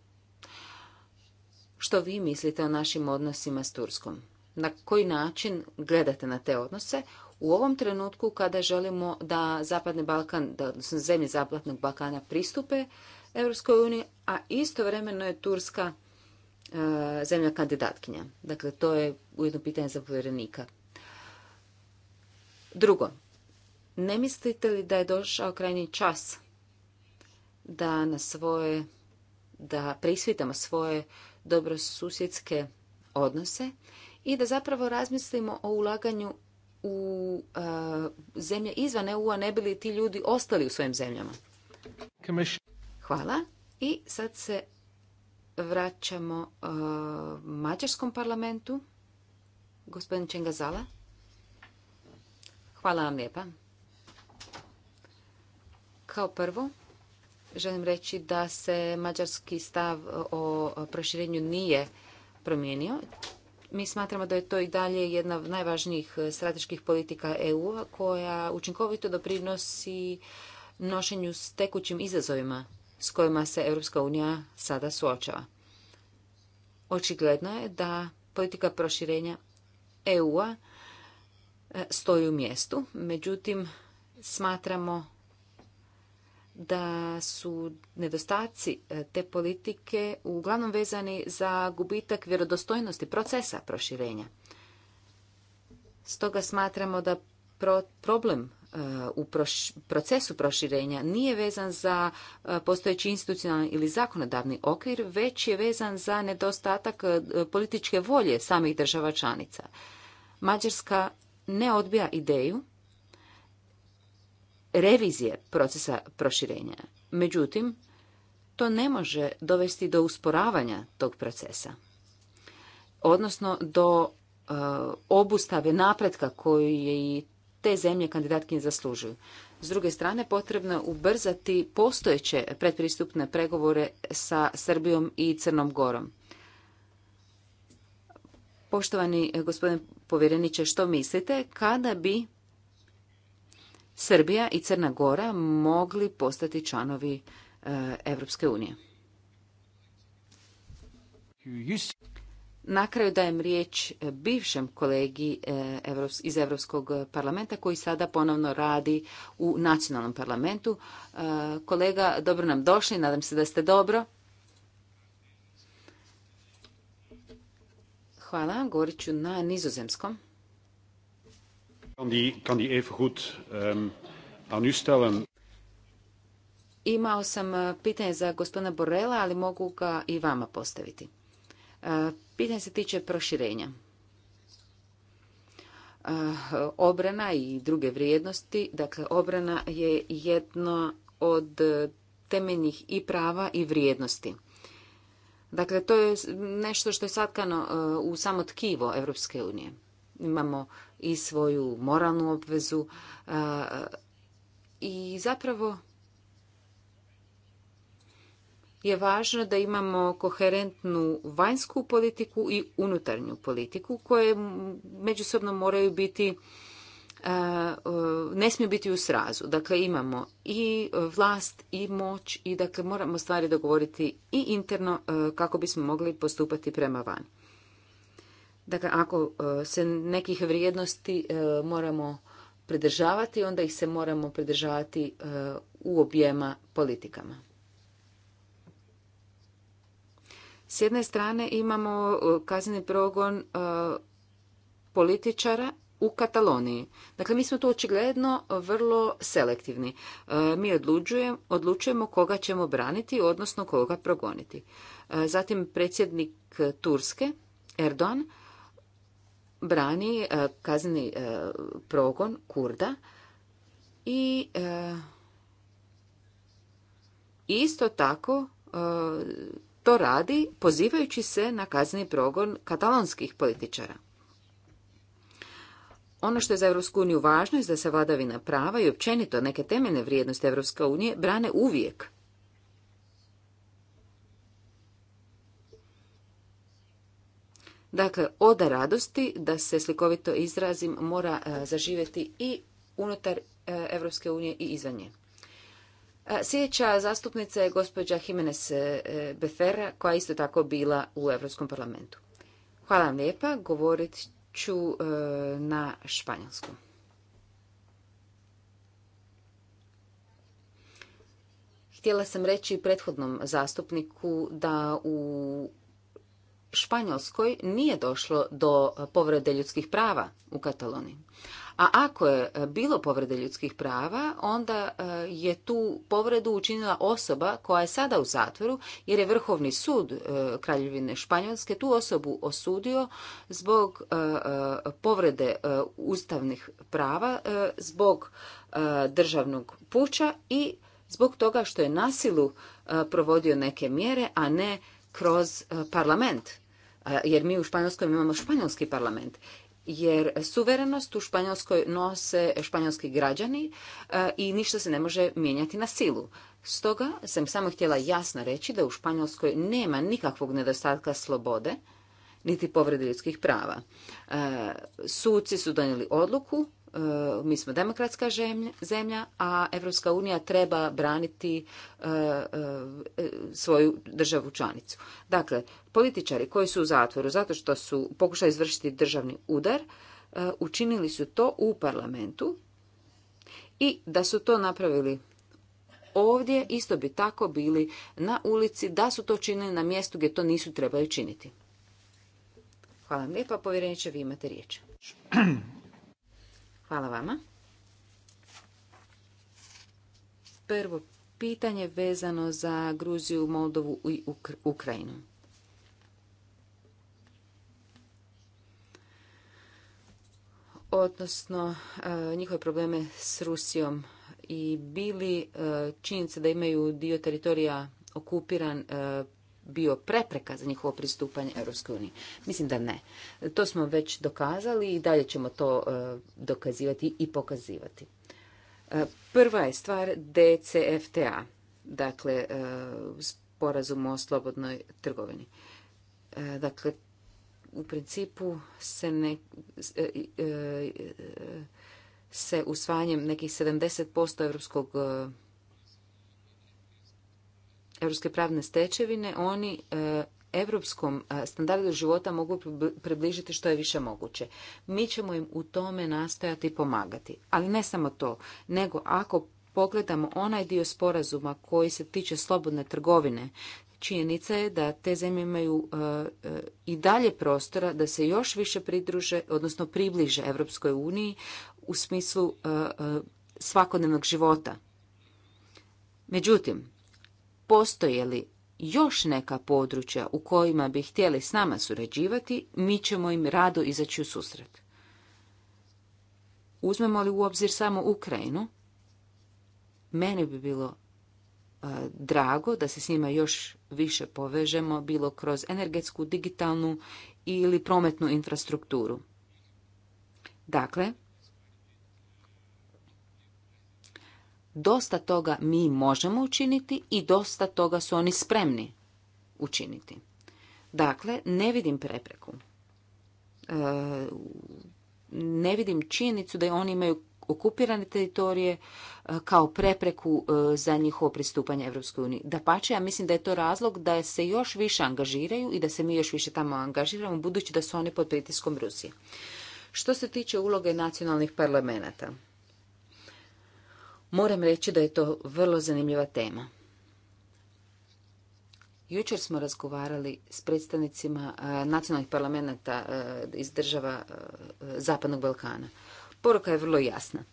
što vi mislite o našim odnosima s Turskom. Na koji način gledate na te odnose u ovom trenutku kada želimo da Zapadni Balkan, da odnosno zemlje Zapadnog Balkana pristupe Europskoj uniji, a istovremeno je Turska e, zemlja kandidatkinja. Dakle, to je ujedno pitanje za povjerenika. Drugo, ne mislite li da je došao krajnji čas da na svoje, da prisvitamo svoje dobrosusjedske odnose i da zapravo razmislimo o ulaganju u e, zemlje izvan EU-a ne bi li ti ljudi ostali u svojim zemljama. Hvala. I sad se vraćamo e, Mađarskom parlamentu. Gospodin Čengazala. Hvala vam lijepa. Kao prvo, želim reći da se mađarski stav o proširenju nije promijenio. Mi smatramo da je to i dalje jedna od najvažnijih strateških politika EU koja učinkovito doprinosi nošenju s tekućim izazovima s kojima se Europska unija sada suočava. Očigledno je da politika proširenja EU-a e, stoji u mjestu, međutim smatramo da su nedostaci e, te politike uglavnom vezani za gubitak vjerodostojnosti procesa proširenja. Stoga smatramo da problem e, u procesu proširenja nije vezan za e, postojeći institucionalni ili zakonodavni okvir, već je vezan za nedostatak političke volje samih država članica. Mađarska ne odbija ideju revizije procesa proširenja. Međutim, to ne može dovesti do usporavanja tog procesa, odnosno do e, obustave napretka koju je i te zemlje kandidatkinje zaslužuju. S druge strane, potrebno je ubrzati postojeće pretpristupne pregovore sa Srbijom i Crnom Gorom. Poštovani e, gospodin povjereniče, što mislite kada bi Srbija i Crna Gora mogli postati članovi Europske eh, unije. Na kraju dajem riječ eh, bivšem kolegi eh, iz Europskog parlamenta koji sada ponovno radi u nacionalnom parlamentu. Kolega, dobro nam došli, nadam se da ste dobro. Hvala, govorit ću na nizozemskom. Ehm, Imao sam eh, pitanje za gospodina Borela, ali mogu ga i vama postaviti. Eh, pitanje se tiče proširenja. Eh, obrana i druge vrijednosti, dakle obrana je jedno od temeljnih i prava i vrijednosti. Dakle, to je nešto što je satkano u samo tkivo Europske unije. Imamo i svoju moralnu obvezu e, i zapravo je važno da imamo koherentnu vanjsku politiku i unutarnju politiku koje međusobno moraju biti e, ne smiju biti u srazu. Dakle, imamo i vlast i moć i dakle moramo stvari dogovoriti i interno e, kako bismo mogli postupati prema van. Dakle, ako e, se nekih vrijednosti e, moramo pridržavati, onda ih se moramo pridržavati e, u objema politikama. S jedne strane imamo kazneni progon političara u Kataloniji. Dakle, mi smo tu očigledno vrlo selektivni. Mi odlučujemo koga ćemo braniti, odnosno koga progoniti. Zatim predsjednik Turske, Erdogan, brani e, kazneni e, progon Kurda i e, isto tako to radi pozivajući se na kazni progon katalonskih političara. Ono što je za Europsku uniju važno je da se vladavina prava i općenito neke temeljne vrijednosti Europske unije brane uvijek Dakle, oda radosti, da se slikovito izrazim, mora e, zaživjeti i unutar Europske unije i izvan nje. E, sljedeća zastupnica je gospođa Jimenez e, Befera, koja je isto tako bila u Europskom parlamentu. Hvala vam lijepa, govorit ću na španjolskom. Htjela sam reći prethodnom zastupniku da u Španjolskoj nije došlo do povrede ljudskih prava u Kataloniji. A ako je bilo povrede ljudskih prava, onda e, je tu povredu učinila osoba koja je sada u zatvoru, jer je Vrhovni sud e, Kraljevine Španjolske tu osobu osudio zbog e, povrede ustavnih prava, zbog državnog puća i zbog toga što je nasilu provodio neke mjere, a ne kroz parlament jer mi u Španjolskoj imamo španjolski parlament jer suverenost u Španjolskoj nose španjolski građani i ništa se ne može mijenjati na silu. Stoga sam samo htjela jasno reći da u Španjolskoj nema nikakvog nedostatka slobode niti povrede ljudskih prava. Suci su donijeli odluku E, mi smo demokratska zemlja, a Evropska unija treba braniti e, e, svoju državu članicu. Dakle, političari koji su u zatvoru zato što su pokušali izvršiti državni udar, učinili su to u parlamentu i da su to napravili ovdje, isto bi tako bili na ulici, da su to činili na mjestu gdje to nisu trebali činiti. Hvala vam lijepa, povjereniče, vi imate riječ. <clears throat> Hvala vama. Prvo pitanje vezano za Gruziju, Moldovu i Ukrajinu. Odnosno e, njihove probleme s Rusijom i bili e, činjenica da imaju dio teritorija okupiran e, bio prepreka za njihovo pristupanje Europskoj Mislim da ne. To smo već dokazali i dalje ćemo to e, dokazivati i pokazivati. E, prva je stvar DCFTA, dakle e, sporazum o slobodnoj trgovini. Dakle, u principu se ne se usvajanjem nekih 70% europskog europske pravne stečevine, oni europskom e, standardu života mogu približiti što je više moguće. Mi ćemo im u tome nastojati pomagati. Ali ne samo to, nego ako pogledamo onaj dio sporazuma koji se tiče slobodne trgovine, činjenica je da te zemlje imaju e, e, i dalje prostora da se još više pridruže, odnosno približe Europskoj uniji u smislu svakodnevnog života. Međutim, Postoje li još neka područja u kojima bi htjeli s nama surađivati, mi ćemo im rado izaći u susret. Uzmemo li u obzir samo Ukrajinu, meni bi bilo e, drago da se s njima još više povežemo, bilo kroz energetsku, digitalnu ili prometnu infrastrukturu. Dakle, dosta toga mi možemo učiniti i dosta toga su oni spremni učiniti. Dakle, ne vidim prepreku. E, ne vidim činjenicu da oni imaju okupirane teritorije e, kao prepreku e, za njihovo pristupanje Europskoj uniji. Da pače, ja mislim da je to razlog da se još više angažiraju i da se mi još više tamo angažiramo, budući da su oni pod pritiskom Rusije. Što se tiče uloge nacionalnih parlamenta, Moram reći da je to vrlo zanimljiva tema. Jučer smo razgovarali s predstavnicima e, nacionalnih parlamenta e, iz država e, Zapadnog Balkana. Poruka je vrlo jasna.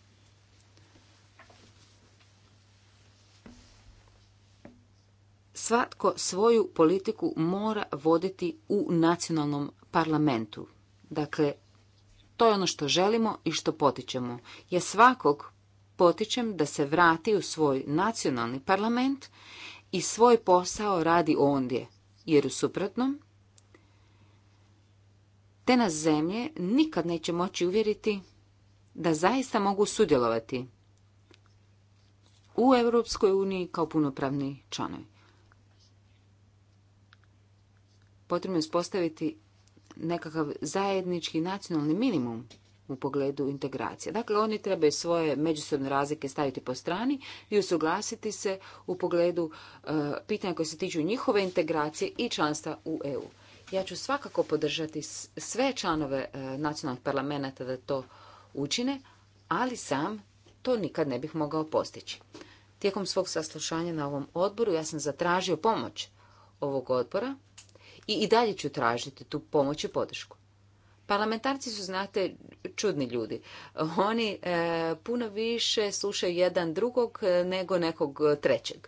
Svatko svoju politiku mora voditi u nacionalnom parlamentu. Dakle, to je ono što želimo i što potičemo. je svakog potičem da se vrati u svoj nacionalni parlament i svoj posao radi ondje, jer u suprotnom te nas zemlje nikad neće moći uvjeriti da zaista mogu sudjelovati u Europskoj uniji kao punopravni članovi. Potrebno je spostaviti nekakav zajednički nacionalni minimum u pogledu integracije. Dakle, oni trebaju svoje međusobne razlike staviti po strani i usuglasiti se u pogledu e, pitanja koje se tiču njihove integracije i članstva u EU. Ja ću svakako podržati sve članove e, nacionalnih parlamenta da to učine, ali sam to nikad ne bih mogao postići. Tijekom svog saslušanja na ovom odboru ja sam zatražio pomoć ovog odbora i i dalje ću tražiti tu pomoć i podršku. Parlamentarci su, znate, čudni ljudi. Oni e, puno više slušaju jedan drugog e, nego nekog trećeg.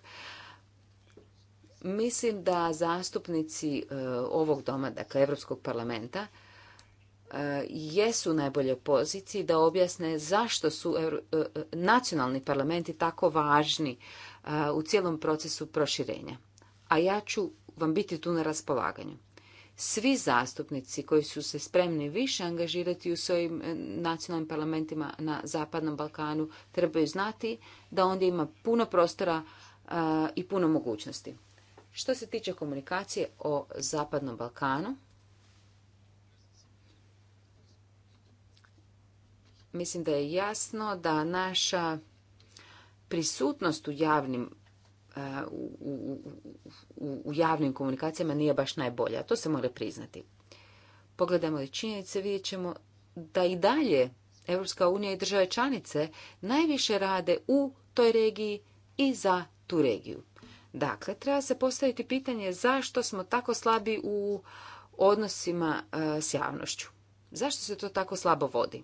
Mislim da zastupnici e, ovog doma, dakle Europskog parlamenta, jesu u najboljoj poziciji da objasne zašto su nacionalni parlamenti tako važni u cijelom procesu proširenja. A ja ću vam biti tu na raspolaganju svi zastupnici koji su se spremni više angažirati u svojim e, nacionalnim parlamentima na Zapadnom Balkanu trebaju znati da onda ima puno prostora e, i puno mogućnosti. Što se tiče komunikacije o Zapadnom Balkanu, mislim da je jasno da naša prisutnost u javnim E, u, u, javnim komunikacijama nije baš najbolja. To se mora priznati. Pogledamo li činjenice, vidjet ćemo da i dalje EU unija i države članice najviše rade u toj regiji i za tu regiju. Dakle, treba se postaviti pitanje zašto smo tako slabi u odnosima e, s javnošću. Zašto se to tako slabo vodi?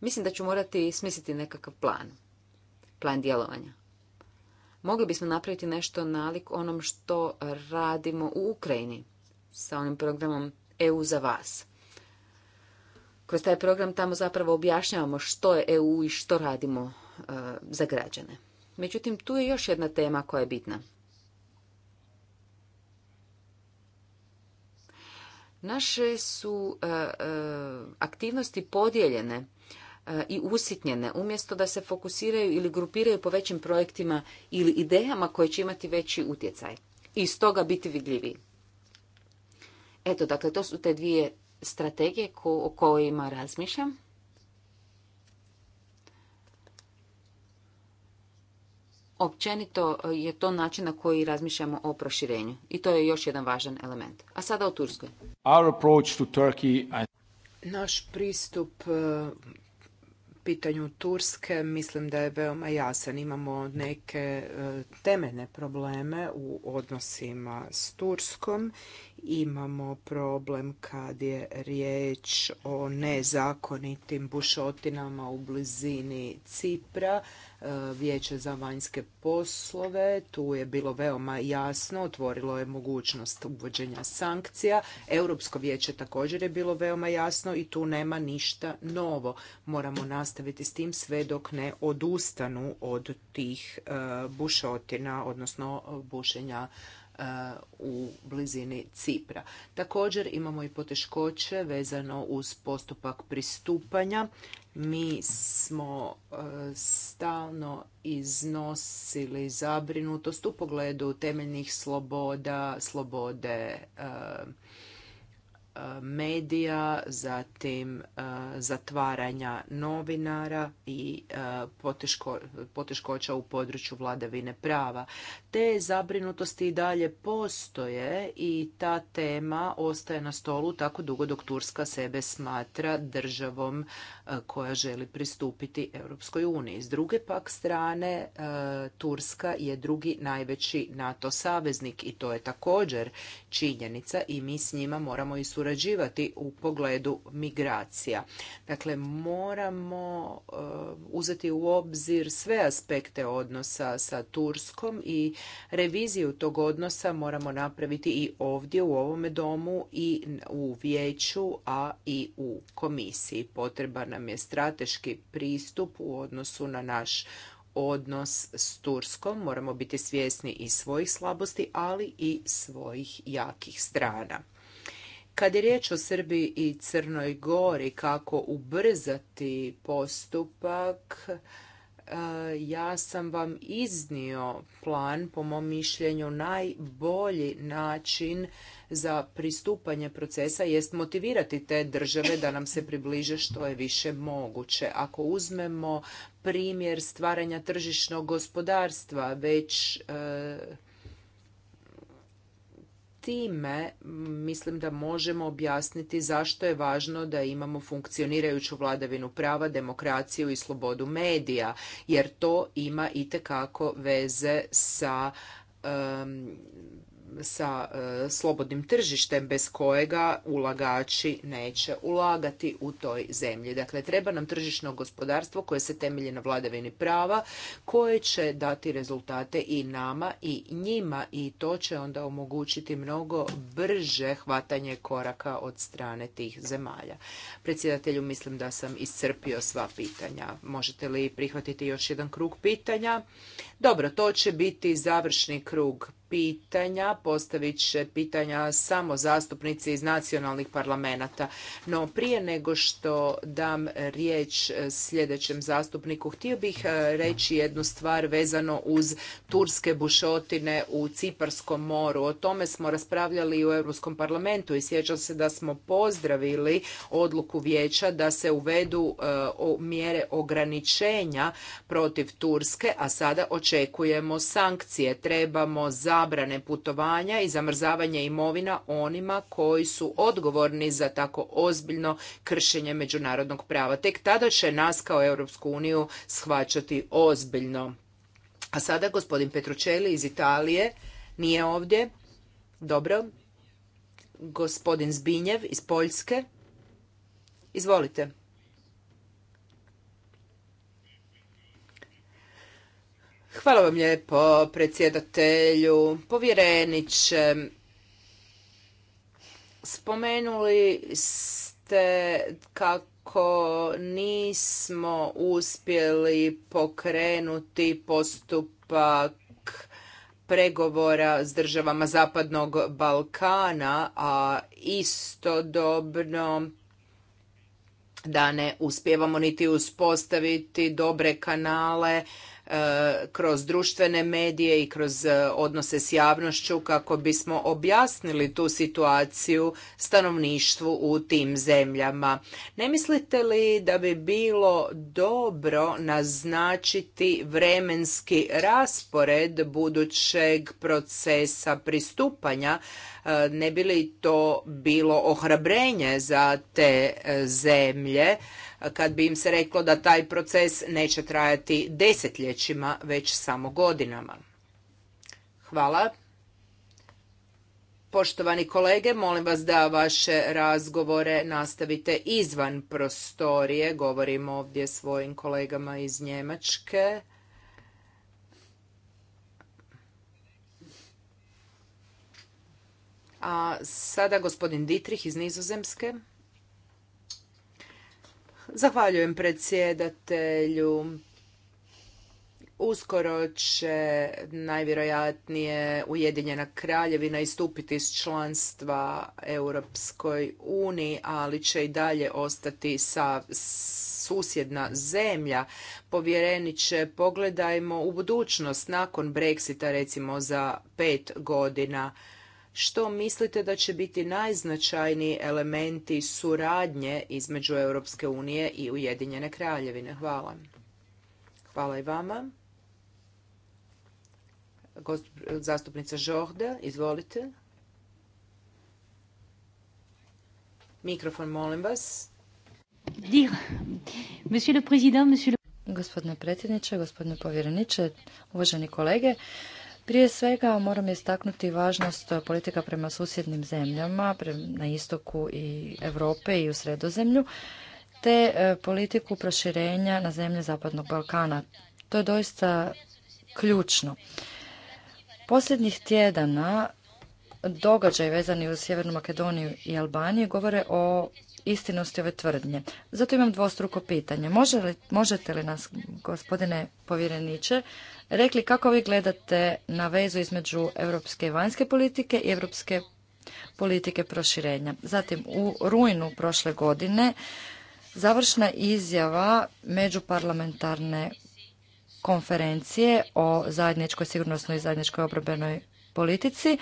Mislim da ću morati smisliti nekakav plan, plan djelovanja. Mogli bismo napraviti nešto nalik onom što radimo u Ukrajini sa onim programom EU za vas. Kroz taj program tamo zapravo objašnjavamo što je EU i što radimo e, za građane. Međutim, tu je još jedna tema koja je bitna. Naše su e, e, aktivnosti podijeljene E, i usitnjene, umjesto da se fokusiraju ili grupiraju po većim projektima ili idejama koje će imati veći utjecaj i stoga biti vidljiviji. Eto, dakle, to su te dvije strategije o kojima razmišljam. Općenito e, je to način na koji razmišljamo o proširenju i to je još jedan važan element. A sada o Turskoj. Naš pristup e, pitanju Turske mislim da je veoma jasan. Imamo neke e, temeljne probleme u odnosima s Turskom. Imamo problem kad je riječ o nezakonitim bušotinama u blizini Cipra. E, vijeće za vanjske poslove. Tu je bilo veoma jasno, otvorilo je mogućnost uvođenja sankcija. Europsko vijeće također je bilo veoma jasno i tu nema ništa novo. Moramo nastaviti s tim sve dok ne odustanu od tih e, bušotina, odnosno bušenja E, u blizini Cipra. Također imamo i poteškoće vezano uz postupak pristupanja. Mi smo e, stalno iznosili zabrinutost u pogledu temeljnih sloboda, slobode e, E, medija, zatim e, zatvaranja novinara i e, poteškoća u području vladavine prava. Te zabrinutosti i dalje postoje i ta tema ostaje na stolu tako dugo dok Turska sebe smatra državom koja želi pristupiti Europskoj uniji. S druge pak strane, Turska je drugi najveći NATO saveznik i to je također činjenica i mi s njima moramo i surađivati u pogledu migracija. Dakle, moramo e, uzeti u obzir sve aspekte odnosa sa Turskom i reviziju tog odnosa moramo napraviti i ovdje u ovome domu i u vijeću, a i u komisiji. Potreba nam je strateški pristup u odnosu na naš odnos s Turskom. Moramo biti svjesni i svojih slabosti, ali i svojih jakih strana. Kad je riječ o Srbiji i Crnoj Gori, kako ubrzati postupak, e, ja sam vam iznio plan, po mom mišljenju najbolji način za pristupanje procesa jest motivirati te države da nam se približe što je više moguće. Ako uzmemo primjer stvaranja tržišnog gospodarstva, već e, time mislim da možemo objasniti zašto je važno da imamo funkcionirajuću vladavinu prava, demokraciju i slobodu medija, jer to ima itekako veze sa sa e, slobodnim tržištem bez kojega ulagači neće ulagati u toj zemlji. Dakle, treba nam tržišno gospodarstvo koje se temelji na vladavini prava, koje će dati rezultate i nama i njima i to će onda omogućiti mnogo brže hvatanje koraka od strane tih zemalja. Predsjedatelju, mislim da sam iscrpio sva pitanja. Možete li prihvatiti još jedan krug pitanja? Dobro, to će biti završni krug pitanja. Postavit će pitanja samo zastupnici iz nacionalnih parlamenta. No prije nego što dam riječ sljedećem zastupniku, htio bih e, reći jednu stvar vezano uz turske bušotine u Ciparskom moru. O tome smo raspravljali u Europskom parlamentu i sjećam se da smo pozdravili odluku vijeća da se uvedu e, mjere ograničenja protiv Turske, a sada očekujemo očekujemo sankcije, trebamo zabrane putovanja i zamrzavanje imovina onima koji su odgovorni za tako ozbiljno kršenje međunarodnog prava. Tek tada će nas kao Europsku uniju shvaćati ozbiljno. A sada gospodin Petručeli iz Italije nije ovdje. Dobro. Gospodin Zbinjev iz Poljske. Izvolite. Hvala vam lijepo, predsjedatelju, povjereniče. Spomenuli ste kako nismo uspjeli pokrenuti postupak pregovora s državama Zapadnog Balkana, a istodobno da ne uspjevamo niti uspostaviti dobre kanale E, kroz društvene medije i kroz e, odnose s javnošću kako bismo objasnili tu situaciju stanovništvu u tim zemljama. Ne mislite li da bi bilo dobro naznačiti vremenski raspored budućeg procesa pristupanja e, ne bi li to bilo ohrabrenje za te zemlje kad bi im se reklo da taj proces neće trajati desetljećima, već samo godinama. Hvala. Poštovani kolege, molim vas da vaše razgovore nastavite izvan prostorije. Govorim ovdje svojim kolegama iz Njemačke. A sada gospodin Dietrich iz Nizozemske. Zahvaljujem predsjedatelju. Uskoro će najvjerojatnije Ujedinjena kraljevina istupiti iz članstva Europskoj uniji, ali će i dalje ostati sa susjedna zemlja. Povjereniče, pogledajmo u budućnost nakon Brexita recimo za pet godina što mislite da će biti najznačajniji elementi suradnje između Europske unije i Ujedinjene kraljevine? Hvala. Hvala i vama. Zastupnica Žohda, izvolite. Mikrofon, molim vas. Gospodine predsjedniče, gospodine povjereniče, uvaženi kolege, prije svega moram istaknuti važnost politika prema susjednim zemljama na istoku i Europe i u Sredozemlju te e, politiku proširenja na zemlje Zapadnog Balkana. To je doista ključno. Posljednjih tjedana događaj vezani uz Sjevernu Makedoniju i Albaniju govore o istinosti ove tvrdnje. Zato imam dvostruko pitanje. možete li nas, gospodine povjereniče, rekli kako vi gledate na vezu između europske vanjske politike i europske politike proširenja. Zatim, u rujnu prošle godine završna izjava međuparlamentarne konferencije o zajedničkoj sigurnosnoj i zajedničkoj obrambenoj politici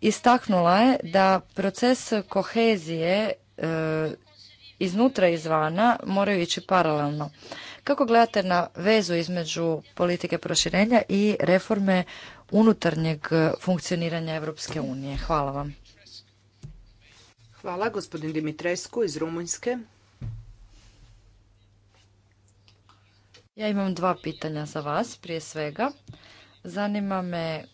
istaknula je da proces kohezije e, iznutra i izvana moraju ići paralelno. Kako gledate na vezu između politike proširenja i reforme unutarnjeg funkcioniranja Europske unije? Hvala vam. Hvala, gospodin Dimitrescu iz Rumunjske. Ja imam dva pitanja za vas, prije svega. Zanima me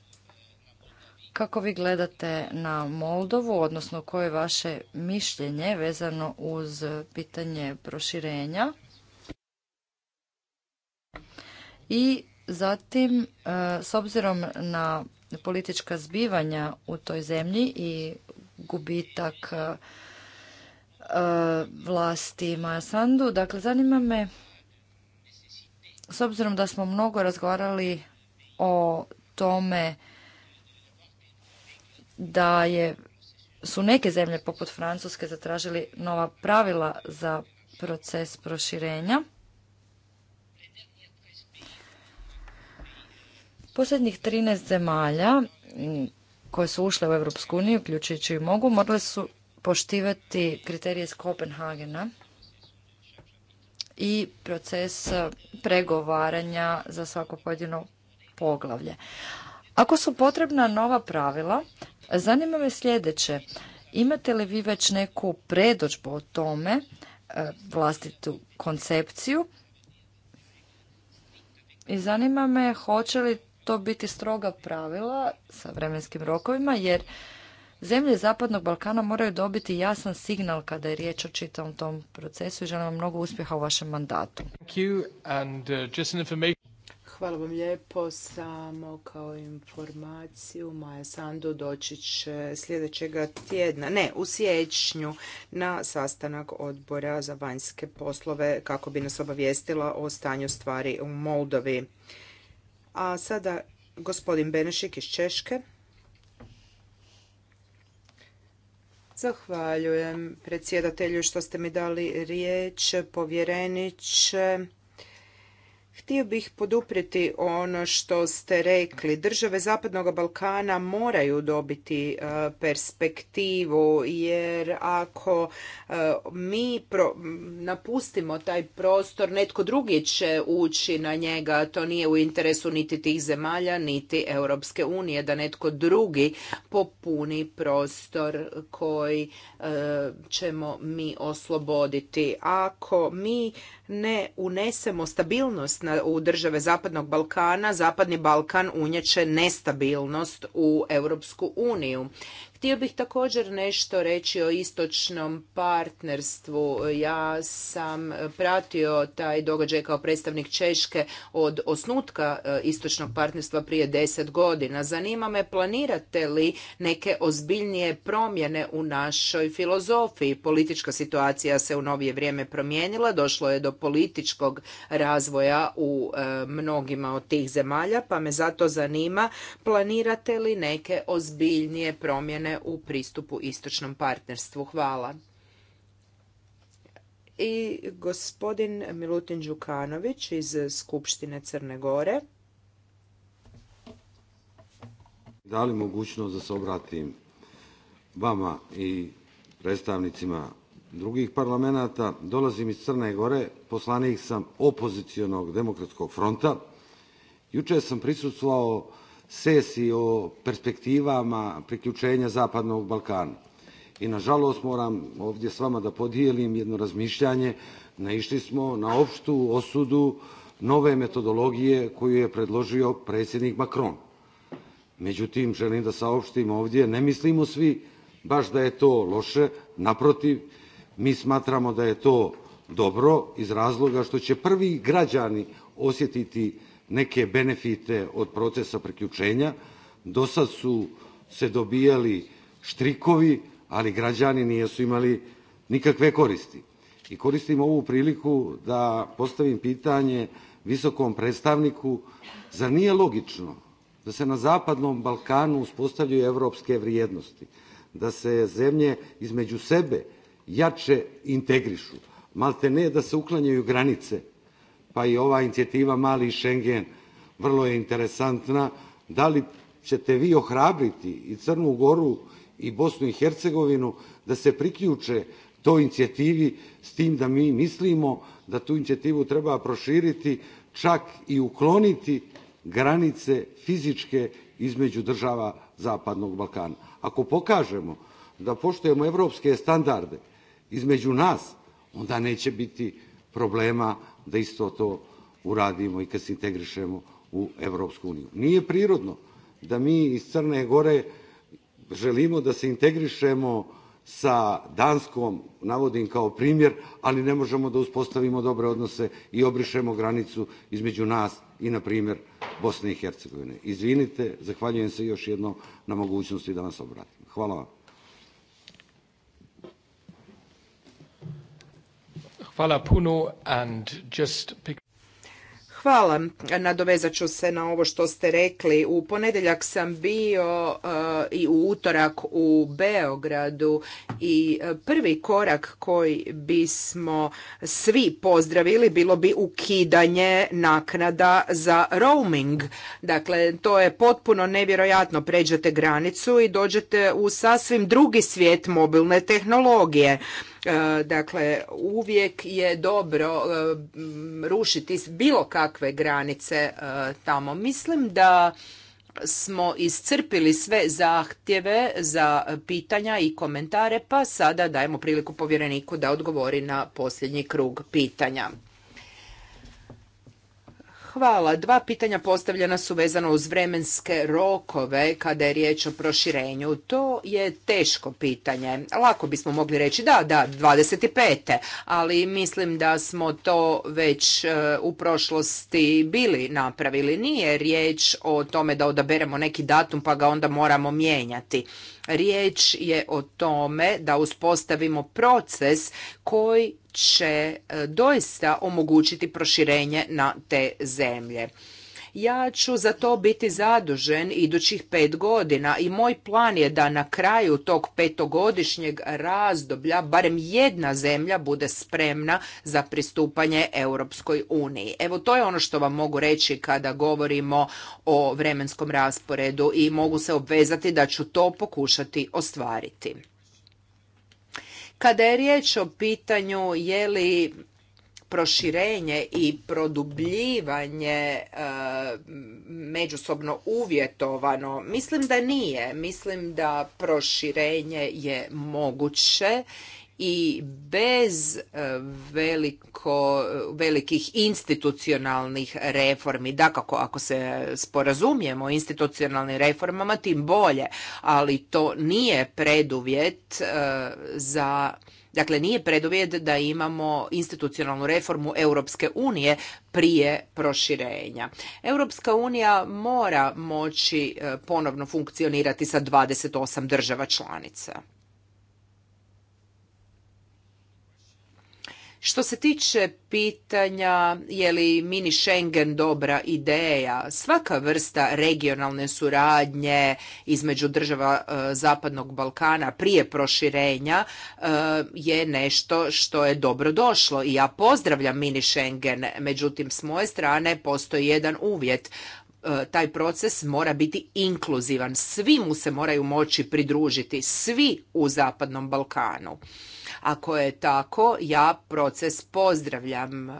kako vi gledate na Moldovu, odnosno koje je vaše mišljenje vezano uz pitanje proširenja i zatim, e, s obzirom na politička zbivanja u toj zemlji i gubitak e, e, vlasti Maja Sandu, dakle, zanima me, s obzirom da smo mnogo razgovarali o tome da je su neke zemlje poput Francuske zatražili nova pravila za proces proširenja. Posljednjih 13 zemalja koje su ušle u Europsku uniju, uključujući i mogu, morale su poštivati kriterije iz Kopenhagena i proces e, pregovaranja za svako pojedino poglavlje. Ako su potrebna nova pravila, zanima me sljedeće. Imate li vi već neku predođbu o tome, e, vlastitu koncepciju? I zanima me hoće li to biti stroga pravila sa vremenskim rokovima jer zemlje Zapadnog Balkana moraju dobiti jasan signal kada je riječ o čitavom tom procesu i želim vam mnogo uspjeha u vašem mandatu. Uh, Hvala vam lijepo. Samo kao informaciju, Maja Sandu doći će sljedećega tjedna, ne, u siječnju na sastanak odbora za vanjske poslove kako bi nas obavijestila o stanju stvari u Moldovi. A sada gospodin Benešik iz Češke. Zahvaljujem predsjedatelju što ste mi dali riječ, povjereniče. Htio bih poduprijeti ono što ste rekli. Države Zapadnog Balkana moraju dobiti e, perspektivu jer ako e, mi napustimo taj prostor, netko drugi će ući na njega. To nije u interesu niti tih zemalja, niti Europske unije, da netko drugi popuni prostor koji e, ćemo mi osloboditi. Ako mi ne unesemo stabilnost u države Zapadnog Balkana, Zapadni Balkan unjeće nestabilnost u Europsku uniju. Htio bih također nešto reći o istočnom partnerstvu. Ja sam pratio taj događaj kao predstavnik Češke od osnutka e, istočnog partnerstva prije deset godina. Zanima me planirate li neke ozbiljnije promjene u našoj filozofiji. Politička situacija se u novije vrijeme promijenila, došlo je do političkog razvoja u e, mnogima od tih zemalja, pa me zato zanima planirate li neke ozbiljnije promjene u pristupu istočnom partnerstvu. Hvala. I gospodin Milutin Đukanović iz Skupštine Crne Gore. Dali mogućnost da se obratim vama i predstavnicima drugih parlamenata. Dolazim iz Crne Gore, poslanik sam opozicionog demokratskog fronta. Juče sam prisustvovao sesiji o perspektivama priključenja Zapadnog Balkana. I nažalost moram ovdje s vama da podijelim jedno razmišljanje, naišli smo na opštu osudu nove metodologije koju je predložio predsjednik Macron. Međutim, želim da saopštim ovdje, ne mislimo svi baš da je to loše, naprotiv, mi smatramo da je to dobro iz razloga što će prvi građani osjetiti neke benefite od procesa priključenja. Do sad su se dobijali štrikovi, ali građani nisu imali nikakve koristi. I koristim ovu priliku da postavim pitanje visokom predstavniku, za nije logično da se na Zapadnom Balkanu uspostavljaju europske vrijednosti, da se zemlje između sebe jače integrišu, malte ne da se uklanjaju granice pa i ova inicijativa Mali Schengen vrlo je interesantna. Da li ćete vi ohrabriti i Crnu Goru i Bosnu i Hercegovinu da se priključe toj inicijativi s tim da mi mislimo da tu inicijativu treba proširiti čak i ukloniti granice fizičke između država Zapadnog Balkana. Ako pokažemo da poštujemo europske standarde između nas, onda neće biti problema da isto to uradimo i kad se integrišemo u Evropsku uniju. Nije prirodno da mi iz Crne Gore želimo da se integrišemo sa Danskom, navodim kao primjer, ali ne možemo da uspostavimo dobre odnose i obrišemo granicu između nas i, na primjer, Bosne i Hercegovine. Izvinite, zahvaljujem se još jednom na mogućnosti da vam obratim. Hvala vam. Hvala puno and just Hvala. Nadovezat ću se na ovo što ste rekli. U ponedjeljak sam bio uh, i u utorak u Beogradu i uh, prvi korak koji bismo svi pozdravili bilo bi ukidanje naknada za roaming. Dakle, to je potpuno nevjerojatno. Pređete granicu i dođete u sasvim drugi svijet mobilne tehnologije. E, dakle, uvijek je dobro e, rušiti bilo kakve granice e, tamo. Mislim da smo iscrpili sve zahtjeve za pitanja i komentare, pa sada dajemo priliku povjereniku da odgovori na posljednji krug pitanja. Hvala. Dva pitanja postavljena su vezano uz vremenske rokove kada je riječ o proširenju. To je teško pitanje. Lako bismo mogli reći da, da, 25. Ali mislim da smo to već e, u prošlosti bili napravili. Nije riječ o tome da odaberemo neki datum pa ga onda moramo mijenjati. Riječ je o tome da uspostavimo proces koji će e, doista omogućiti proširenje na te zemlje. Ja ću za to biti zadužen idućih pet godina i moj plan je da na kraju tog petogodišnjeg razdoblja barem jedna zemlja bude spremna za pristupanje Europskoj uniji. Evo to je ono što vam mogu reći kada govorimo o vremenskom rasporedu i mogu se obvezati da ću to pokušati ostvariti. Kada je riječ o pitanju je li proširenje i produbljivanje e, međusobno uvjetovano mislim da nije mislim da proširenje je moguće i bez e, veliko, velikih institucionalnih reformi. Dakako, ako se sporazumijemo o institucionalnim reformama, tim bolje, ali to nije preduvjet e, za Dakle, nije preduvjet da imamo institucionalnu reformu Europske unije prije proširenja. Europska unija mora moći e, ponovno funkcionirati sa 28 država članica. Što se tiče pitanja je li mini Schengen dobra ideja, svaka vrsta regionalne suradnje između država e, Zapadnog Balkana prije proširenja e, je nešto što je dobro došlo i ja pozdravljam mini Schengen, međutim s moje strane postoji jedan uvjet e, taj proces mora biti inkluzivan, svi mu se moraju moći pridružiti, svi u Zapadnom Balkanu. Ako je tako, ja proces pozdravljam. E,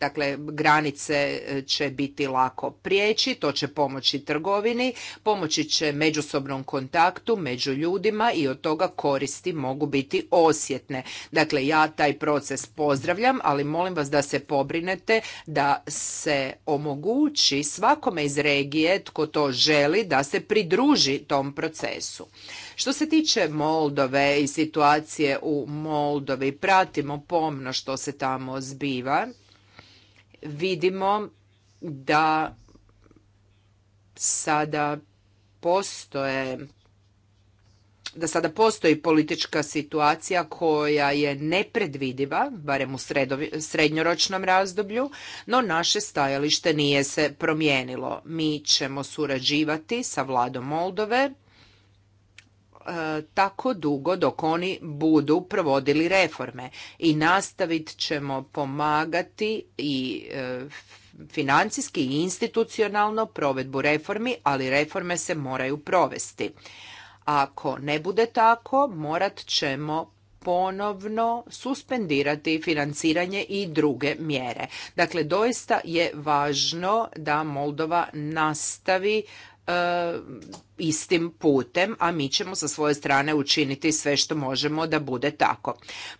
dakle, granice e, će biti lako prijeći, to će pomoći trgovini, pomoći će međusobnom kontaktu među ljudima i od toga koristi mogu biti osjetne. Dakle, ja taj proces pozdravljam, ali molim vas da se pobrinete da se omogući svakome iz regije tko to želi da se pridruži tom procesu. Što se tiče Moldove i situacije u Moldovi, pratimo pomno što se tamo zbiva. Vidimo da sada postoje da sada postoji politička situacija koja je nepredvidiva, barem u srednjoročnom razdoblju, no naše stajalište nije se promijenilo. Mi ćemo surađivati sa vladom Moldove E, tako dugo dok oni budu provodili reforme i nastavit ćemo pomagati i e, financijski i institucionalno provedbu reformi, ali reforme se moraju provesti. Ako ne bude tako, morat ćemo ponovno suspendirati financiranje i druge mjere. Dakle, doista je važno da Moldova nastavi E, istim putem, a mi ćemo sa svoje strane učiniti sve što možemo da bude tako.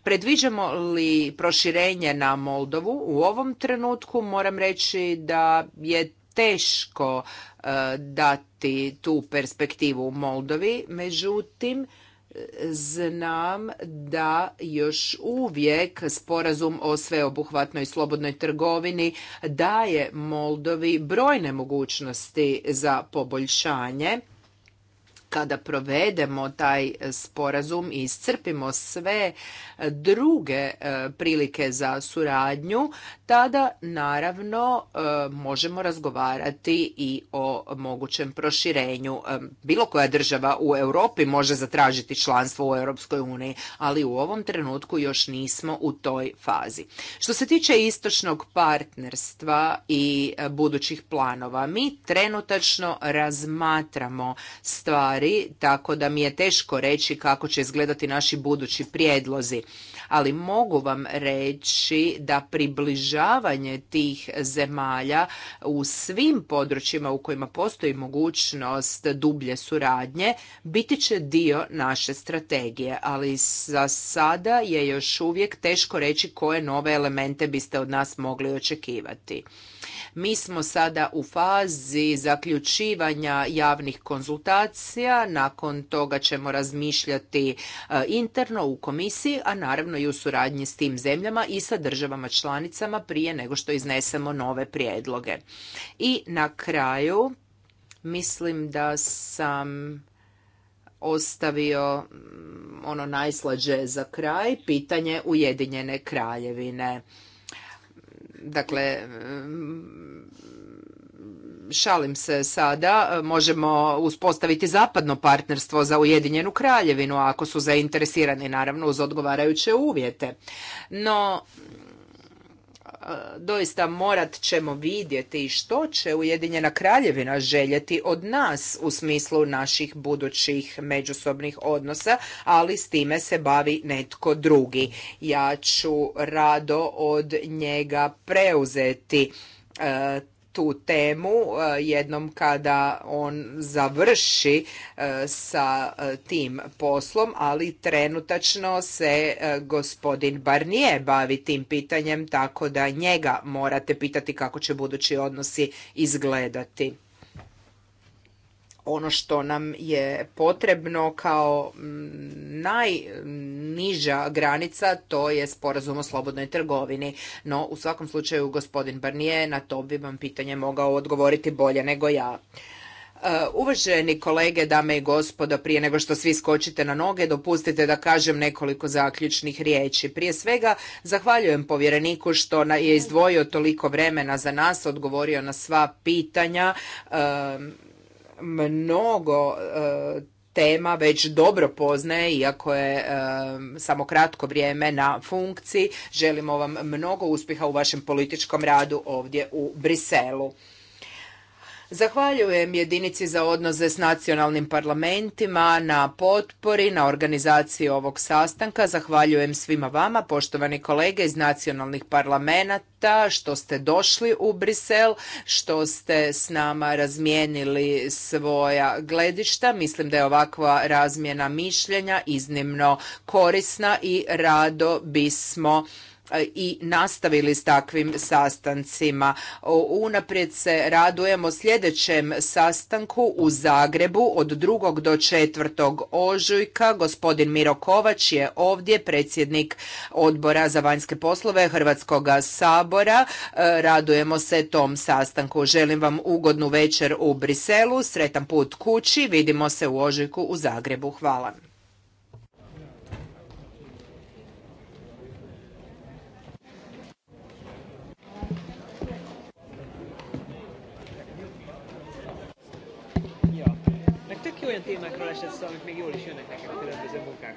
Predviđamo li proširenje na Moldovu? U ovom trenutku moram reći da je teško e, dati tu perspektivu u Moldovi, međutim znam da još uvijek sporazum o sveobuhvatnoj slobodnoj trgovini daje Moldovi brojne mogućnosti za poboljšanje kada provedemo taj e, sporazum i iscrpimo sve e, druge e, prilike za suradnju, tada naravno možemo razgovarati i o mogućem proširenju. Bilo koja država u Europi može zatražiti članstvo u Europskoj uniji, ali u ovom trenutku još nismo u toj fazi. Što se tiče istočnog partnerstva i budućih planova, mi trenutačno razmatramo stvari tako da mi je teško reći kako će izgledati naši budući prijedlozi. Ali mogu vam reći da približavanje tih zemalja u svim područjima u kojima postoji mogućnost dublje suradnje biti će dio naše strategije, ali za sada je još uvijek teško reći koje nove elemente biste od nas mogli očekivati. Mi smo sada u fazi zaključivanja javnih konzultacija, nakon toga ćemo razmišljati e, interno u komisiji, a naravno i u suradnji s tim zemljama i sa državama članicama prije nego što iznesemo nove prijedloge. I na kraju mislim da sam ostavio mm, ono najslađe za kraj, pitanje Ujedinjene kraljevine dakle, mm, šalim se sada, možemo uspostaviti zapadno partnerstvo za Ujedinjenu kraljevinu, ako su zainteresirani, naravno, uz odgovarajuće uvjete. No, doista morat ćemo vidjeti što će Ujedinjena kraljevina željeti od nas u smislu naših budućih međusobnih odnosa, ali s time se bavi netko drugi. Ja ću rado od njega preuzeti e, tu temu e, jednom kada on završi e, sa e, tim poslom, ali trenutačno se gospodin Barnije bavi tim pitanjem, tako da njega morate pitati kako će budući odnosi izgledati ono što nam je potrebno kao mm, najniža granica, to je sporazum o slobodnoj trgovini. No, u svakom slučaju, gospodin Barnije, na to bi vam pitanje mogao odgovoriti bolje nego ja. E, uvaženi kolege, dame i gospodo, prije nego što svi skočite na noge, dopustite da kažem nekoliko zaključnih riječi. Prije svega, zahvaljujem povjereniku što je izdvojio toliko vremena za nas, odgovorio na sva pitanja. E, mnogo e, tema već dobro poznaje, iako je e, samo kratko vrijeme na funkciji. Želimo vam mnogo uspjeha u vašem političkom radu ovdje u Briselu. Zahvaljujem jedinici za odnose s nacionalnim parlamentima na potpori, na organizaciji ovog sastanka. Zahvaljujem svima vama, poštovani kolege iz nacionalnih parlamenta, što ste došli u Brisel, što ste s nama razmijenili svoja gledišta. Mislim da je ovakva razmjena mišljenja iznimno korisna i rado bismo E, i nastavili s takvim sastancima. Unaprijed se radujemo sljedećem sastanku u Zagrebu od 2. do 4. ožujka. Gospodin Miro Kovač je ovdje predsjednik odbora za vanjske poslove Hrvatskog sabora. E, radujemo se tom sastanku. Želim vam ugodnu večer u Briselu, sretan put kući, vidimo se u ožujku u Zagrebu. Hvala. olyan témákról esett szó, amik még jól is jönnek nekem a különböző munkákban.